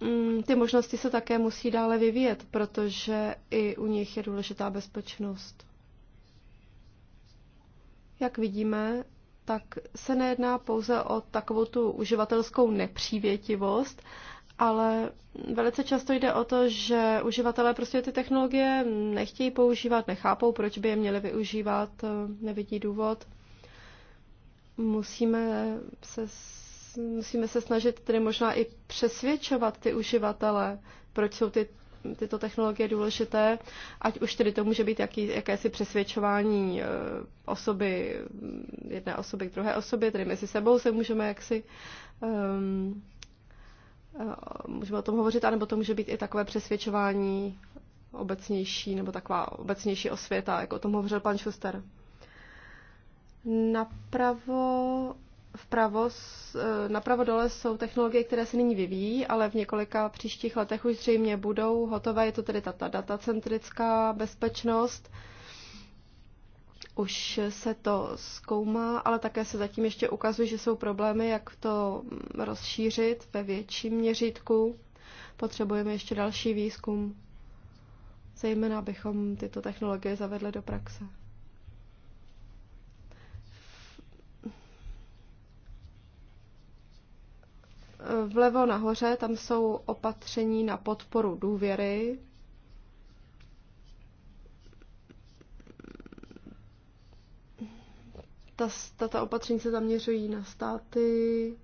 Mm, ty možnosti se také musí dále vyvíjet, protože i u nich je důležitá bezpečnost. Jak vidíme, tak se nejedná pouze o takovou tu uživatelskou nepřívětivost, ale velice často jde o to, že uživatelé prostě ty technologie nechtějí používat, nechápou, proč by je měli využívat, nevidí důvod. Musíme se musíme se snažit tedy možná i přesvědčovat ty uživatele, proč jsou ty tyto technologie důležité, ať už tedy to může být jaký, jakési přesvědčování e, osoby, jedné osoby k druhé osobě, tedy mezi sebou se můžeme jaksi um, můžeme o tom hovořit, anebo to může být i takové přesvědčování obecnější, nebo taková obecnější osvěta, jako o tom hovořil pan Schuster. Napravo vpravo, eh, napravo dole jsou technologie, které se nyní vyvíjí, ale v několika příštích letech už zřejmě budou hotové. Je to tedy ta datacentrická bezpečnost. Už se to zkoumá, ale také se zatím ještě ukazuje, že jsou problémy, jak to mm, rozšířit ve větším měřítku. Potřebujeme ještě další výzkum, zejména abychom tyto technologie zavedli do praxe. Vlevo nahoře tam jsou opatření na podporu důvěry. Ta, Tato opatření se zaměřují na státy.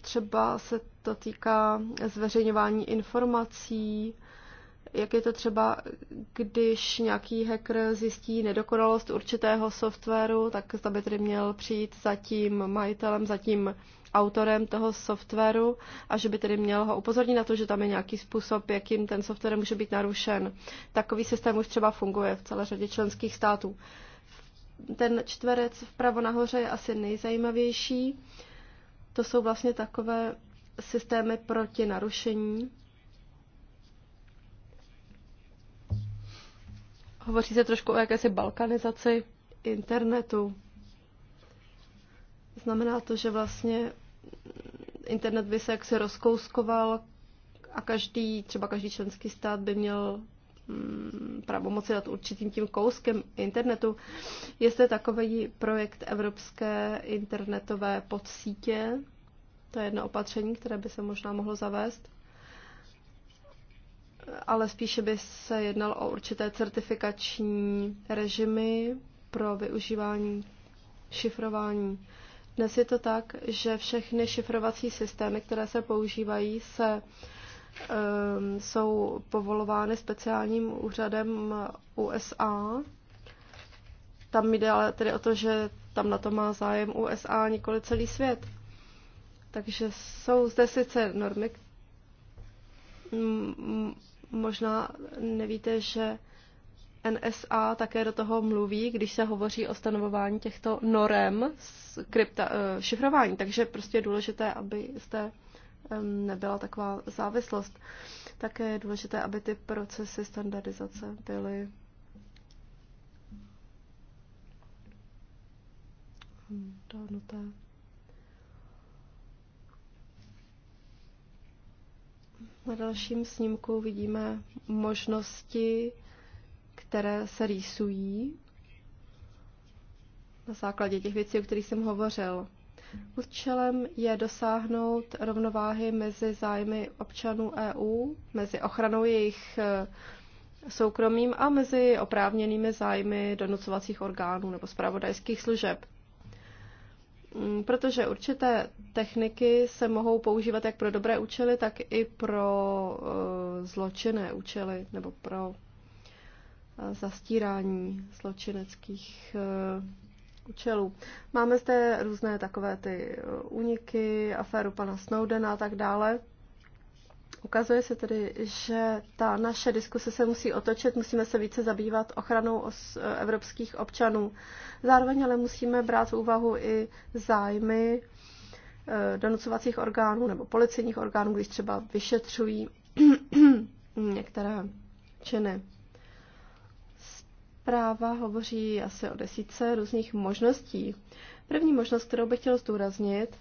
Třeba se to týká zveřejňování informací, jak je to třeba, když nějaký hacker zjistí nedokonalost určitého softwaru, tak zda by tedy měl přijít za tím majitelem, za tím autorem toho softwaru a že by tedy měl ho upozornit na to, že tam je nějaký způsob, jakým ten software může být narušen. Takový systém už třeba funguje v celé řadě členských států. Ten čtverec vpravo nahoře je asi nejzajímavější. To jsou vlastně takové systémy proti narušení. Hovoří se trošku o jakési balkanizaci internetu. Znamená to, že vlastně internet by se jaksi rozkouskoval a každý, třeba každý členský stát by měl mm, pravomoci nad určitým tím kouskem internetu. Jestli takový projekt Evropské internetové podsítě, to je jedno opatření, které by se možná mohlo zavést, ale spíše by se jednal o určité certifikační režimy pro využívání šifrování dnes je to tak, že všechny šifrovací systémy, které se používají, se um, jsou povolovány speciálním úřadem USA. Tam jde ale tedy o to, že tam na to má zájem USA, nikoli celý svět. Takže jsou zde sice normy, možná nevíte, že NSA také do toho mluví, když se hovoří o stanovování těchto norem krypta, eh, šifrování, takže prostě je důležité, aby jste nebyla taková závislost. Také je důležité, aby ty procesy standardizace byly dohnuté. Na dalším snímku vidíme možnosti které se rýsují na základě těch věcí, o kterých jsem hovořil. Účelem je dosáhnout rovnováhy mezi zájmy občanů EU, mezi ochranou jejich eh, soukromým a mezi oprávněnými zájmy donucovacích orgánů nebo zpravodajských služeb. Mm, protože určité techniky se mohou používat jak pro dobré účely, tak i pro eh, zločinné účely nebo pro zastírání zločineckých eh, účelů. Máme zde různé takové ty eh, úniky, aféru pana Snowdena a tak dále. Ukazuje se tedy, že ta naše diskuse se musí otočit, musíme se více zabývat ochranou os, eh, evropských občanů. Zároveň ale musíme brát v úvahu i zájmy donucovacích orgánů nebo policejních orgánů, když třeba vyšetřují některé činy práva hovoří asi o desíce různých možností. První možnost, kterou bych chtěl zdůraznit,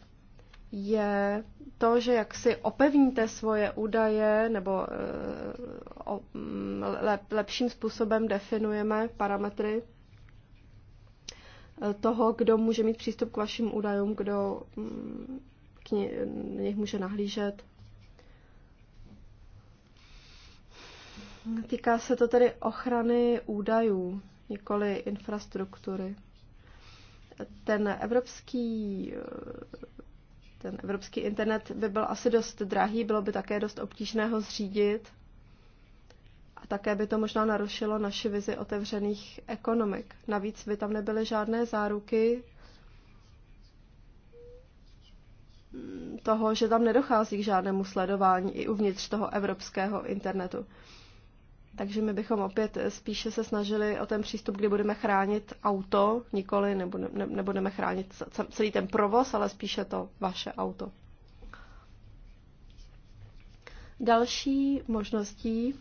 je to, že jak si opevníte svoje údaje nebo eh, mm, lep, lepším způsobem definujeme parametry eh, toho, kdo může mít přístup k vašim údajům, kdo mm, k nich může nahlížet. Týká se to tedy ochrany údajů, nikoli infrastruktury. Ten evropský, ten evropský internet by byl asi dost drahý, bylo by také dost obtížné ho zřídit a také by to možná narušilo naši vizi otevřených ekonomik. Navíc by tam nebyly žádné záruky toho, že tam nedochází k žádnému sledování i uvnitř toho evropského internetu. Takže my bychom opět spíše se snažili o ten přístup, kdy budeme chránit auto, nikoli nebo ne, nebudeme chránit celý ten provoz, ale spíše to vaše auto. Další možností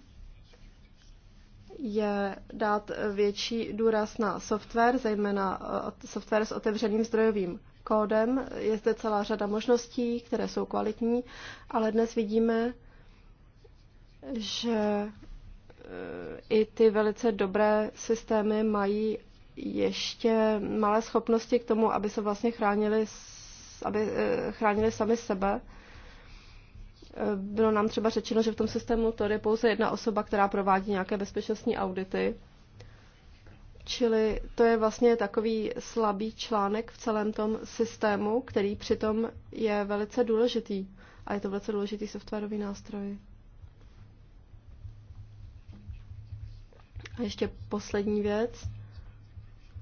je dát větší důraz na software, zejména eh, software s otevřeným zdrojovým kódem. Je zde celá řada možností, které jsou kvalitní, ale dnes vidíme, že i ty velice dobré systémy mají ještě malé schopnosti k tomu, aby se vlastně chránili, aby eh, chránili sami sebe. Eh, bylo nám třeba řečeno, že v tom systému to je pouze jedna osoba, která provádí nějaké bezpečnostní audity. Čili to je vlastně takový slabý článek v celém tom systému, který přitom je velice důležitý. A je to velice důležitý softwarový nástroj. A ještě poslední věc.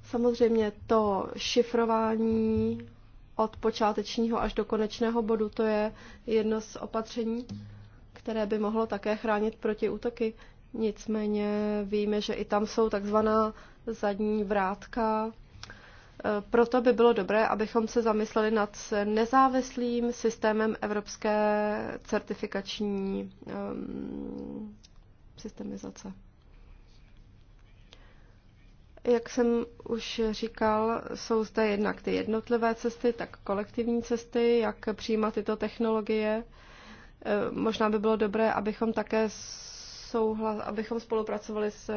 Samozřejmě to šifrování od počátečního až do konečného bodu, to je jedno z opatření, které by mohlo také chránit proti útoky. Nicméně víme, že i tam jsou takzvaná zadní vrátka. E, proto by bylo dobré, abychom se zamysleli nad nezávislým systémem evropské certifikační um, systemizace. Jak jsem už říkal, jsou zde jednak ty jednotlivé cesty, tak kolektivní cesty, jak přijímat tyto technologie. E, možná by bylo dobré, abychom také souhlas, abychom spolupracovali s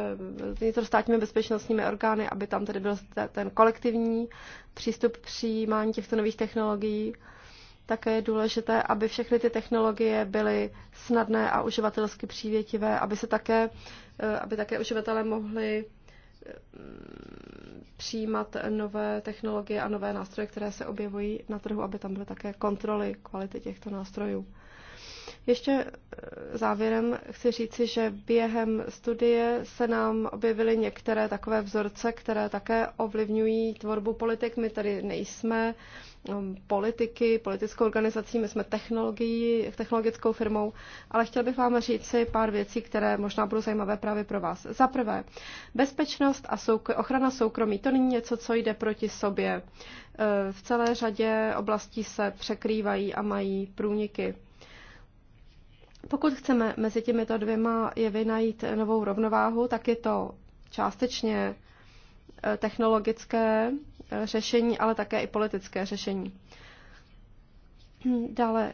vnitrostátními bezpečnostními orgány, aby tam tedy byl ten kolektivní přístup přijímání těchto nových technologií. Také je důležité, aby všechny ty technologie byly snadné a uživatelsky přívětivé, aby se také, e, aby také uživatelé mohli přijímat nové technologie a nové nástroje, které se objevují na trhu, aby tam byly také kontroly kvality těchto nástrojů. Ještě eh, závěrem chci říci, že během studie se nám objevily některé takové vzorce, které také ovlivňují tvorbu politik. My tady nejsme ehm, politiky, politickou organizací, my jsme technologií, technologickou firmou, ale chtěl bych vám říci pár věcí, které možná budou zajímavé právě pro vás. Za prvé, bezpečnost a souk- ochrana soukromí, to není něco, co jde proti sobě. Eh, v celé řadě oblastí se překrývají a mají průniky. Pokud chceme mezi těmito dvěma jevy najít novou rovnováhu, tak je to částečně e, technologické e, řešení, ale také i politické řešení. Hm, dále e,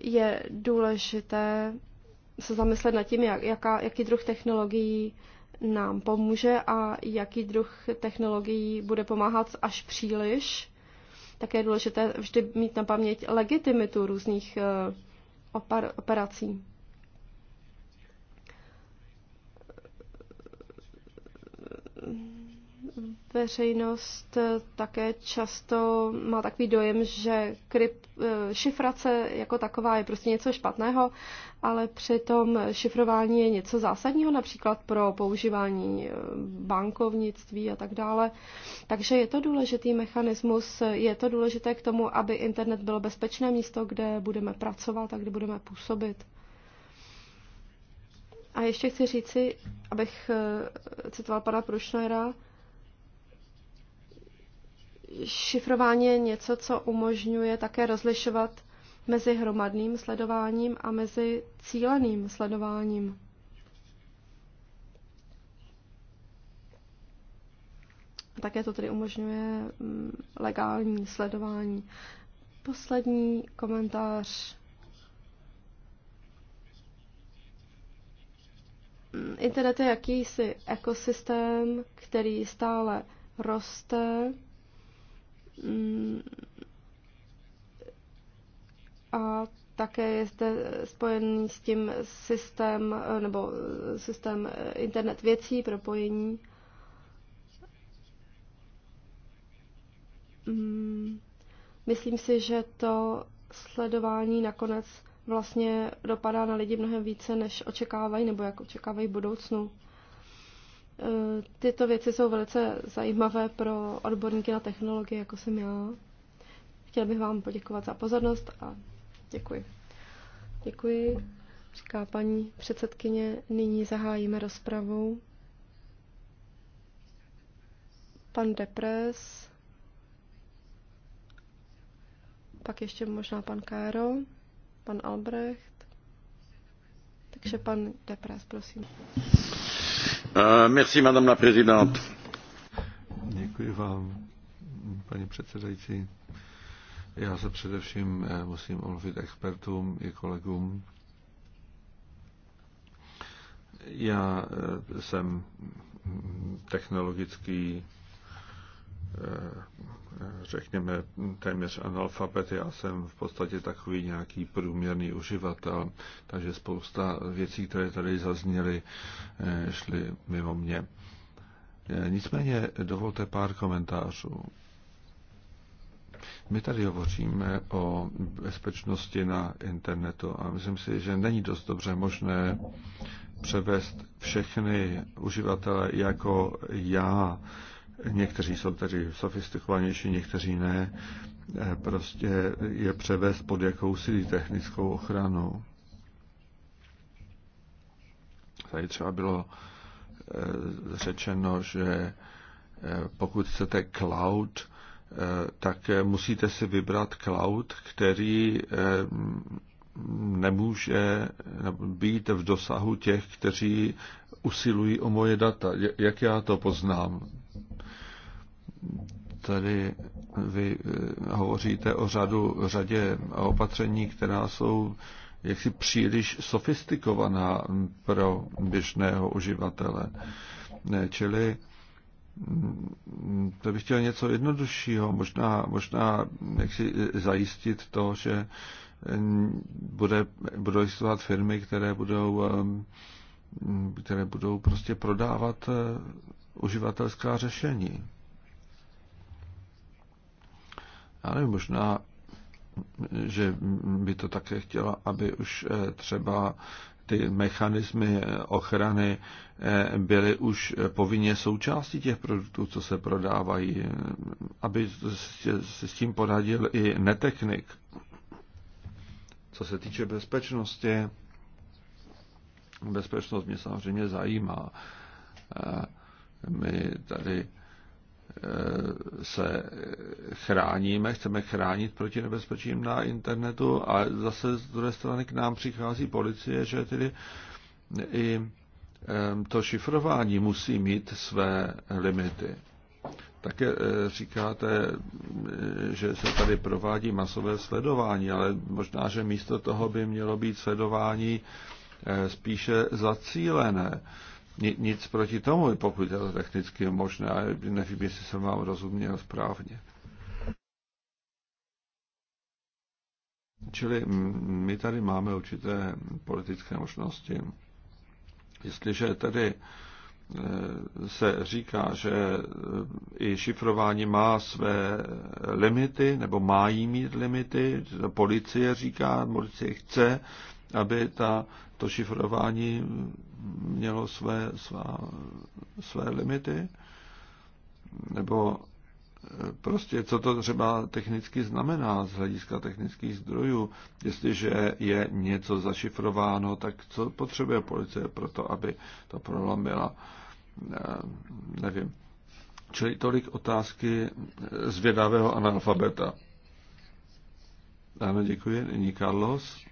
je důležité se zamyslet nad tím, jak, jaká, jaký druh technologií nám pomůže a jaký druh technologií bude pomáhat až příliš. Také je důležité vždy mít na paměť legitimitu různých uh, operací. Mm veřejnost eh, také často má takový dojem, že kryp, eh, šifrace jako taková je prostě něco špatného, ale přitom šifrování je něco zásadního například pro používání eh, bankovnictví a tak dále. Takže je to důležitý mechanismus, je to důležité k tomu, aby internet bylo bezpečné místo, kde budeme pracovat a kde budeme působit. A ještě chci říci, abych citoval pana Prušnera, Šifrování je něco, co umožňuje také rozlišovat mezi hromadným sledováním a mezi cíleným sledováním. A také to tedy umožňuje mm, legální sledování. Poslední komentář. Internet je jakýsi ekosystém, který stále roste. A také je zde spojený s tím systém nebo systém internet věcí, propojení. Mm, myslím si, že to sledování nakonec vlastně dopadá na lidi mnohem více, než očekávají nebo jak očekávají v budoucnu. Eh, tyto věci jsou velice zajímavé pro odborníky na technologie, jako jsem já. Chtěl bych vám poděkovat za pozornost a děkuji. Děkuji, říká paní předsedkyně. Nyní zahájíme rozpravu. Pan Depres, pak ještě možná pan Káro, pan Albrecht, takže pan Depres, prosím. Eh, Děkuji vám, paní předsedající. Já se především eh, musím omluvit expertům i kolegům. Já eh, jsem technologický Eh, řekněme, téměř analfabet. Já jsem v podstatě takový nějaký průměrný uživatel, takže spousta věcí, které tady zazněly, eh, šly mimo mě. Eh, nicméně dovolte pár komentářů. My tady hovoříme o bezpečnosti na internetu a myslím si, že není dost dobře možné převést všechny uživatele jako já Někteří jsou tedy sofistikovanější, někteří ne. E, prostě je převést pod jakousi technickou ochranu. Tady třeba bylo e, řečeno, že e, pokud chcete cloud, tak musíte si vybrat cloud, který nemůže být v dosahu těch, kteří usilují o moje data. Jak já to poznám? tady vy eh, hovoříte o řadu, řadě opatření, která jsou jaksi příliš sofistikovaná pro běžného uživatele. Eh, čili mm, to bych chtěl něco jednoduššího, možná, možná jaksi eh, zajistit to, že bude, budou existovat firmy, které budou, které budou prostě prodávat uživatelská řešení nevím, možná, že by to také chtěla, aby už eh, třeba ty mechanismy ochrany eh, byly už eh, povinně součástí těch produktů, co se prodávají, aby se s tím poradil i netechnik. Co se týče bezpečnosti, bezpečnost mě samozřejmě zajímá. My tady se chráníme, chceme chránit proti nebezpečím na internetu a zase z druhé strany k nám přichází policie, že tedy i to šifrování musí mít své limity. Také e, říkáte, e, že se tady provádí masové sledování, ale možná, že místo toho by mělo být sledování e, spíše zacílené nic proti tomu, pokud je to technicky možné. ale Nevím, jestli jsem vám rozuměl správně. Čili my tady máme určité politické možnosti. Jestliže tedy e, se říká, že e, i šifrování má své limity, nebo má jí mít limity, policie říká, policie chce aby ta, to šifrování mělo své, svá, své limity? Nebo eh, prostě co to třeba technicky znamená z hlediska technických zdrojů? Jestliže je něco zašifrováno, tak co potřebuje policie pro to, aby to prolomila? Eh, nevím. Čili tolik otázky eh, zvědavého analfabeta. Ano, děkuji. Nyní Carlos.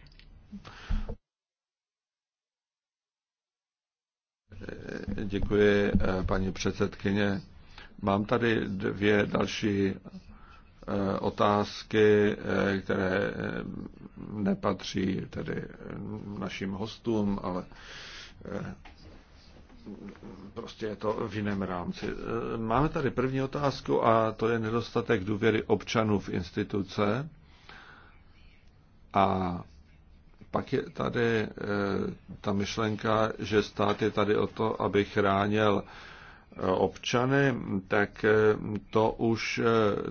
Děkuji, eh, paní předsedkyně. Mám tady dvě další eh, otázky, eh, které nepatří tedy našim hostům, ale prostě je to v jiném rámci. Máme tady první otázku a to je nedostatek důvěry občanů v instituce a pak je tady eh, ta myšlenka, že stát je tady o to, aby chránil eh, občany, tak eh, to už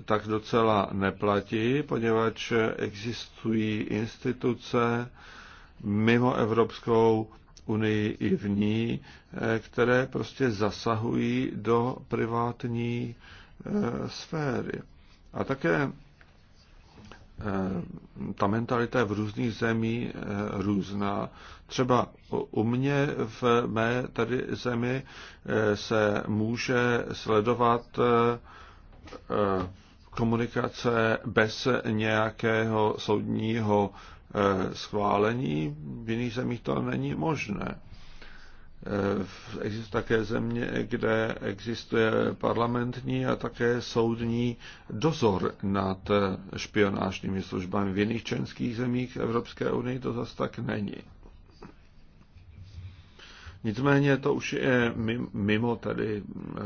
tak docela neplatí, poněvadž existují instituce mimo Evropskou unii i v ní, které prostě zasahují do privátní sféry. A také Eh, ta mentalita je v různých zemí eh, různá. Třeba u mě v mé tady zemi eh, se může sledovat komunikace bez nějakého soudního schválení. V jiných zemích to není možné. Eh, existují také země, kde existuje parlamentní a také soudní dozor nad eh, špionážními službami. V jiných členských zemích Evropské unie to zase tak není. Nicméně to už je mimo tady eh,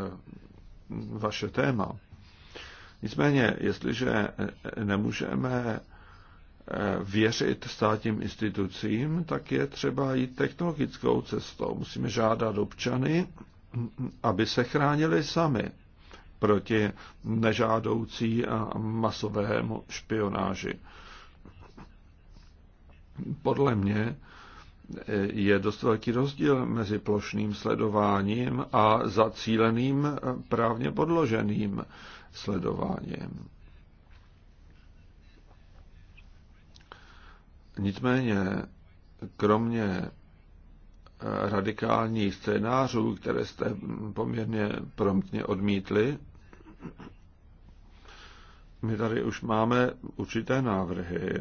vaše téma. Nicméně, jestliže nemůžeme Eh, věřit státním institucím, tak je třeba jít technologickou cestou. Musíme žádat občany, aby se chránili sami proti nežádoucí a masovému špionáži. Podle mě eh, je dost velký rozdíl mezi plošným sledováním a zacíleným eh, právně podloženým sledováním. Nicméně, kromě eh, radikálních scénářů, které jste poměrně promptně odmítli, my tady už máme určité návrhy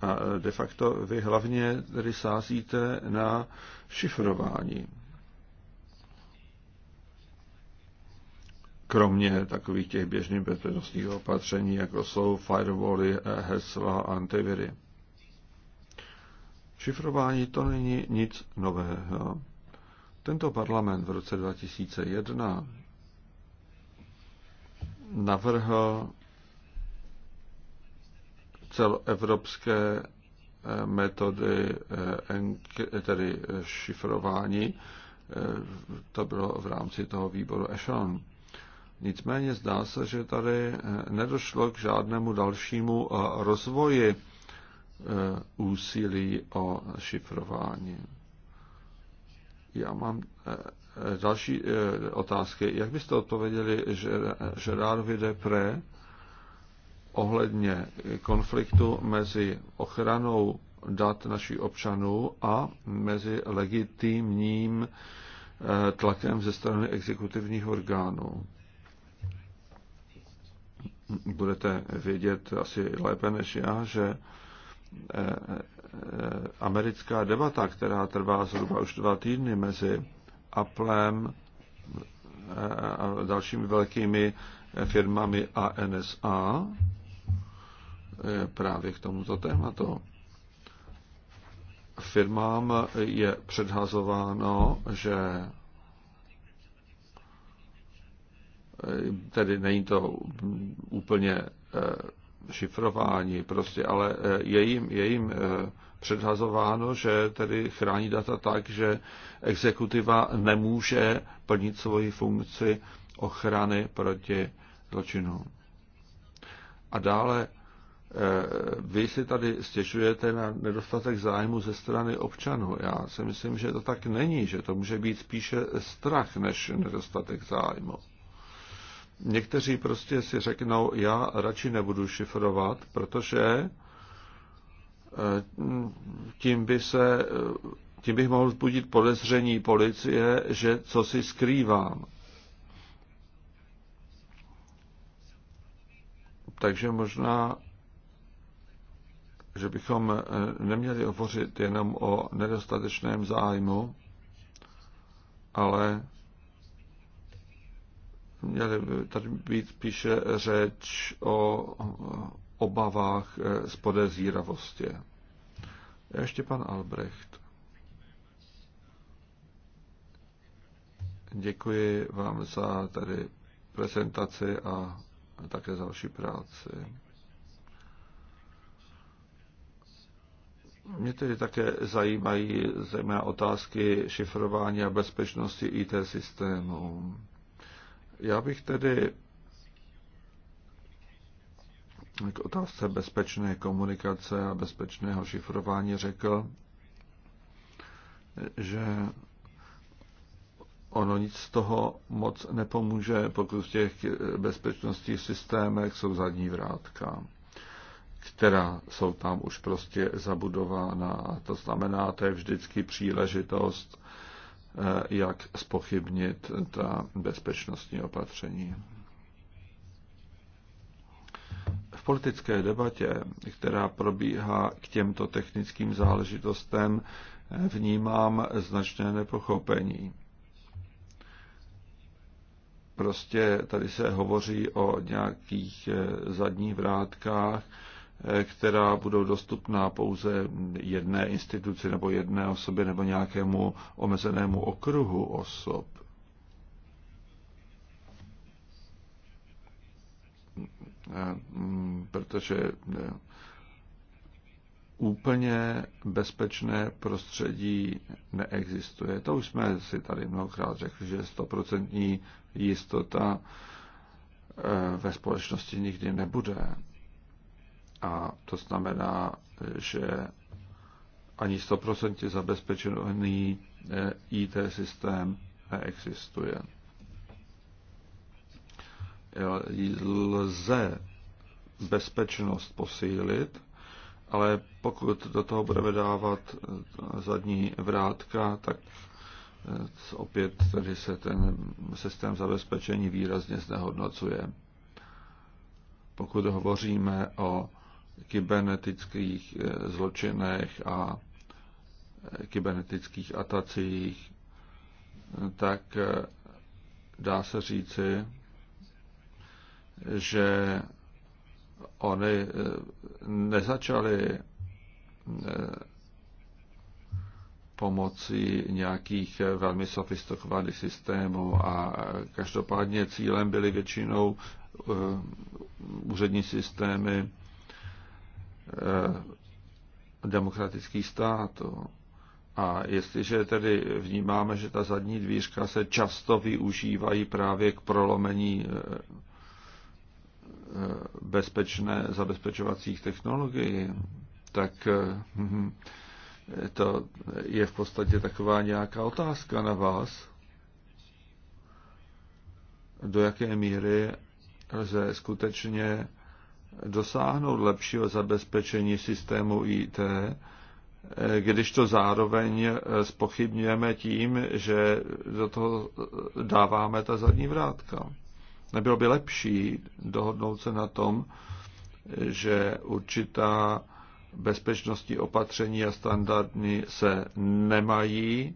a eh, de facto vy hlavně tedy sázíte na šifrování. Kromě takových těch běžných bezpečnostních opatření, jako jsou firewally, eh, hesla, antiviry. Šifrování to není nic nového. Tento parlament v roce 2001 navrhl celoevropské eh, metody eh, tedy eh, šifrování. To bylo v rámci toho výboru Echelon. Nicméně zdá se, že tady nedošlo k žádnému dalšímu rozvoji Eh, úsilí o šifrování. Já mám eh, další eh, otázky. Jak byste odpověděli Gerardovi Depré ohledně konfliktu mezi ochranou dat našich občanů a mezi legitimním tlakem ze strany exekutivních orgánů? Budete vědět asi lépe než já, že Eh, eh, americká debata, která trvá zhruba už dva týdny mezi Applem eh, a dalšími velkými firmami a NSA právě k tomuto tématu. Firmám je předhazováno, že tedy není to úplně šifrování, prostě, ale eh, je jim, je jim eh, předhazováno, že tedy chrání data tak, že exekutiva nemůže plnit svoji funkci ochrany proti zločinům. A dále eh, vy si tady stěžujete na nedostatek zájmu ze strany občanů. Já si myslím, že to tak není, že to může být spíše strach než nedostatek zájmu. Někteří prostě si řeknou, já radši nebudu šifrovat, protože eh, tím, by se, eh, tím bych mohl vzbudit podezření policie, že co si skrývám. Takže možná, že bychom eh, neměli hovořit jenom o nedostatečném zájmu, ale měly tady být spíše řeč o obavách eh, z podezíravosti. Ještě pan Albrecht. Děkuji vám za tady prezentaci a také za vaši práci. Mě tedy také zajímají zejména otázky šifrování a bezpečnosti IT systémů. Já bych tedy k otázce bezpečné komunikace a bezpečného šifrování řekl, že ono nic z toho moc nepomůže, pokud v těch bezpečnostních systémech jsou zadní vrátka, která jsou tam už prostě zabudována. To znamená, to je vždycky příležitost Eh, jak spochybnit ta bezpečnostní opatření. V politické debatě, která probíhá k těmto technickým záležitostem, vnímám značné nepochopení. Prostě tady se hovoří o nějakých eh, zadních vrátkách, Eh, která budou dostupná pouze jedné instituci nebo jedné osobě nebo nějakému omezenému okruhu osob. Eh, mm, protože eh, úplně bezpečné prostředí neexistuje. To už jsme si tady mnohokrát řekli, že stoprocentní jistota ve společnosti nikdy nebude. A to znamená, že ani 100% zabezpečený eh, IT systém neexistuje. Lze bezpečnost posílit, ale pokud do toho budeme dávat eh, zadní vrátka, tak eh, opět tady se ten systém zabezpečení výrazně znehodnocuje. Pokud hovoříme o kybernetických eh, zločinech a eh, kybernetických atacích, tak eh, dá se říci, že oni nezačali pomocí nějakých velmi sofistikovaných systémů a každopádně cílem byly většinou úřední systémy Eh, demokratický stát A jestliže tedy vnímáme, že ta zadní dvířka se často využívají právě k prolomení eh, eh, bezpečné zabezpečovacích technologií, tak hm, hm, to je v podstatě taková nějaká otázka na vás, do jaké míry lze skutečně dosáhnout lepšího zabezpečení systému IT, když to zároveň spochybňujeme tím, že do toho dáváme ta zadní vrátka. Nebylo by lepší dohodnout se na tom, že určitá bezpečnostní opatření a standardy se nemají,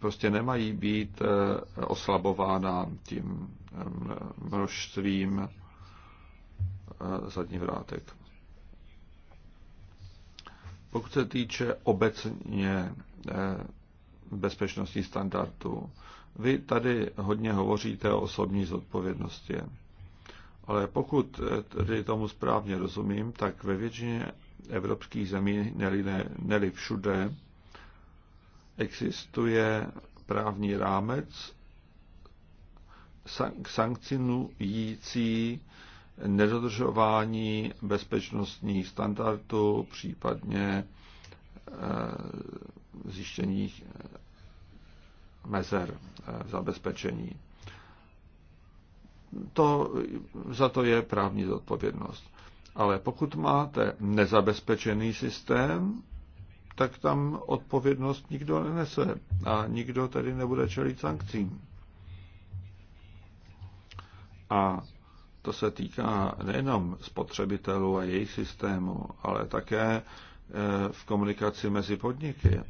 prostě nemají být oslabována tím množstvím eh, zadních vrátek. Pokud se týče obecně eh, bezpečnostní standardů, vy tady hodně hovoříte o osobní zodpovědnosti. Ale pokud eh, tedy tomu správně rozumím, tak ve většině evropských zemí, neli, ne, neli všude, existuje právní rámec, sankcinující nedodržování bezpečnostních standardů, případně e, zjištění e, mezer v e, zabezpečení. To, za to je právní zodpovědnost. Ale pokud máte nezabezpečený systém, tak tam odpovědnost nikdo nenese a nikdo tedy nebude čelit sankcím. A to se týká nejenom spotřebitelů a jejich systému, ale také e, v komunikaci mezi podniky.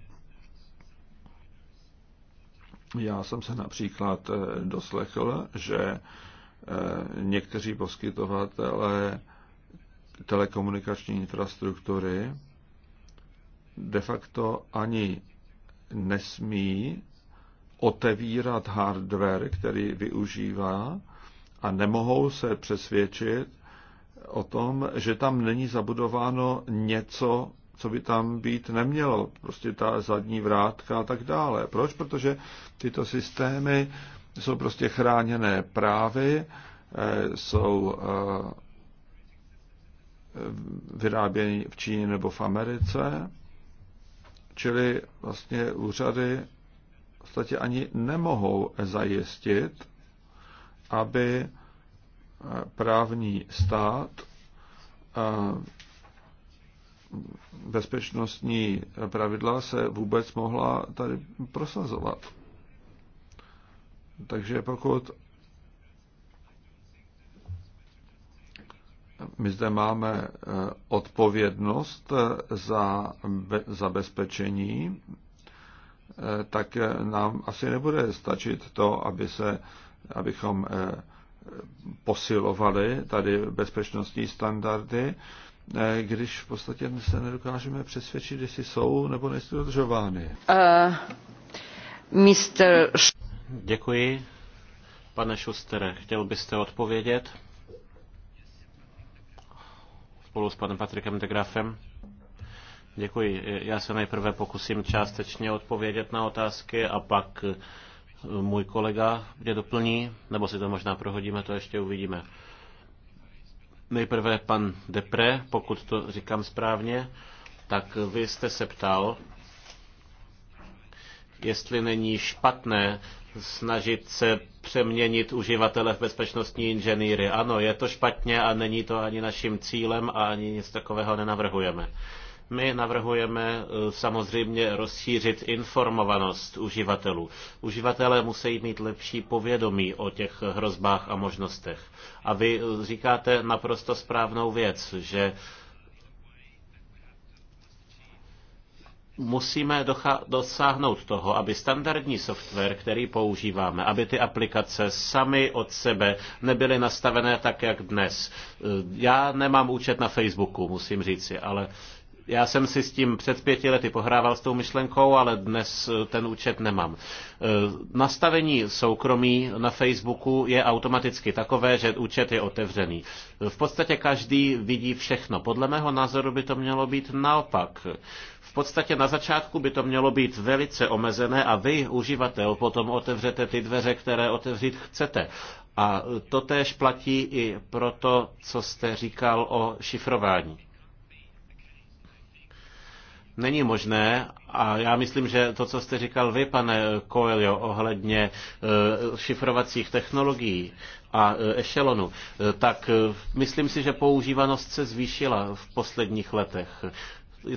Já jsem se například e, doslechl, že e, někteří poskytovatelé telekomunikační infrastruktury de facto ani nesmí otevírat hardware, který využívá a nemohou se přesvědčit o tom, že tam není zabudováno něco, co by tam být nemělo, prostě ta zadní vrátka a tak dále. Proč? Protože tyto systémy jsou prostě chráněné právy, eh, jsou eh, vyráběny v Číně nebo v Americe, čili vlastně úřady v podstatě ani nemohou zajistit, aby eh, právní stát a eh, bezpečnostní pravidla se vůbec mohla tady prosazovat. Takže pokud my zde máme eh, odpovědnost za zabezpečení, tak nám asi nebude stačit to, aby se abychom eh, posilovali tady bezpečnostní standardy, eh, když v podstatě se nedokážeme přesvědčit, jestli jsou nebo nejsou dodržovány. Uh, eh, Mr. Děkuji. Pane Šustere, chtěl byste odpovědět? Spolu s panem Patrikem de Grafem. Děkuji. Já se nejprve pokusím částečně odpovědět na otázky a pak můj kolega mě doplní, nebo si to možná prohodíme, to ještě uvidíme. Nejprve pan Depre, pokud to říkám správně, tak vy jste se ptal, jestli není špatné snažit se přeměnit uživatele v bezpečnostní inženýry. Ano, je to špatně a není to ani naším cílem a ani nic takového nenavrhujeme. My navrhujeme eh, samozřejmě rozšířit informovanost uživatelů. Uživatelé musí mít lepší povědomí o těch hrozbách a možnostech. A vy eh, říkáte naprosto správnou věc, že musíme dosáhnout toho, aby standardní software, který používáme, aby ty aplikace sami od sebe nebyly nastavené tak, jak dnes. Eh, já nemám účet na Facebooku, musím říci, ale já jsem si s tím před pěti lety pohrával s tou myšlenkou, ale dnes eh, ten účet nemám. Eh, nastavení soukromí na Facebooku je automaticky takové, že účet je otevřený. V podstatě každý vidí všechno. Podle mého názoru by to mělo být naopak. V podstatě na začátku by to mělo být velice omezené a vy, uživatel, potom otevřete ty dveře, které otevřít chcete. A to též platí i pro to, co jste říkal o šifrování není možné a já myslím, že to, co jste říkal vy, pane Coelho, ohledně e, šifrovacích technologií a e, ešelonu, e, tak myslím si, že používanost se zvýšila v posledních letech.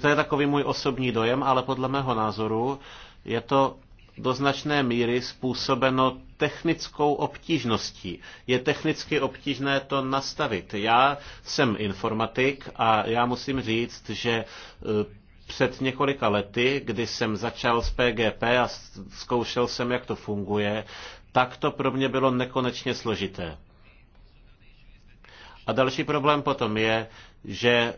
To je takový můj osobní dojem, ale podle mého názoru je to do značné míry způsobeno technickou obtížností. Je technicky obtížné to nastavit. Já jsem informatik a já musím říct, že před několika lety, kdy jsem začal s PGP a zkoušel jsem, jak to funguje, tak to pro mě bylo nekonečně složité. A další problém potom je, že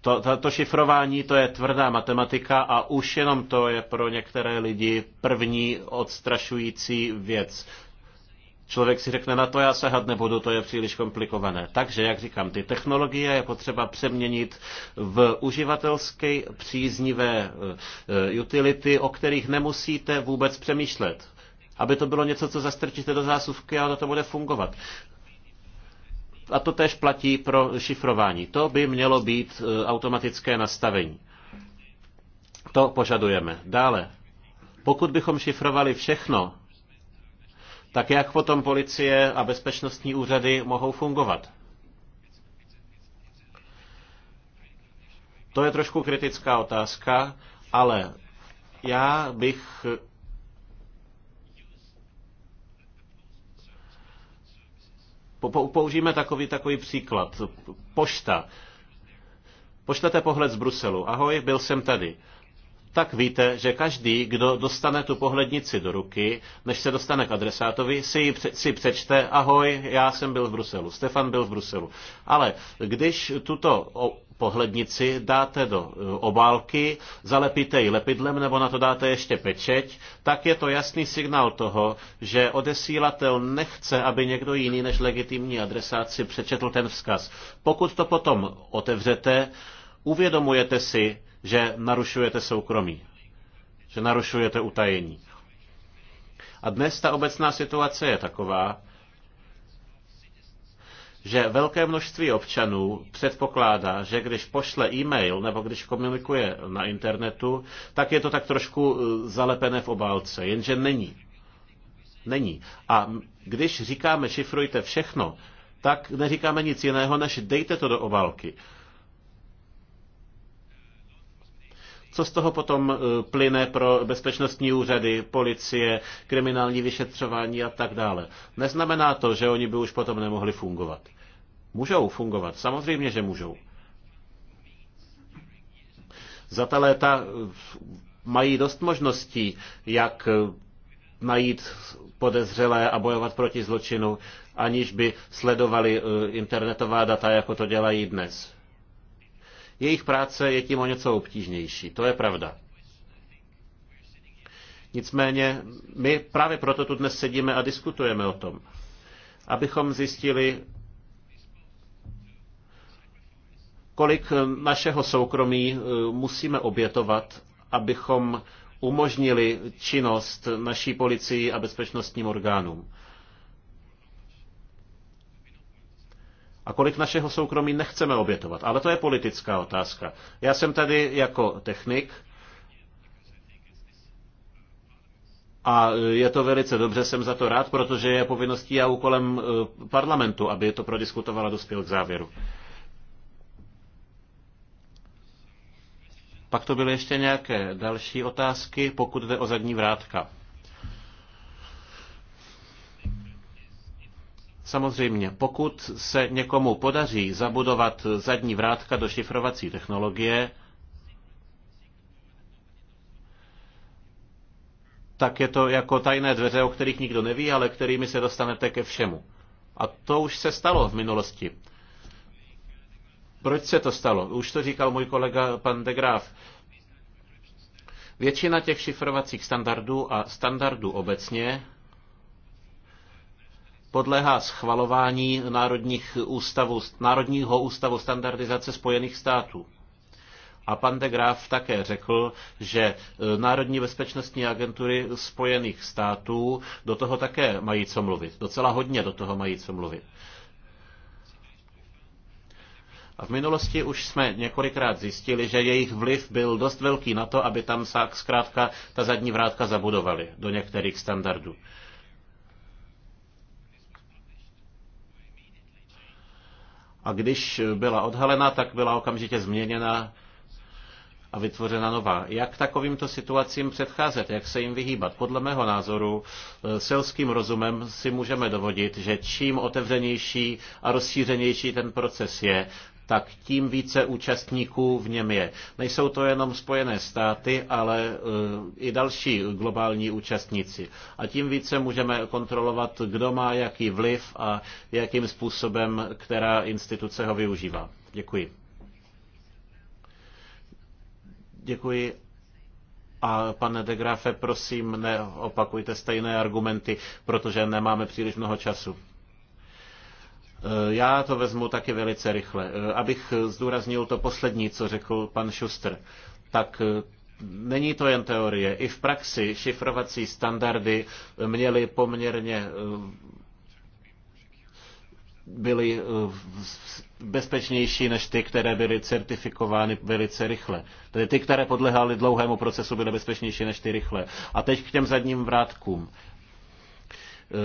to, to, to šifrování to je tvrdá matematika a už jenom to je pro některé lidi první odstrašující věc člověk si řekne, na to já sahat nebudu, to je příliš komplikované. Takže, jak říkám, ty technologie je potřeba přeměnit v uživatelské příznivé e, e, utility, o kterých nemusíte vůbec přemýšlet. Aby to bylo něco, co zastrčíte do zásuvky a ono to bude fungovat a to tež platí pro šifrování. To by mělo být e, automatické nastavení. To požadujeme. Dále, pokud bychom šifrovali všechno, tak jak potom policie a bezpečnostní úřady mohou fungovat? To je trošku kritická otázka, ale já bych Použijeme takový, takový příklad. Pošta. Pošlete pohled z Bruselu. Ahoj, byl jsem tady tak víte, že každý, kdo dostane tu pohlednici do ruky, než se dostane k adresátovi, si ji pře- si přečte, ahoj, já jsem byl v Bruselu, Stefan byl v Bruselu. Ale když tuto pohlednici dáte do e, obálky, zalepíte ji lepidlem nebo na to dáte ještě pečeť, tak je to jasný signál toho, že odesílatel nechce, aby někdo jiný než legitimní adresát si přečetl ten vzkaz. Pokud to potom otevřete, uvědomujete si, že narušujete soukromí, že narušujete utajení. A dnes ta obecná situace je taková, že velké množství občanů předpokládá, že když pošle e-mail nebo když komunikuje na internetu, tak je to tak trošku eh, zalepené v obálce, jenže není. Není. A když říkáme šifrujte všechno, tak neříkáme nic jiného, než dejte to do obálky. Co z toho potom e, plyne pro bezpečnostní úřady, policie, kriminální vyšetřování a tak dále? Neznamená to, že oni by už potom nemohli fungovat. Můžou fungovat, samozřejmě, že můžou. Za ta léta e, mají dost možností, jak e, najít podezřelé a bojovat proti zločinu, aniž by sledovali internetová data, jako to dělají dnes. Jejich práce je tím o něco obtížnější, to je pravda. Nicméně my právě proto tu dnes sedíme a diskutujeme o tom, abychom zjistili, kolik našeho soukromí e, musíme obětovat, abychom umožnili činnost naší policii a bezpečnostním orgánům. a kolik našeho soukromí nechceme obětovat. Ale to je politická otázka. Já jsem tady jako technik a je to velice dobře, jsem za to rád, protože je povinností a úkolem eh, parlamentu, aby to prodiskutovala a dospěl k závěru. Pak to byly ještě nějaké další otázky, pokud jde o zadní vrátka. Samozřejmě, pokud se někomu podaří zabudovat zadní vrátka do šifrovací technologie, tak je to jako tajné dveře, o kterých nikdo neví, ale kterými se dostanete ke všemu. A to už se stalo v minulosti. Proč se to stalo? Už to říkal můj kolega pan de Graaf. Většina těch šifrovacích standardů a standardů obecně podléhá schvalování národních ústavu, Národního ústavu standardizace Spojených států. A pan de Graaf také řekl, že e, Národní bezpečnostní agentury Spojených států do toho také mají co mluvit. Docela hodně do toho mají co mluvit. A v minulosti už jsme několikrát zjistili, že jejich vliv byl dost velký na to, aby tam zkrátka ta zadní vrátka zabudovali do některých standardů. a když byla odhalena, tak byla okamžitě změněna a vytvořena nová. Jak takovýmto situacím předcházet, jak se jim vyhýbat? Podle mého názoru eh, selským rozumem si můžeme dovodit, že čím otevřenější a rozšířenější ten proces je, tak tím více účastníků v něm je. Nejsou to jenom Spojené státy, ale eh, i další globální účastníci. A tím více můžeme kontrolovat, kdo má jaký vliv a jakým způsobem která instituce ho využívá. Děkuji. Děkuji. A pane de Grafe, prosím, neopakujte stejné argumenty, protože nemáme příliš mnoho času. Eh, já to vezmu taky velice rychle. Eh, abych zdůraznil to poslední, co řekl pan Schuster, tak eh, není to jen teorie. I v praxi šifrovací standardy měly poměrně byly bezpečnější než ty, které byly certifikovány velice rychle. Tedy ty, které podlehaly dlouhému procesu, byly bezpečnější než ty rychle. A teď k těm zadním vrátkům.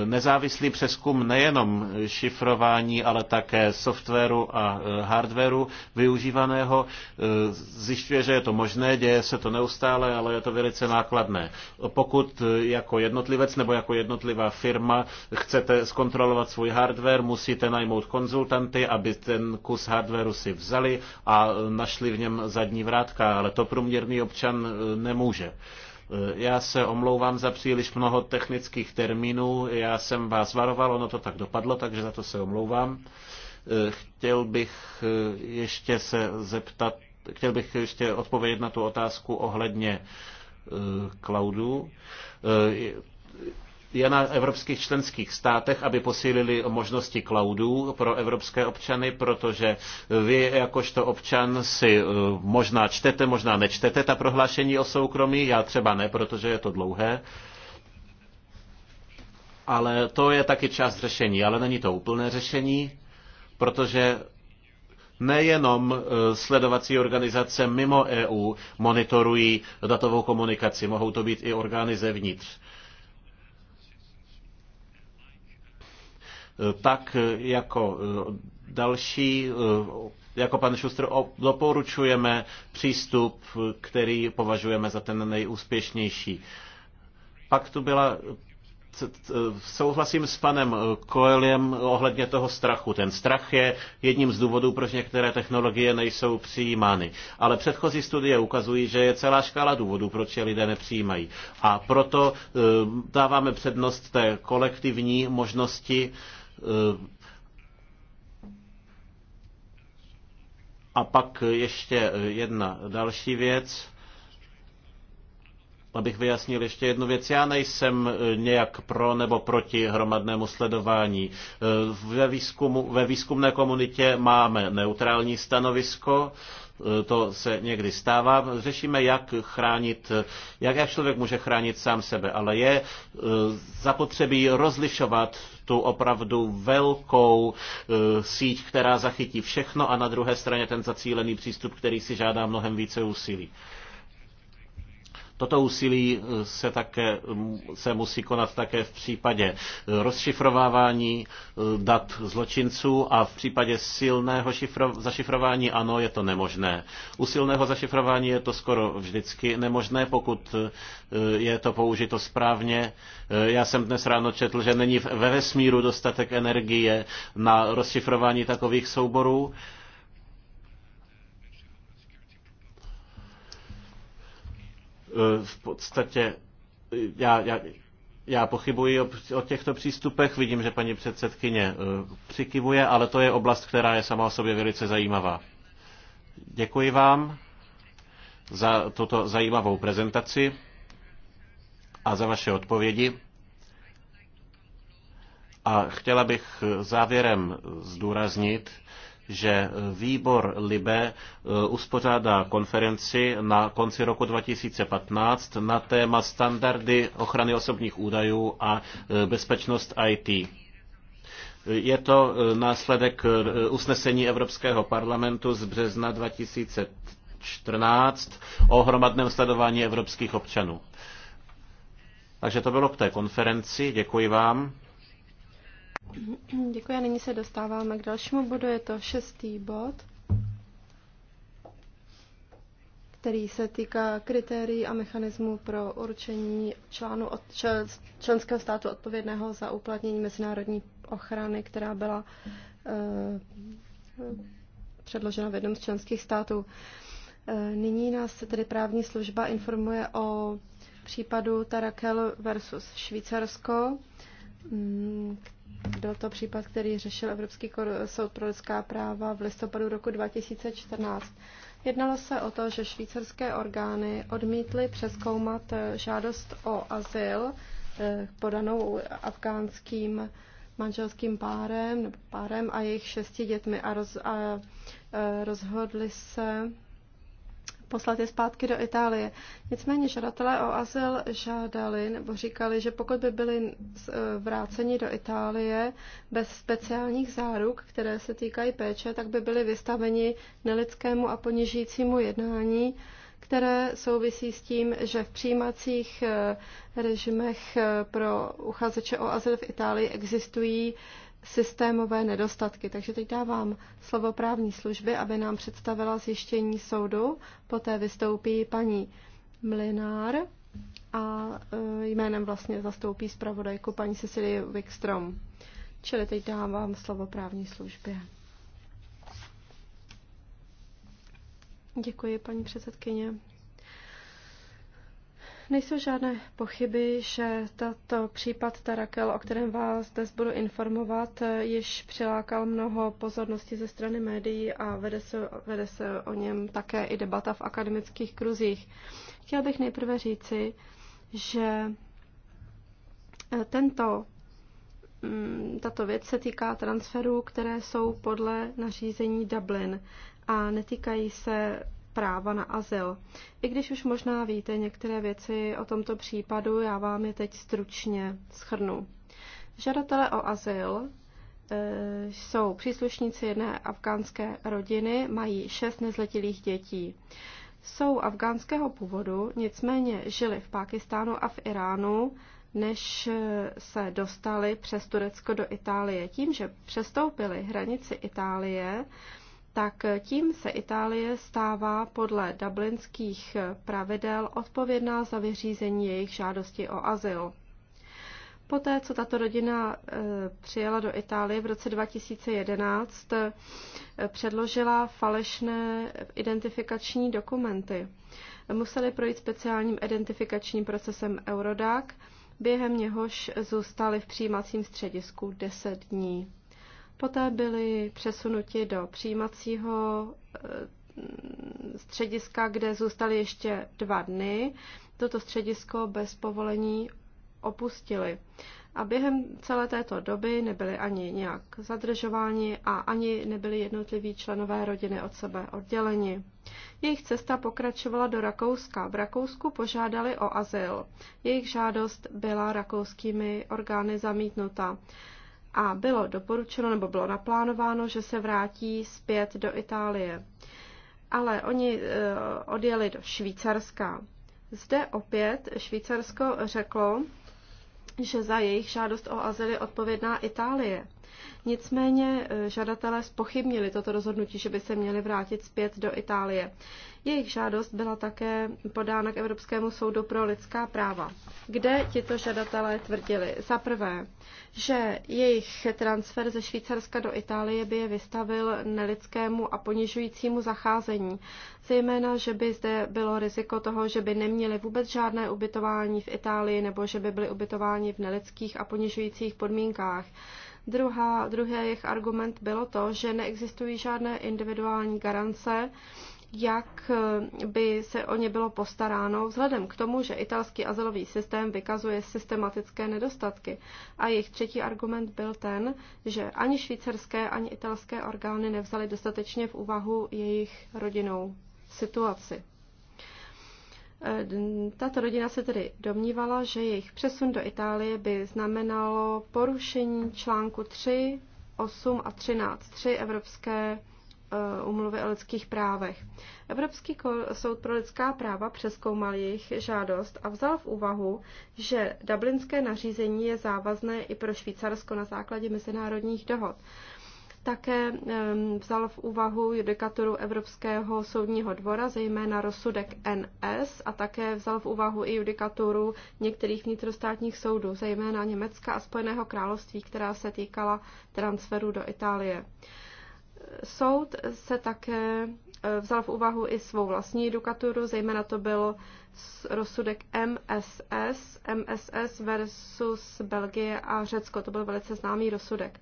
Nezávislý přeskum nejenom šifrování, ale také softwaru a e, hardwaru využívaného e, zjišťuje, že je to možné, děje se to neustále, ale je to velice nákladné. Pokud e, jako jednotlivec nebo jako jednotlivá firma chcete zkontrolovat svůj hardware, musíte najmout konzultanty, aby ten kus hardwareu si vzali a našli v něm zadní vrátka, ale to průměrný občan nemůže. Eh, já se omlouvám za příliš mnoho technických termínů. Já jsem vás varoval, ono to tak dopadlo, takže za to se omlouvám. Eh, chtěl bych eh, ještě se zeptat, chtěl bych ještě odpovědět na tu otázku ohledně cloudu je na evropských členských státech, aby posílili možnosti cloudů pro evropské občany, protože vy jakožto občan si eh, možná čtete, možná nečtete ta prohlášení o soukromí, já třeba ne, protože je to dlouhé. Ale to je taky část řešení, ale není to úplné řešení, protože nejenom eh, sledovací organizace mimo EU monitorují datovou komunikaci, mohou to být i orgány zevnitř. tak eh, jako eh, další, eh, jako pan Šustr, doporučujeme přístup, který považujeme za ten nejúspěšnější. Pak tu byla souhlasím s panem Koelem ohledně toho strachu. Ten strach je jedním z důvodů, proč některé technologie nejsou přijímány. Ale předchozí studie ukazují, že je celá škála důvodů, proč je lidé nepřijímají. A proto dáváme přednost té kolektivní možnosti Eh, a pak ještě eh, jedna další věc. Abych vyjasnil ještě jednu věc, já nejsem eh, nějak pro nebo proti hromadnému sledování. Ve, výzkumu, ve výzkumné komunitě máme neutrální stanovisko, to se někdy stává. Řešíme, jak chránit, jak, jak člověk může chránit sám sebe, ale je zapotřebí rozlišovat tu opravdu velkou eh, síť, která zachytí všechno a na druhé straně ten zacílený přístup, který si žádá mnohem více úsilí. Toto úsilí eh, se, také, mm, se musí konat také v případě eh, rozšifrovávání eh, dat zločinců a v případě silného šifro, zašifrování ano, je to nemožné. U silného zašifrování je to skoro vždycky nemožné, pokud je to použito správně. Já jsem dnes ráno četl, že není ve vesmíru dostatek energie na rozšifrování takových souborů. v podstatě já, já, já pochybuji o, o těchto přístupech. Vidím, že paní předsedkyně eh, přikivuje, ale to je oblast, která je sama o sobě velice zajímavá. Děkuji vám za tuto zajímavou prezentaci a za vaše odpovědi. A chtěla bych závěrem zdůraznit, že e, výbor Libe e, uspořádá konferenci na konci roku 2015 na téma standardy ochrany osobních údajů a e, bezpečnost IT. Je to následek usnesení Evropského parlamentu z března 2014 o hromadném sledování evropských občanů. Takže to bylo k té konferenci. Děkuji vám. Děkuji a nyní se dostáváme k dalšímu bodu, je to šestý bod, který se týká kritérií a mechanismů pro určení článu od členského státu odpovědného za uplatnění mezinárodní ochrany, která byla eh, předložena v jednom z členských států. Eh, nyní nás tedy právní služba informuje o případu Tarakel versus Švýcarsko, mm, byl to případ, který řešil Evropský soud pro lidská práva v listopadu roku 2014. Jednalo se o to, že švýcarské orgány odmítly přeskoumat eh, žádost o azyl eh, podanou afgánským manželským párem, párem a jejich šesti dětmi a, roz, a eh, rozhodli se poslat je zpátky do Itálie. Nicméně žadatelé o azyl žádali nebo říkali, že pokud by byli eh, vráceni do Itálie bez speciálních záruk, které se týkají péče, tak by byli vystaveni nelidskému a ponižujícímu jednání, které souvisí s tím, že v přijímacích eh, režimech eh, pro uchazeče o azyl v Itálii existují systémové nedostatky. Takže teď dávám slovo právní služby, aby nám představila zjištění soudu. Poté vystoupí paní Mlinár a e, jménem vlastně zastoupí zpravodajku paní Cecilie Wikstrom. Čili teď dávám slovo právní službě. Děkuji, paní předsedkyně. Nejsou žádné pochyby, že tato případ Tarakel, o kterém vás dnes budu informovat, již přilákal mnoho pozornosti ze strany médií a vede se, vede se o něm také i debata v akademických kruzích. Chtěl bych nejprve říci, že eh, tento, mm, tato věc se týká transferů, které jsou podle nařízení Dublin a netýkají se práva na azyl. I když už možná víte některé věci o tomto případu, já vám je teď stručně schrnu. Žadatelé o azyl eh, jsou příslušníci jedné afgánské rodiny, mají šest nezletilých dětí. Jsou afgánského původu, nicméně žili v Pákistánu a v Iránu, než se dostali přes Turecko do Itálie. Tím, že přestoupili hranici Itálie, tak tím se Itálie stává podle dublinských pravidel odpovědná za vyřízení jejich žádosti o azyl. Poté, co tato rodina e, přijela do Itálie v roce 2011, e, předložila falešné identifikační dokumenty. Museli projít speciálním identifikačním procesem Eurodac, během něhož zůstali v přijímacím středisku 10 dní. Poté byli přesunuti do přijímacího eh, střediska, kde zůstali ještě dva dny. Toto středisko bez povolení opustili. A během celé této doby nebyli ani nějak zadržováni a ani nebyli jednotliví členové rodiny od sebe odděleni. Jejich cesta pokračovala do Rakouska. V Rakousku požádali o azyl. Jejich žádost byla rakouskými orgány zamítnuta a bylo doporučeno nebo bylo naplánováno, že se vrátí zpět do Itálie. Ale oni eh, odjeli do Švýcarska. Zde opět Švýcarsko řeklo, že za jejich žádost o azyl je odpovědná Itálie. Nicméně eh, žadatelé spochybnili toto rozhodnutí, že by se měli vrátit zpět do Itálie. Jejich žádost byla také podána k Evropskému soudu pro lidská práva, kde tito žadatelé tvrdili za prvé, že jejich transfer ze Švýcarska do Itálie by je vystavil nelidskému a ponižujícímu zacházení, zejména, že by zde bylo riziko toho, že by neměli vůbec žádné ubytování v Itálii nebo že by byli ubytováni v nelidských a ponižujících podmínkách. Druhá, druhý jejich argument bylo to, že neexistují žádné individuální garance jak eh, by se o ně bylo postaráno, vzhledem k tomu, že italský azylový systém vykazuje systematické nedostatky. A jejich třetí argument byl ten, že ani švýcarské, ani italské orgány nevzaly dostatečně v úvahu jejich rodinou situaci. Eh, tato rodina se tedy domnívala, že jejich přesun do Itálie by znamenalo porušení článku 3, 8 a 13, 3 Evropské Eh, umluvy o lidských právech. Evropský soud pro lidská práva přeskoumal jejich žádost a vzal v úvahu, že dublinské nařízení je závazné i pro Švýcarsko na základě mezinárodních dohod. Také vzal v úvahu judikaturu Evropského soudního dvora, zejména rozsudek NS, a také vzal v úvahu i judikaturu některých vnitrostátních soudů, zejména Německa a Spojeného království, která se týkala transferu do Itálie. Soud se také e, vzal v úvahu i svou vlastní judikaturu, zejména to byl rozsudek MSS, MSS versus Belgie a Řecko. To byl velice známý rozsudek.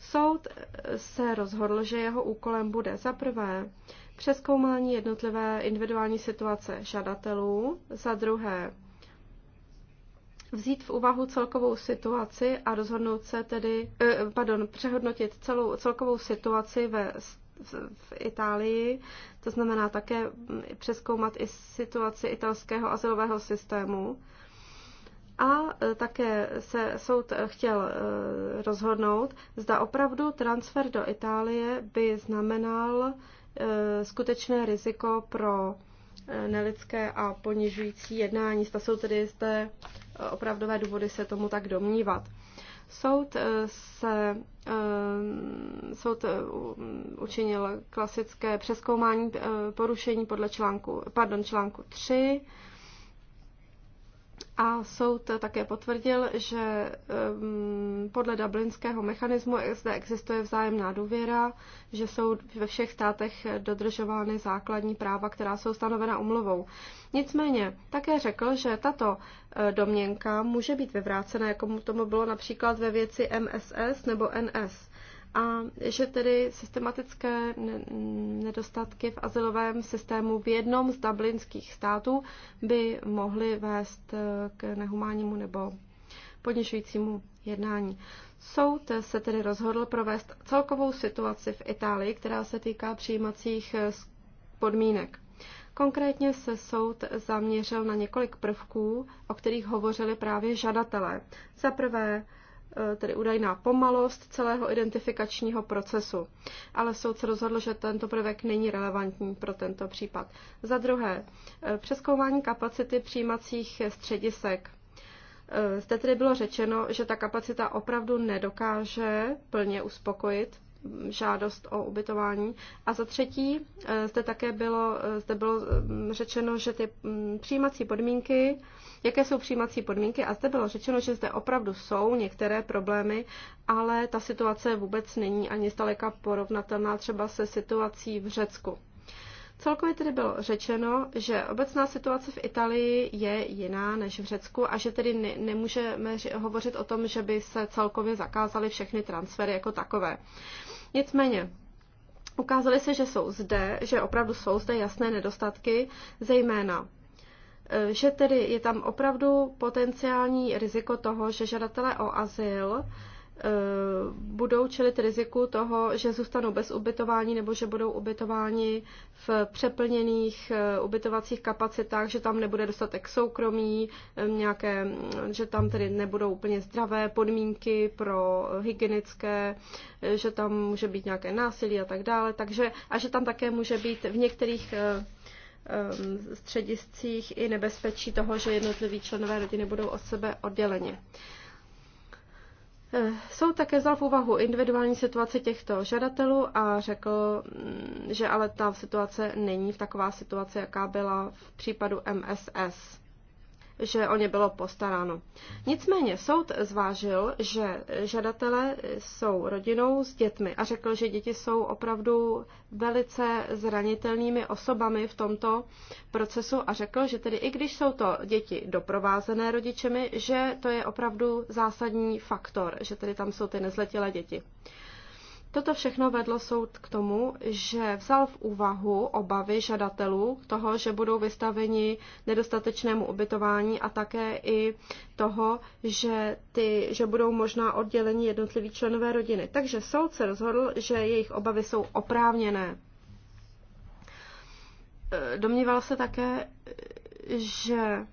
Soud e, se rozhodl, že jeho úkolem bude za prvé přeskoumání jednotlivé individuální situace žadatelů, za druhé vzít v úvahu celkovou situaci a rozhodnout se tedy, eh, pardon, přehodnotit celou celkovou situaci ve v Itálii, to znamená také mm, přeskoumat i situaci italského azylového systému. A eh, také se soud chtěl eh, rozhodnout, zda opravdu transfer do Itálie by znamenal skutečné riziko pro Eh, nelidské a ponižující jednání. Zda jsou tedy zde eh, opravdové důvody se tomu tak domnívat. Soud eh, se soud mm, učinil klasické přeskoumání porušení podle článku, pardon, článku 3 a soud také potvrdil, že ehm, podle dublinského mechanismu zde existuje vzájemná důvěra, že jsou ve všech státech dodržovány základní práva, která jsou stanovena umluvou. Nicméně také řekl, že tato e, domněnka může být vyvrácena, jako tomu bylo například ve věci MSS nebo NS a že tedy systematické nedostatky v asilovém systému v jednom z dublinských států by mohly vést eh, k nehumánnímu nebo podněšujícímu jednání. Soud se tedy rozhodl provést celkovou situaci v Itálii, která se týká přijímacích eh, podmínek. Konkrétně se soud zaměřil na několik prvků, o kterých hovořili právě žadatelé. Za prvé Eh, tedy údajná pomalost celého identifikačního procesu. Ale soud se rozhodl, že tento prvek není relevantní pro tento případ. Za druhé, eh, přeskoumání kapacity přijímacích středisek. Eh, zde tedy bylo řečeno, že ta kapacita opravdu nedokáže plně uspokojit žádost o ubytování. A za třetí, eh, zde také bylo, eh, zde bylo mm, řečeno, že ty mm, přijímací podmínky, jaké jsou přijímací podmínky, a zde bylo řečeno, že zde opravdu jsou některé problémy, ale ta situace vůbec není ani zdaleka porovnatelná třeba se situací v Řecku. Celkově tedy bylo řečeno, že obecná situace v Itálii je jiná než v Řecku a že tedy ne- nemůžeme hovořit o tom, že by se celkově zakázaly všechny transfery jako takové. Nicméně, ukázali se, že jsou zde, že opravdu jsou zde jasné nedostatky, zejména e, že tedy je tam opravdu potenciální riziko toho, že žadatelé o azyl Eh, budou čelit riziku toho, že zůstanou bez ubytování nebo že budou ubytováni v přeplněných eh, ubytovacích kapacitách, že tam nebude dostatek soukromí, eh, nějaké, že tam tedy nebudou úplně zdravé podmínky pro hygienické, že tam může být nějaké násilí a tak dále. Takže, a že tam také může být v některých střediscích i nebezpečí toho, že jednotliví členové rodiny budou od sebe odděleni. Jsou eh, také vzal v úvahu individuální situace těchto žadatelů a řekl, mm, že ale ta situace není v taková situace, jaká byla v případu MSS že o ně bylo postaráno. Nicméně soud zvážil, že žadatelé jsou rodinou s dětmi a řekl, že děti jsou opravdu velice zranitelnými osobami v tomto procesu a řekl, že tedy i když jsou to děti doprovázené rodičemi, že to je opravdu zásadní faktor, že tedy tam jsou ty nezletilé děti. Toto všechno vedlo soud k tomu, že vzal v úvahu obavy žadatelů toho, že budou vystaveni nedostatečnému ubytování a také i toho, že, ty, že budou možná odděleni jednotliví členové rodiny. Takže soud se rozhodl, že jejich obavy jsou oprávněné. E, domníval se také, že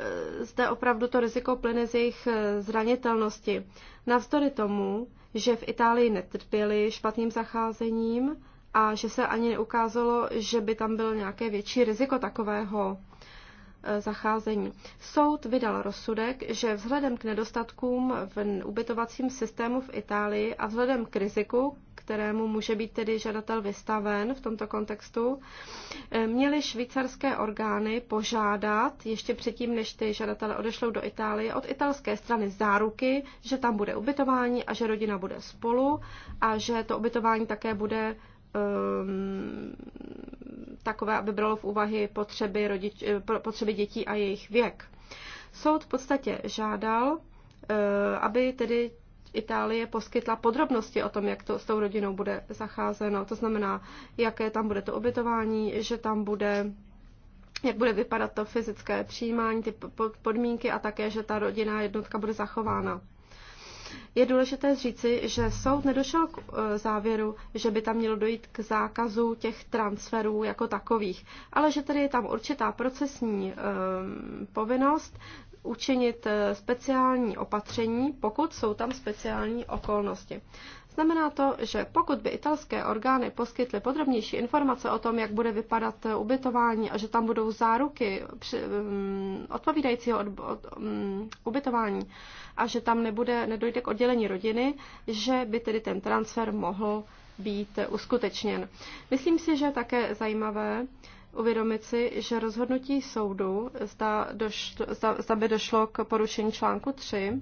e, zde opravdu to riziko plyne z jejich e, zranitelnosti. Navzdory tomu, že v Itálii netrpěli špatným zacházením a že se ani neukázalo, že by tam byl nějaké větší riziko takového Eh, zacházení. Soud vydal rozsudek, že vzhledem k nedostatkům v ubytovacím systému v Itálii a vzhledem k riziku, kterému může být tedy žadatel vystaven v tomto kontextu, eh, měly švýcarské orgány požádat, ještě předtím, než ty žadatele odešlou do Itálie, od italské strany záruky, že tam bude ubytování a že rodina bude spolu a že to ubytování také bude Um, takové, aby bralo v úvahy potřeby, rodič, eh, potřeby dětí a jejich věk. Soud v podstatě žádal, eh, aby tedy Itálie poskytla podrobnosti o tom, jak to s tou rodinou bude zacházeno. To znamená, jaké tam bude to ubytování, že tam bude jak bude vypadat to fyzické přijímání, ty podmínky a také, že ta rodinná jednotka bude zachována. Je důležité říci, že soud nedošel k e, závěru, že by tam mělo dojít k zákazu těch transferů jako takových, ale že tady je tam určitá procesní e, povinnost učinit e, speciální opatření, pokud jsou tam speciální okolnosti. Znamená to, že pokud by italské orgány poskytly podrobnější informace o tom, jak bude vypadat ubytování a že tam budou záruky mm, odpovídajícího um, ubytování a že tam nebude, nedojde k oddělení rodiny, že by tedy ten transfer mohl být uskutečněn. Myslím si, že je také zajímavé, uvědomit si, že rozhodnutí soudu, zda, došlo, zda, zda by došlo k porušení článku 3,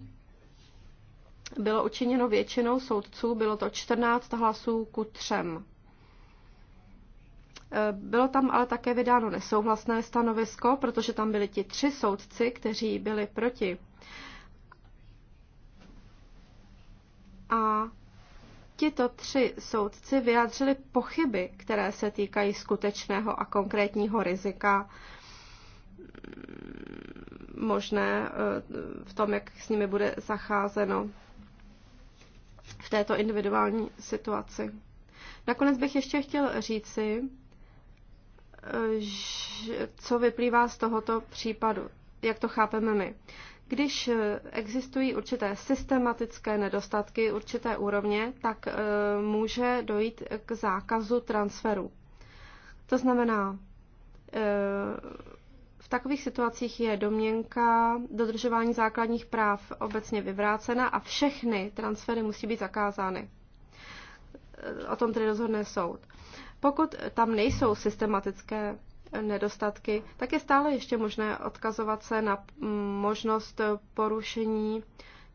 bylo učiněno většinou soudců, bylo to 14 hlasů ku třem. E, bylo tam ale také vydáno nesouhlasné stanovisko, protože tam byli ti tři soudci, kteří byli proti. A tito tři soudci vyjádřili pochyby, které se týkají skutečného a konkrétního rizika mm, možné e, v tom, jak s nimi bude zacházeno v této individuální situaci. Nakonec bych ještě chtěl říci, eh, co vyplývá z tohoto případu, jak to chápeme my. Když eh, existují určité systematické nedostatky určité úrovně, tak eh, může dojít k zákazu transferu. To znamená, v takových situacích je domněnka dodržování základních práv obecně vyvrácena a všechny transfery musí být zakázány. O tom tedy rozhodne soud. Pokud tam nejsou systematické nedostatky, tak je stále ještě možné odkazovat se na možnost porušení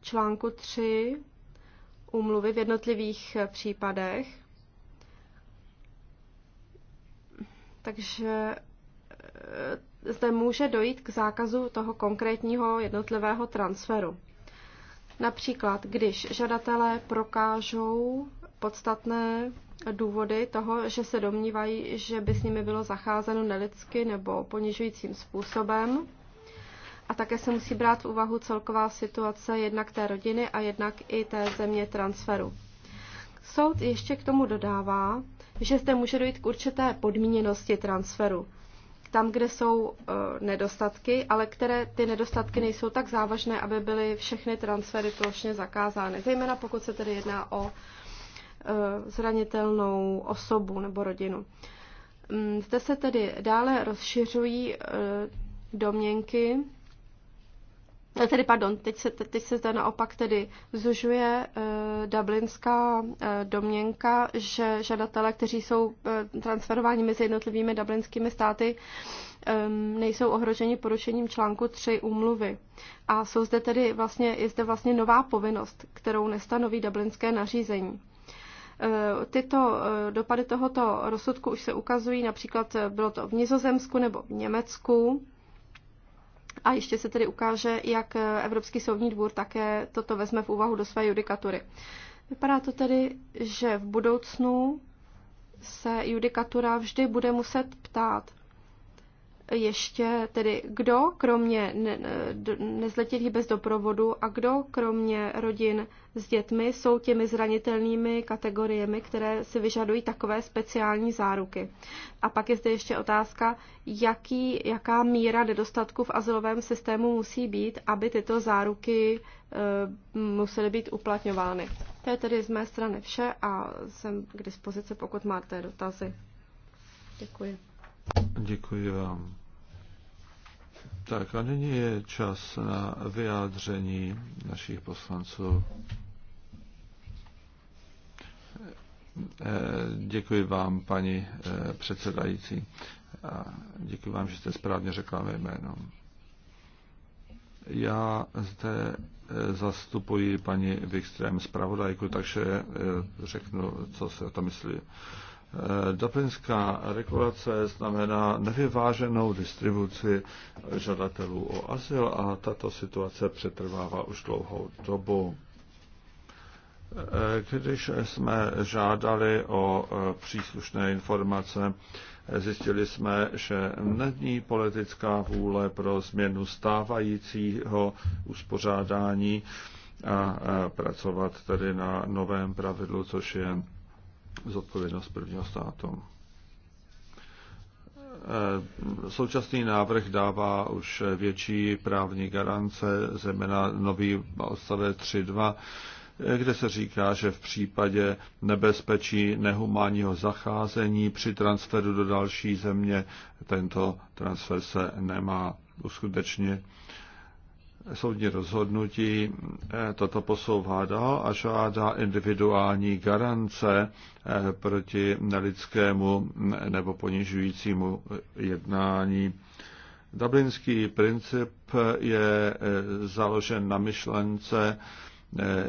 článku 3 úmluvy v jednotlivých případech. Takže zde může dojít k zákazu toho konkrétního jednotlivého transferu. Například, když žadatelé prokážou podstatné důvody toho, že se domnívají, že by s nimi bylo zacházeno nelidsky nebo ponižujícím způsobem. A také se musí brát v úvahu celková situace jednak té rodiny a jednak i té země transferu. Soud ještě k tomu dodává, že zde může dojít k určité podmíněnosti transferu tam, kde jsou eh, nedostatky, ale které ty nedostatky nejsou tak závažné, aby byly všechny transfery plošně zakázány, zejména pokud se tedy jedná o eh, zranitelnou osobu nebo rodinu. Mm, zde se tedy dále rozšiřují eh, domněnky, Eh, tedy pardon, teď se, teď se zde naopak tedy zužuje uh, dublinská uh, domněnka, že žadatele, kteří jsou uh, transferováni mezi jednotlivými dublinskými státy, um, nejsou ohroženi porušením článku 3 úmluvy. A jsou zde tedy vlastně, je zde vlastně nová povinnost, kterou nestanoví dublinské nařízení. Tyto dopady tohoto rozsudku už se ukazují, například bylo to v Nizozemsku nebo v Německu, a ještě se tedy ukáže, jak Evropský soudní dvůr také toto vezme v úvahu do své judikatury. Vypadá to tedy, že v budoucnu se judikatura vždy bude muset ptát, ještě tedy kdo kromě nezletilých bez doprovodu a kdo kromě rodin s dětmi jsou těmi zranitelnými kategoriemi, které si vyžadují takové speciální záruky. A pak je zde ještě otázka, jaký, jaká míra nedostatku v azylovém systému musí být, aby tyto záruky e, musely být uplatňovány. To je tedy z mé strany vše a jsem k dispozici, pokud máte dotazy. Děkuji. Děkuji vám. Tak a nyní je čas na vyjádření našich poslanců. Eh, děkuji vám, paní eh, předsedající. A děkuji vám, že jste správně řekla mé jméno. Já zde eh, zastupuji paní Wikström zpravodajku, takže řeknu, co se o to myslí. Eh, Dublinská regulace znamená nevyváženou distribuci žadatelů o azyl a tato situace přetrvává už dlouhou dobu. Eh, když jsme žádali o eh, příslušné informace, zjistili jsme, že není politická vůle pro změnu stávajícího uspořádání a pracovat tedy na novém pravidlu, což je zodpovědnost prvního státu. Eh, současný návrh dává už větší právní garance, zejména nový odstavec 3.2, eh, kde se říká, že v případě nebezpečí nehumánního zacházení při transferu do další země tento transfer se nemá uskutečnit soudní rozhodnutí eh, toto posouvá dál a žádá individuální garance eh, proti nelidskému mm, nebo ponižujícímu eh, jednání. Dublinský princip je založen na myšlence,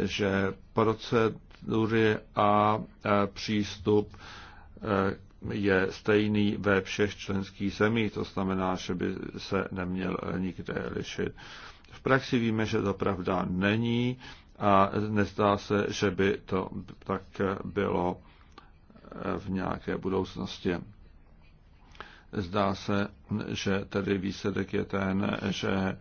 že procedury a přístup je stejný ve všech členských zemích, to znamená, že by se neměl nikde lišit. V praxi víme, že to pravda není a nezdá se, že by to tak bylo eh, v nějaké budoucnosti. Zdá se, že tedy výsledek je ten, že eh,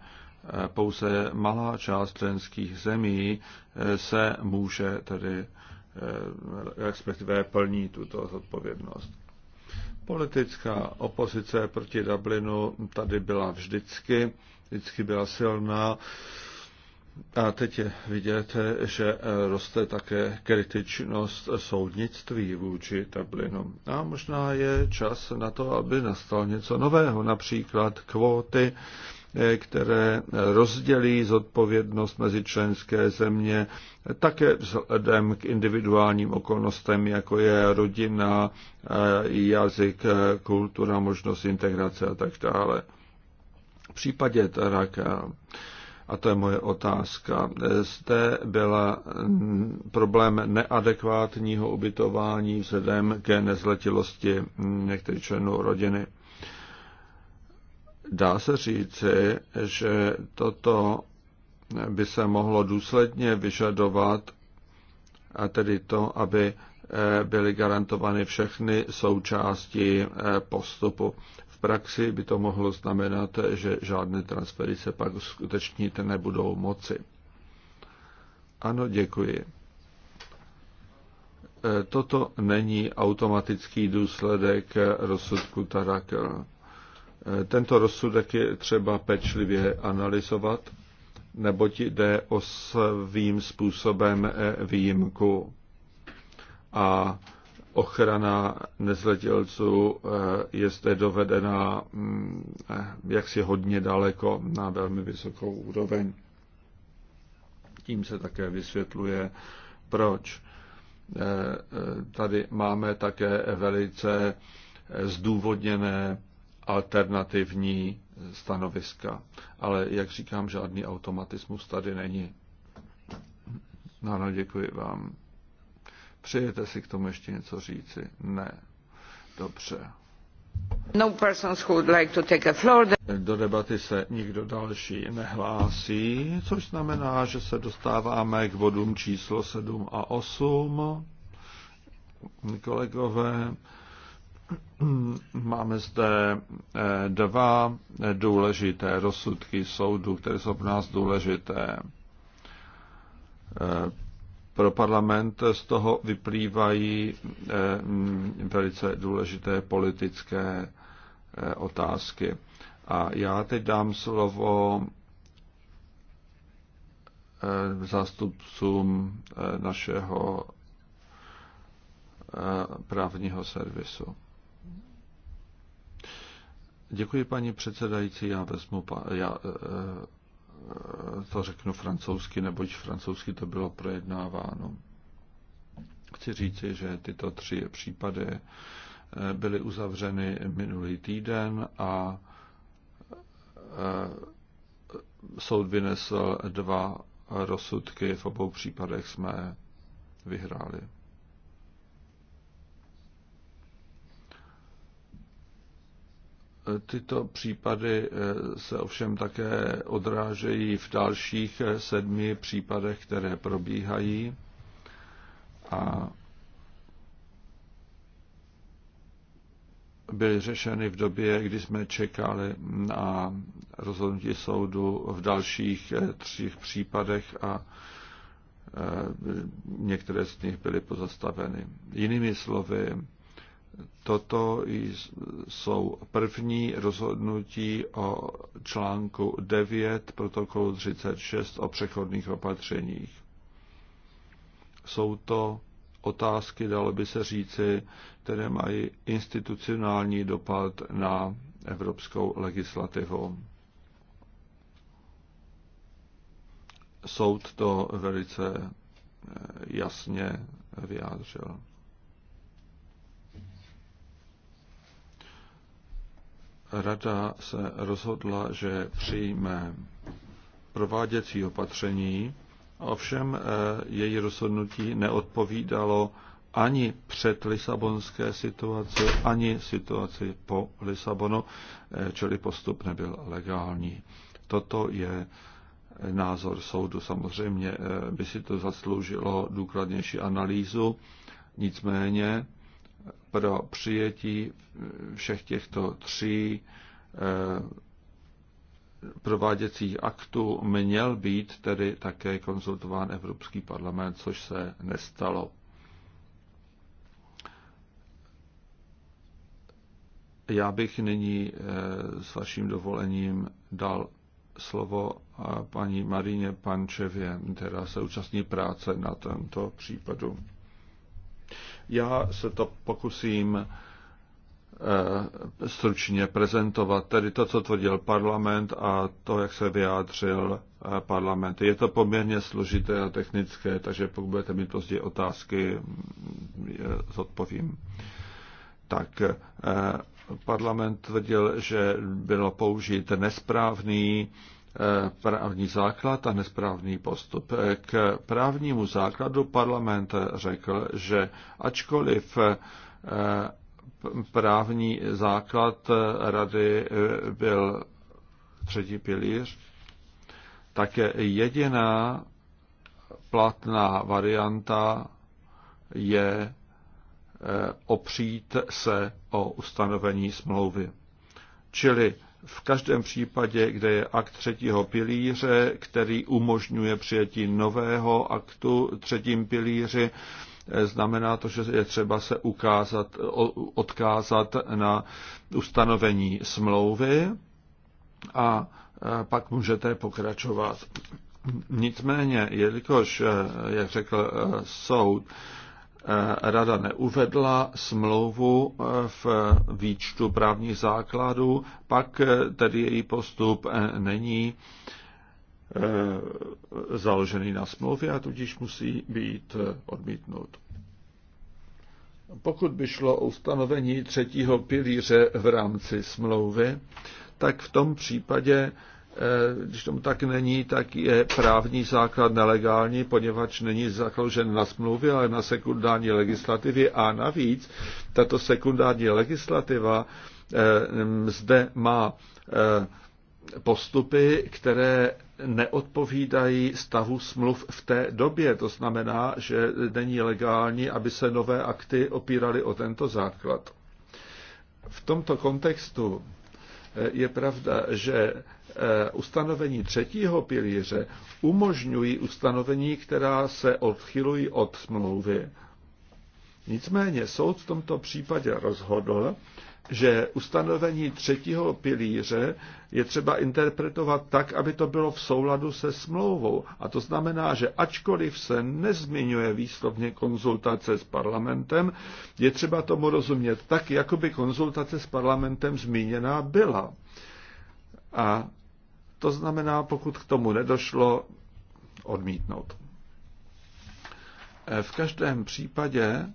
pouze malá část členských zemí eh, se může tedy respektive plní tuto odpovědnost. Politická opozice proti Dublinu tady byla vždycky vždycky byla silná. A teď je vidět, že roste také kritičnost soudnictví vůči Dublinu. A možná je čas na to, aby nastalo něco nového, například kvóty, které rozdělí zodpovědnost mezi členské země, také vzhledem k individuálním okolnostem, jako je rodina, jazyk, kultura, možnost integrace a tak dále. V případě tak a to je moje otázka, zde byla mm, problém neadekvátního ubytování vzhledem ke nezletilosti některých členů rodiny. Dá se říci, že toto by se mohlo důsledně vyžadovat, a tedy to, aby eh, byly garantovány všechny součásti eh, postupu praxi by to mohlo znamenat, že žádné transfery se pak uskutečnit nebudou moci. Ano, děkuji. E, toto není automatický důsledek rozsudku Tarakel. Tento rozsudek je třeba pečlivě analyzovat, neboť jde o svým způsobem e, výjimku. A ochrana nezletělců eh, je zde dovedena mm, eh, jaksi hodně daleko na velmi vysokou úroveň. Tím se také vysvětluje, proč. Eh, tady máme také velice zdůvodněné alternativní stanoviska. Ale jak říkám, žádný automatismus tady není. No, no, děkuji vám. Přejete si k tomu ještě něco říci? Ne. Dobře. No persons who would like to take a floor. Do debaty se nikdo další nehlásí, což znamená, že se dostáváme k bodům číslo 7 a 8. Kolegové, máme zde eh, dva důležité rozsudky soudu, které jsou pro nás důležité eh, pro parlament z toho vyplývají eh, mm, velice důležité politické eh, otázky. A já teď dám slovo eh, zástupcům našeho právního servisu. Děkuji, paní předsedající. Já vezmu, já to řeknu francouzsky, neboť francouzsky to bylo projednáváno. Chci říci, že tyto tři případy eh, byly uzavřeny minulý týden a eh, soud vynesl dva rozsudky, v obou případech jsme vyhráli. Tyto případy eh, se ovšem také odrážejí v dalších eh, sedmi případech, které probíhají. A byly řešeny v době, kdy jsme čekali na rozhodnutí soudu v dalších eh, třích případech a některé z nich byly pozastaveny. Jinými slovy, Toto jsou první rozhodnutí o článku 9 protokolu 36 o přechodných opatřeních. Jsou to otázky, dalo by se říci, které mají institucionální dopad na evropskou legislativu. Soud to velice eh, jasně vyjádřil. Rada se rozhodla, že přijme prováděcí opatření, ovšem eh, její rozhodnutí neodpovídalo ani před lisabonské situaci, ani situaci po Lisabonu, eh, čili postup nebyl legální. Toto je eh, názor soudu. Samozřejmě by si to zasloužilo důkladnější analýzu, nicméně pro přijetí všech těchto tří eh, prováděcích aktů měl být tedy také konzultován Evropský parlament, což se nestalo. Já bych nyní eh, s vaším dovolením dal slovo eh, paní Marině Pančevě, která se účastní práce na tento případu. Já se to pokusím eh, stručně prezentovat, tedy to, co tvrdil parlament a to, jak se vyjádřil eh, parlament. Je to poměrně složité a technické, takže pokud budete mít později otázky, mm, zodpovím. Tak eh, parlament tvrdil, že bylo použit nesprávný Eh, právní základ a nesprávný postup. Eh, k právnímu základu parlament řekl, že ačkoliv eh, právní základ rady byl třetí pilíř, tak jediná platná varianta je opřít se o ustanovení smlouvy. Čili v každém případě, kde je akt třetího pilíře, který umožňuje přijetí nového aktu třetím pilíři, eh, znamená to, že je třeba se ukázat, odkázat na ustanovení smlouvy a eh, pak můžete pokračovat. Nicméně, jelikož, eh, jak řekl soud, Eh, rada neuvedla smlouvu eh, v výčtu právních základů, pak eh, tedy její postup není založený na smlouvě a tudíž musí být odmítnut. Pokud by šlo o ustanovení třetího pilíře v rámci smlouvy, tak v tom případě Eh, když tomu tak není, tak je právní základ nelegální, poněvadž není zakložen na smlouvě, ale na sekundární legislativě. A navíc tato sekundární legislativa eh, zde má eh, postupy, které neodpovídají stavu smluv v té době. To znamená, že není legální, aby se nové akty opíraly o tento základ. V tomto kontextu je pravda, že Eh, ustanovení třetího pilíře umožňují ustanovení, která se odchylují od smlouvy. Nicméně soud v tomto případě rozhodl, že ustanovení třetího pilíře je třeba interpretovat tak, aby to bylo v souladu se smlouvou. A to znamená, že ačkoliv se nezmiňuje výslovně konzultace s parlamentem, je třeba tomu rozumět tak, jako by konzultace s parlamentem zmíněná byla. A to znamená, pokud k tomu nedošlo, odmítnout. Eh, v každém případě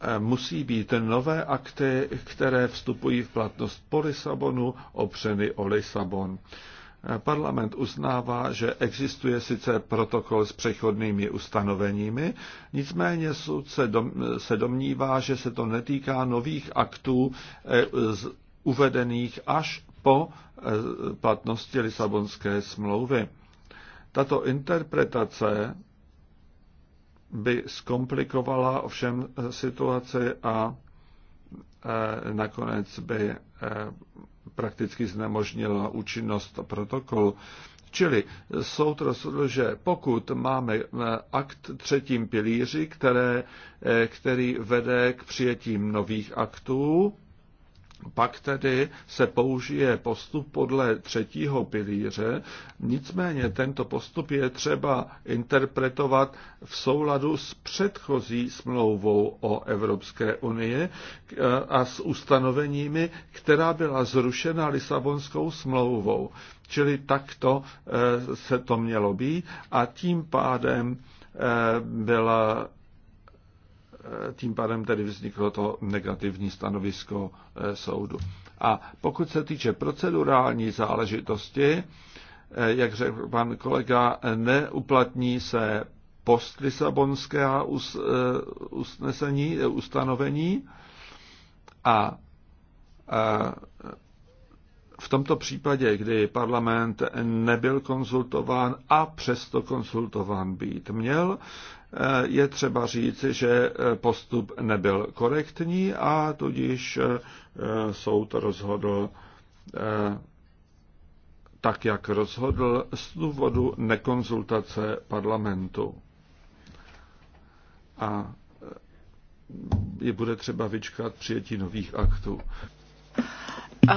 eh, musí být nové akty, které vstupují v platnost po Lisabonu, opřeny o Lisabon. Eh, parlament uznává, že existuje sice protokol s přechodnými ustanoveními, nicméně soud se, se domnívá, že se to netýká nových aktů uvedených až po eh, platnosti Lisabonské smlouvy. Tato interpretace by zkomplikovala ovšem eh, situaci a eh, nakonec by prakticky znemožnila účinnost protokolu. Čili soud rozhodl, že pokud máme akt třetím pilíři, které, který vede k přijetím nových aktů, pak tedy se použije postup podle třetího pilíře, nicméně tento postup je třeba interpretovat v souladu s předchozí smlouvou o Evropské unii eh, a s ustanoveními, která byla zrušena Lisabonskou smlouvou. Čili takto eh, se to mělo být a tím pádem eh, byla Eh, tím pádem tedy vzniklo to negativní stanovisko eh, soudu. A pokud se týče procedurální záležitosti, eh, jak řekl pan kolega, neuplatní se postlisabonské usnesení, ustanovení a v tomto případě, kdy parlament nebyl konzultován a přesto konzultován být měl, Eh, je třeba říci, že eh, postup nebyl korektní a tudíž eh, soud rozhodl tak, jak rozhodl z důvodu nekonzultace parlamentu. A je bude třeba vyčkat přijetí nových aktů. Uh,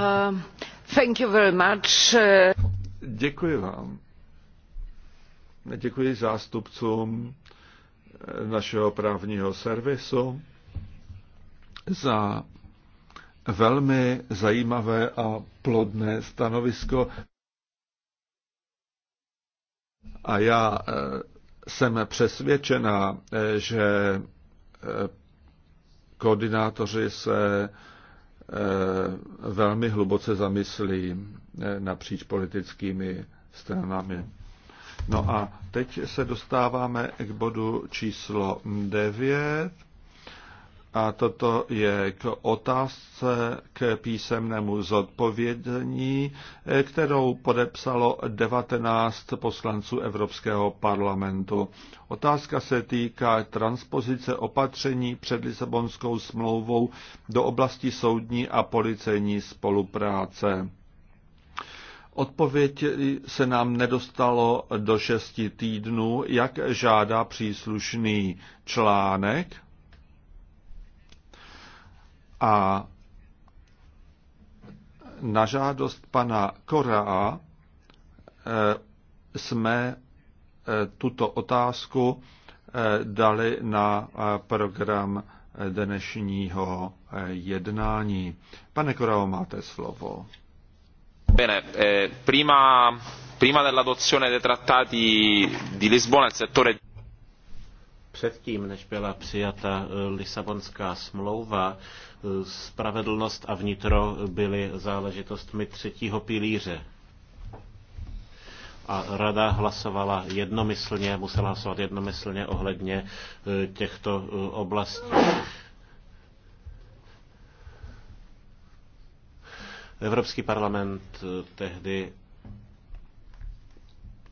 thank you very much. Děkuji vám. Děkuji zástupcům našeho právního servisu za velmi zajímavé a plodné stanovisko. A já e, jsem přesvědčená, e, že e, koordinátoři se velmi hluboce zamyslí napříč politickými stranami. No a teď se dostáváme k bodu číslo 9. A toto je k otázce k písemnému zodpovědění, kterou podepsalo 19 poslanců Evropského parlamentu. Otázka se týká transpozice opatření před Lisabonskou smlouvou do oblasti soudní a policejní spolupráce. Odpověď se nám nedostalo do šesti týdnů, jak žádá příslušný článek. A na žádost pana Korea eh, jsme eh, tuto otázku eh, dali na program dnešního jednání. Pane Korao, máte slovo. Bene, eh, prima, prima dell'adozione dei trattati di Lisbona il settore Předtím, než byla přijata eh, Lisabonská smlouva, eh, spravedlnost a vnitro byly záležitostmi třetího pilíře a rada hlasovala jednomyslně, musela hlasovat jednomyslně ohledně eh, těchto oblastí. Evropský parlament eh, tehdy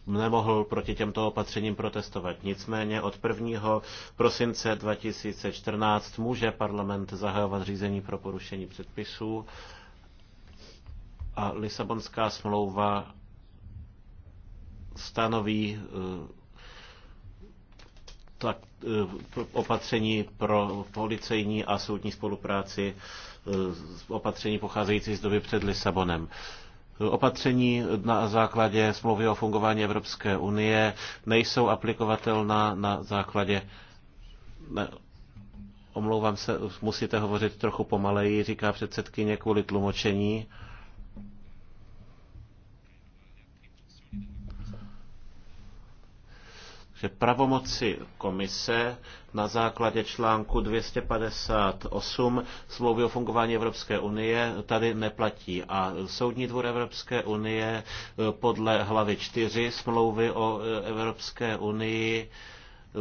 nemohl proti těmto opatřením protestovat. Nicméně od 1. prosince 2014 může parlament zahajovat řízení pro porušení předpisů a Lisabonská smlouva stanoví eh, tak, eh, opatření pro policejní a soudní spolupráci Eh, opatření pocházející z doby před Lisabonem opatření na základě smlouvy o fungování Evropské unie nejsou aplikovatelná na základě. Ne, omlouvám se, musíte hovořit trochu pomaleji, říká předsedkyně kvůli tlumočení. Uh, že pravomoci komise na základě článku 258 smlouvy o fungování Evropské unie tady neplatí. A Soudní dvůr Evropské unie eh, podle hlavy 4 smlouvy o eh, Evropské unii eh,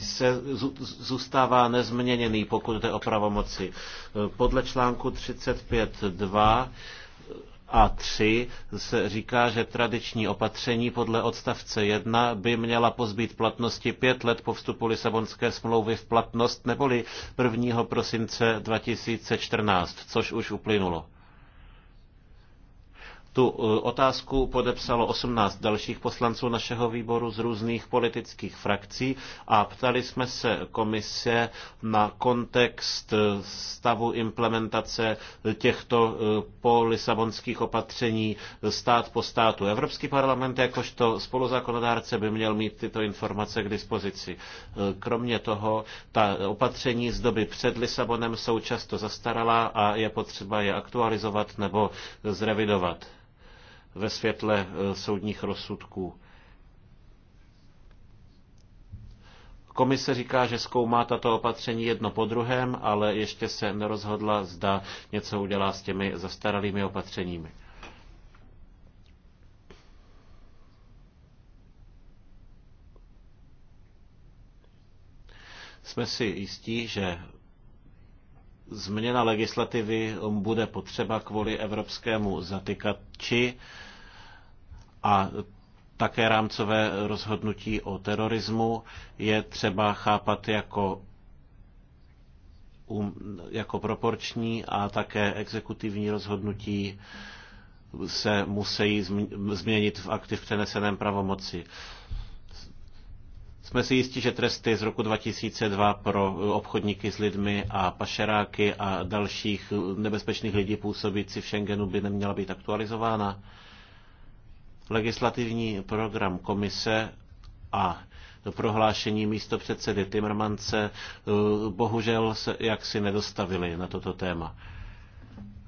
se zůstává nezměněný, pokud jde o pravomoci. Podle článku 35.2 a3 se říká, že tradiční opatření podle odstavce 1 by měla pozbít platnosti pět let po vstupu Lisabonské smlouvy v platnost, neboli 1. prosince 2014, což už uplynulo. Tu eh, otázku podepsalo 18 dalších poslanců našeho výboru z různých politických frakcí a ptali jsme se komise na kontext eh, stavu implementace těchto eh, polisabonských opatření stát po státu. Evropský parlament jakožto spoluzákonodárce by měl mít tyto informace k dispozici. Kromě toho, ta opatření z doby před Lisabonem jsou často zastaralá a je potřeba je aktualizovat nebo zrevidovat ve světle eh, soudních rozsudků. Komise říká, že zkoumá tato opatření jedno po druhém, ale ještě se nerozhodla, zda něco udělá s těmi zastaralými opatřeními. Jsme si jistí, že změna legislativy um, bude potřeba kvůli evropskému zatykači a také rámcové rozhodnutí o terorismu je třeba chápat jako um, jako proporční a také exekutivní rozhodnutí se musí změnit v aktiv přeneseném pravomoci. Jsme si jistí, že tresty z roku 2002 pro obchodníky s lidmi a pašeráky a dalších nebezpečných lidí působící v Schengenu by neměla být aktualizována? Legislativní program komise a prohlášení místo předsedy Timmermance eh, bohužel se jaksi nedostavili na toto téma.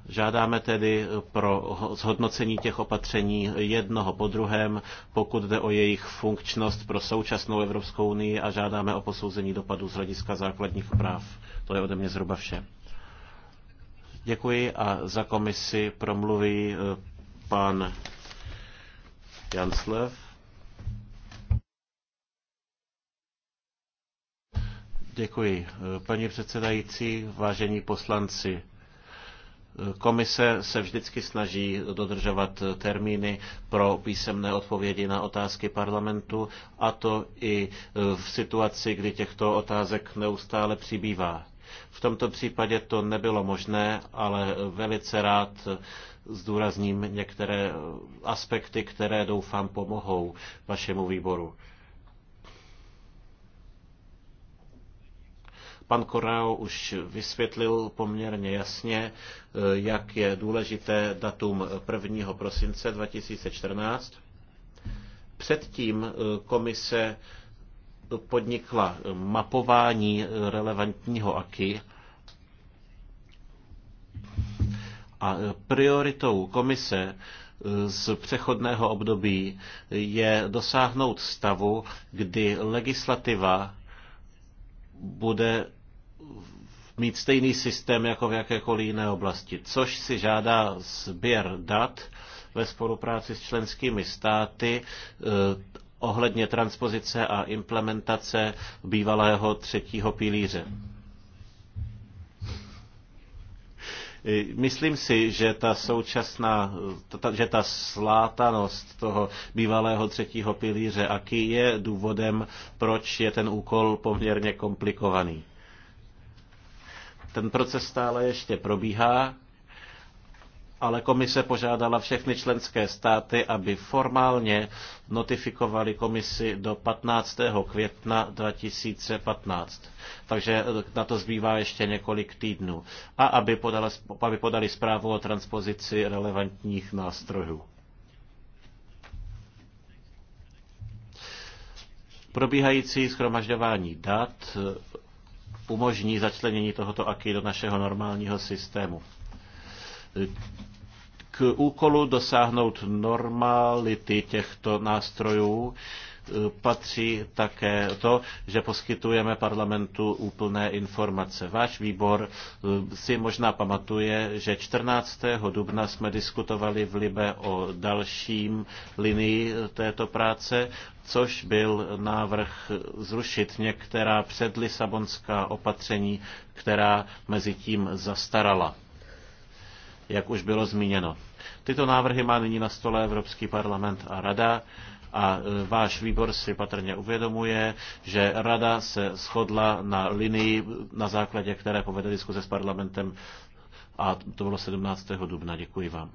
Žádáme tedy eh, pro zhodnocení těch opatření jednoho po druhém, pokud jde o jejich funkčnost pro současnou Evropskou unii a žádáme o posouzení dopadů z hlediska základních práv. To je ode mě zhruba vše. Děkuji a za komisi promluví eh, pan Janslev. Děkuji. Eh, paní předsedající, vážení poslanci, Komise se vždycky snaží dodržovat termíny pro písemné odpovědi na otázky parlamentu, a to i v situaci, kdy těchto otázek neustále přibývá. V tomto případě to nebylo možné, ale velice rád zdůrazním některé aspekty, které doufám pomohou vašemu výboru. Pan Korao už vysvětlil poměrně jasně, eh, jak je důležité datum 1. prosince 2014. Předtím eh, komise podnikla mapování relevantního AKI a prioritou komise eh, z přechodného období je dosáhnout stavu, kdy legislativa bude mít stejný systém jako v jakékoliv jiné oblasti, což si žádá sběr dat ve spolupráci s členskými státy eh, ohledně transpozice a implementace bývalého třetího pilíře. Myslím si, že ta současná, ta, že ta slátanost toho bývalého třetího pilíře aký je důvodem, proč je ten úkol poměrně komplikovaný. Ten proces stále ještě probíhá ale komise požádala všechny členské státy, aby formálně notifikovali komisi do 15. května 2015. Takže na to zbývá ještě několik týdnů. A aby, podala, aby podali zprávu o transpozici relevantních nástrojů. Probíhající schromažďování dat umožní začlenění tohoto aky do našeho normálního systému k úkolu dosáhnout normality těchto nástrojů e, patří také to, že poskytujeme parlamentu úplné informace. Váš výbor e, si možná pamatuje, že 14. dubna jsme diskutovali v Libe o dalším linii této práce, což byl návrh zrušit některá předlisabonská opatření, která mezi tím zastarala jak už bylo zmíněno. Tyto návrhy má nyní na stole Evropský parlament a Rada a e, váš výbor si patrně uvědomuje, že Rada se shodla na linii, na základě které povede diskuze s parlamentem a to bylo 17. dubna. Děkuji vám.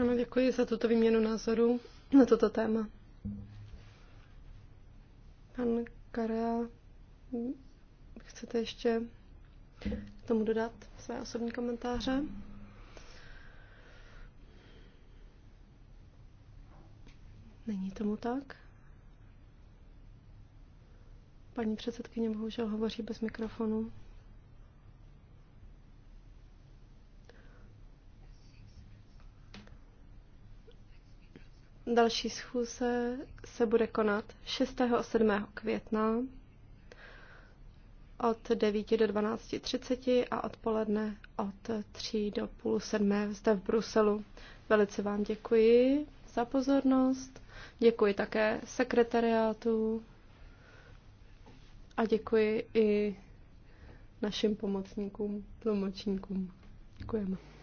Ano, děkuji za tuto výměnu názoru na toto téma. Pan Karel chcete ještě tomu dodat své osobní komentáře? Není tomu tak? Paní předsedkyně bohužel hovoří bez mikrofonu. Další schůze se bude konat 6. a 7. května od 9 do 12.30 a odpoledne od 3 do půl sedmé zde v Bruselu. Velice vám děkuji za pozornost, děkuji také sekretariátu a děkuji i našim pomocníkům, tlumočníkům. Děkujeme.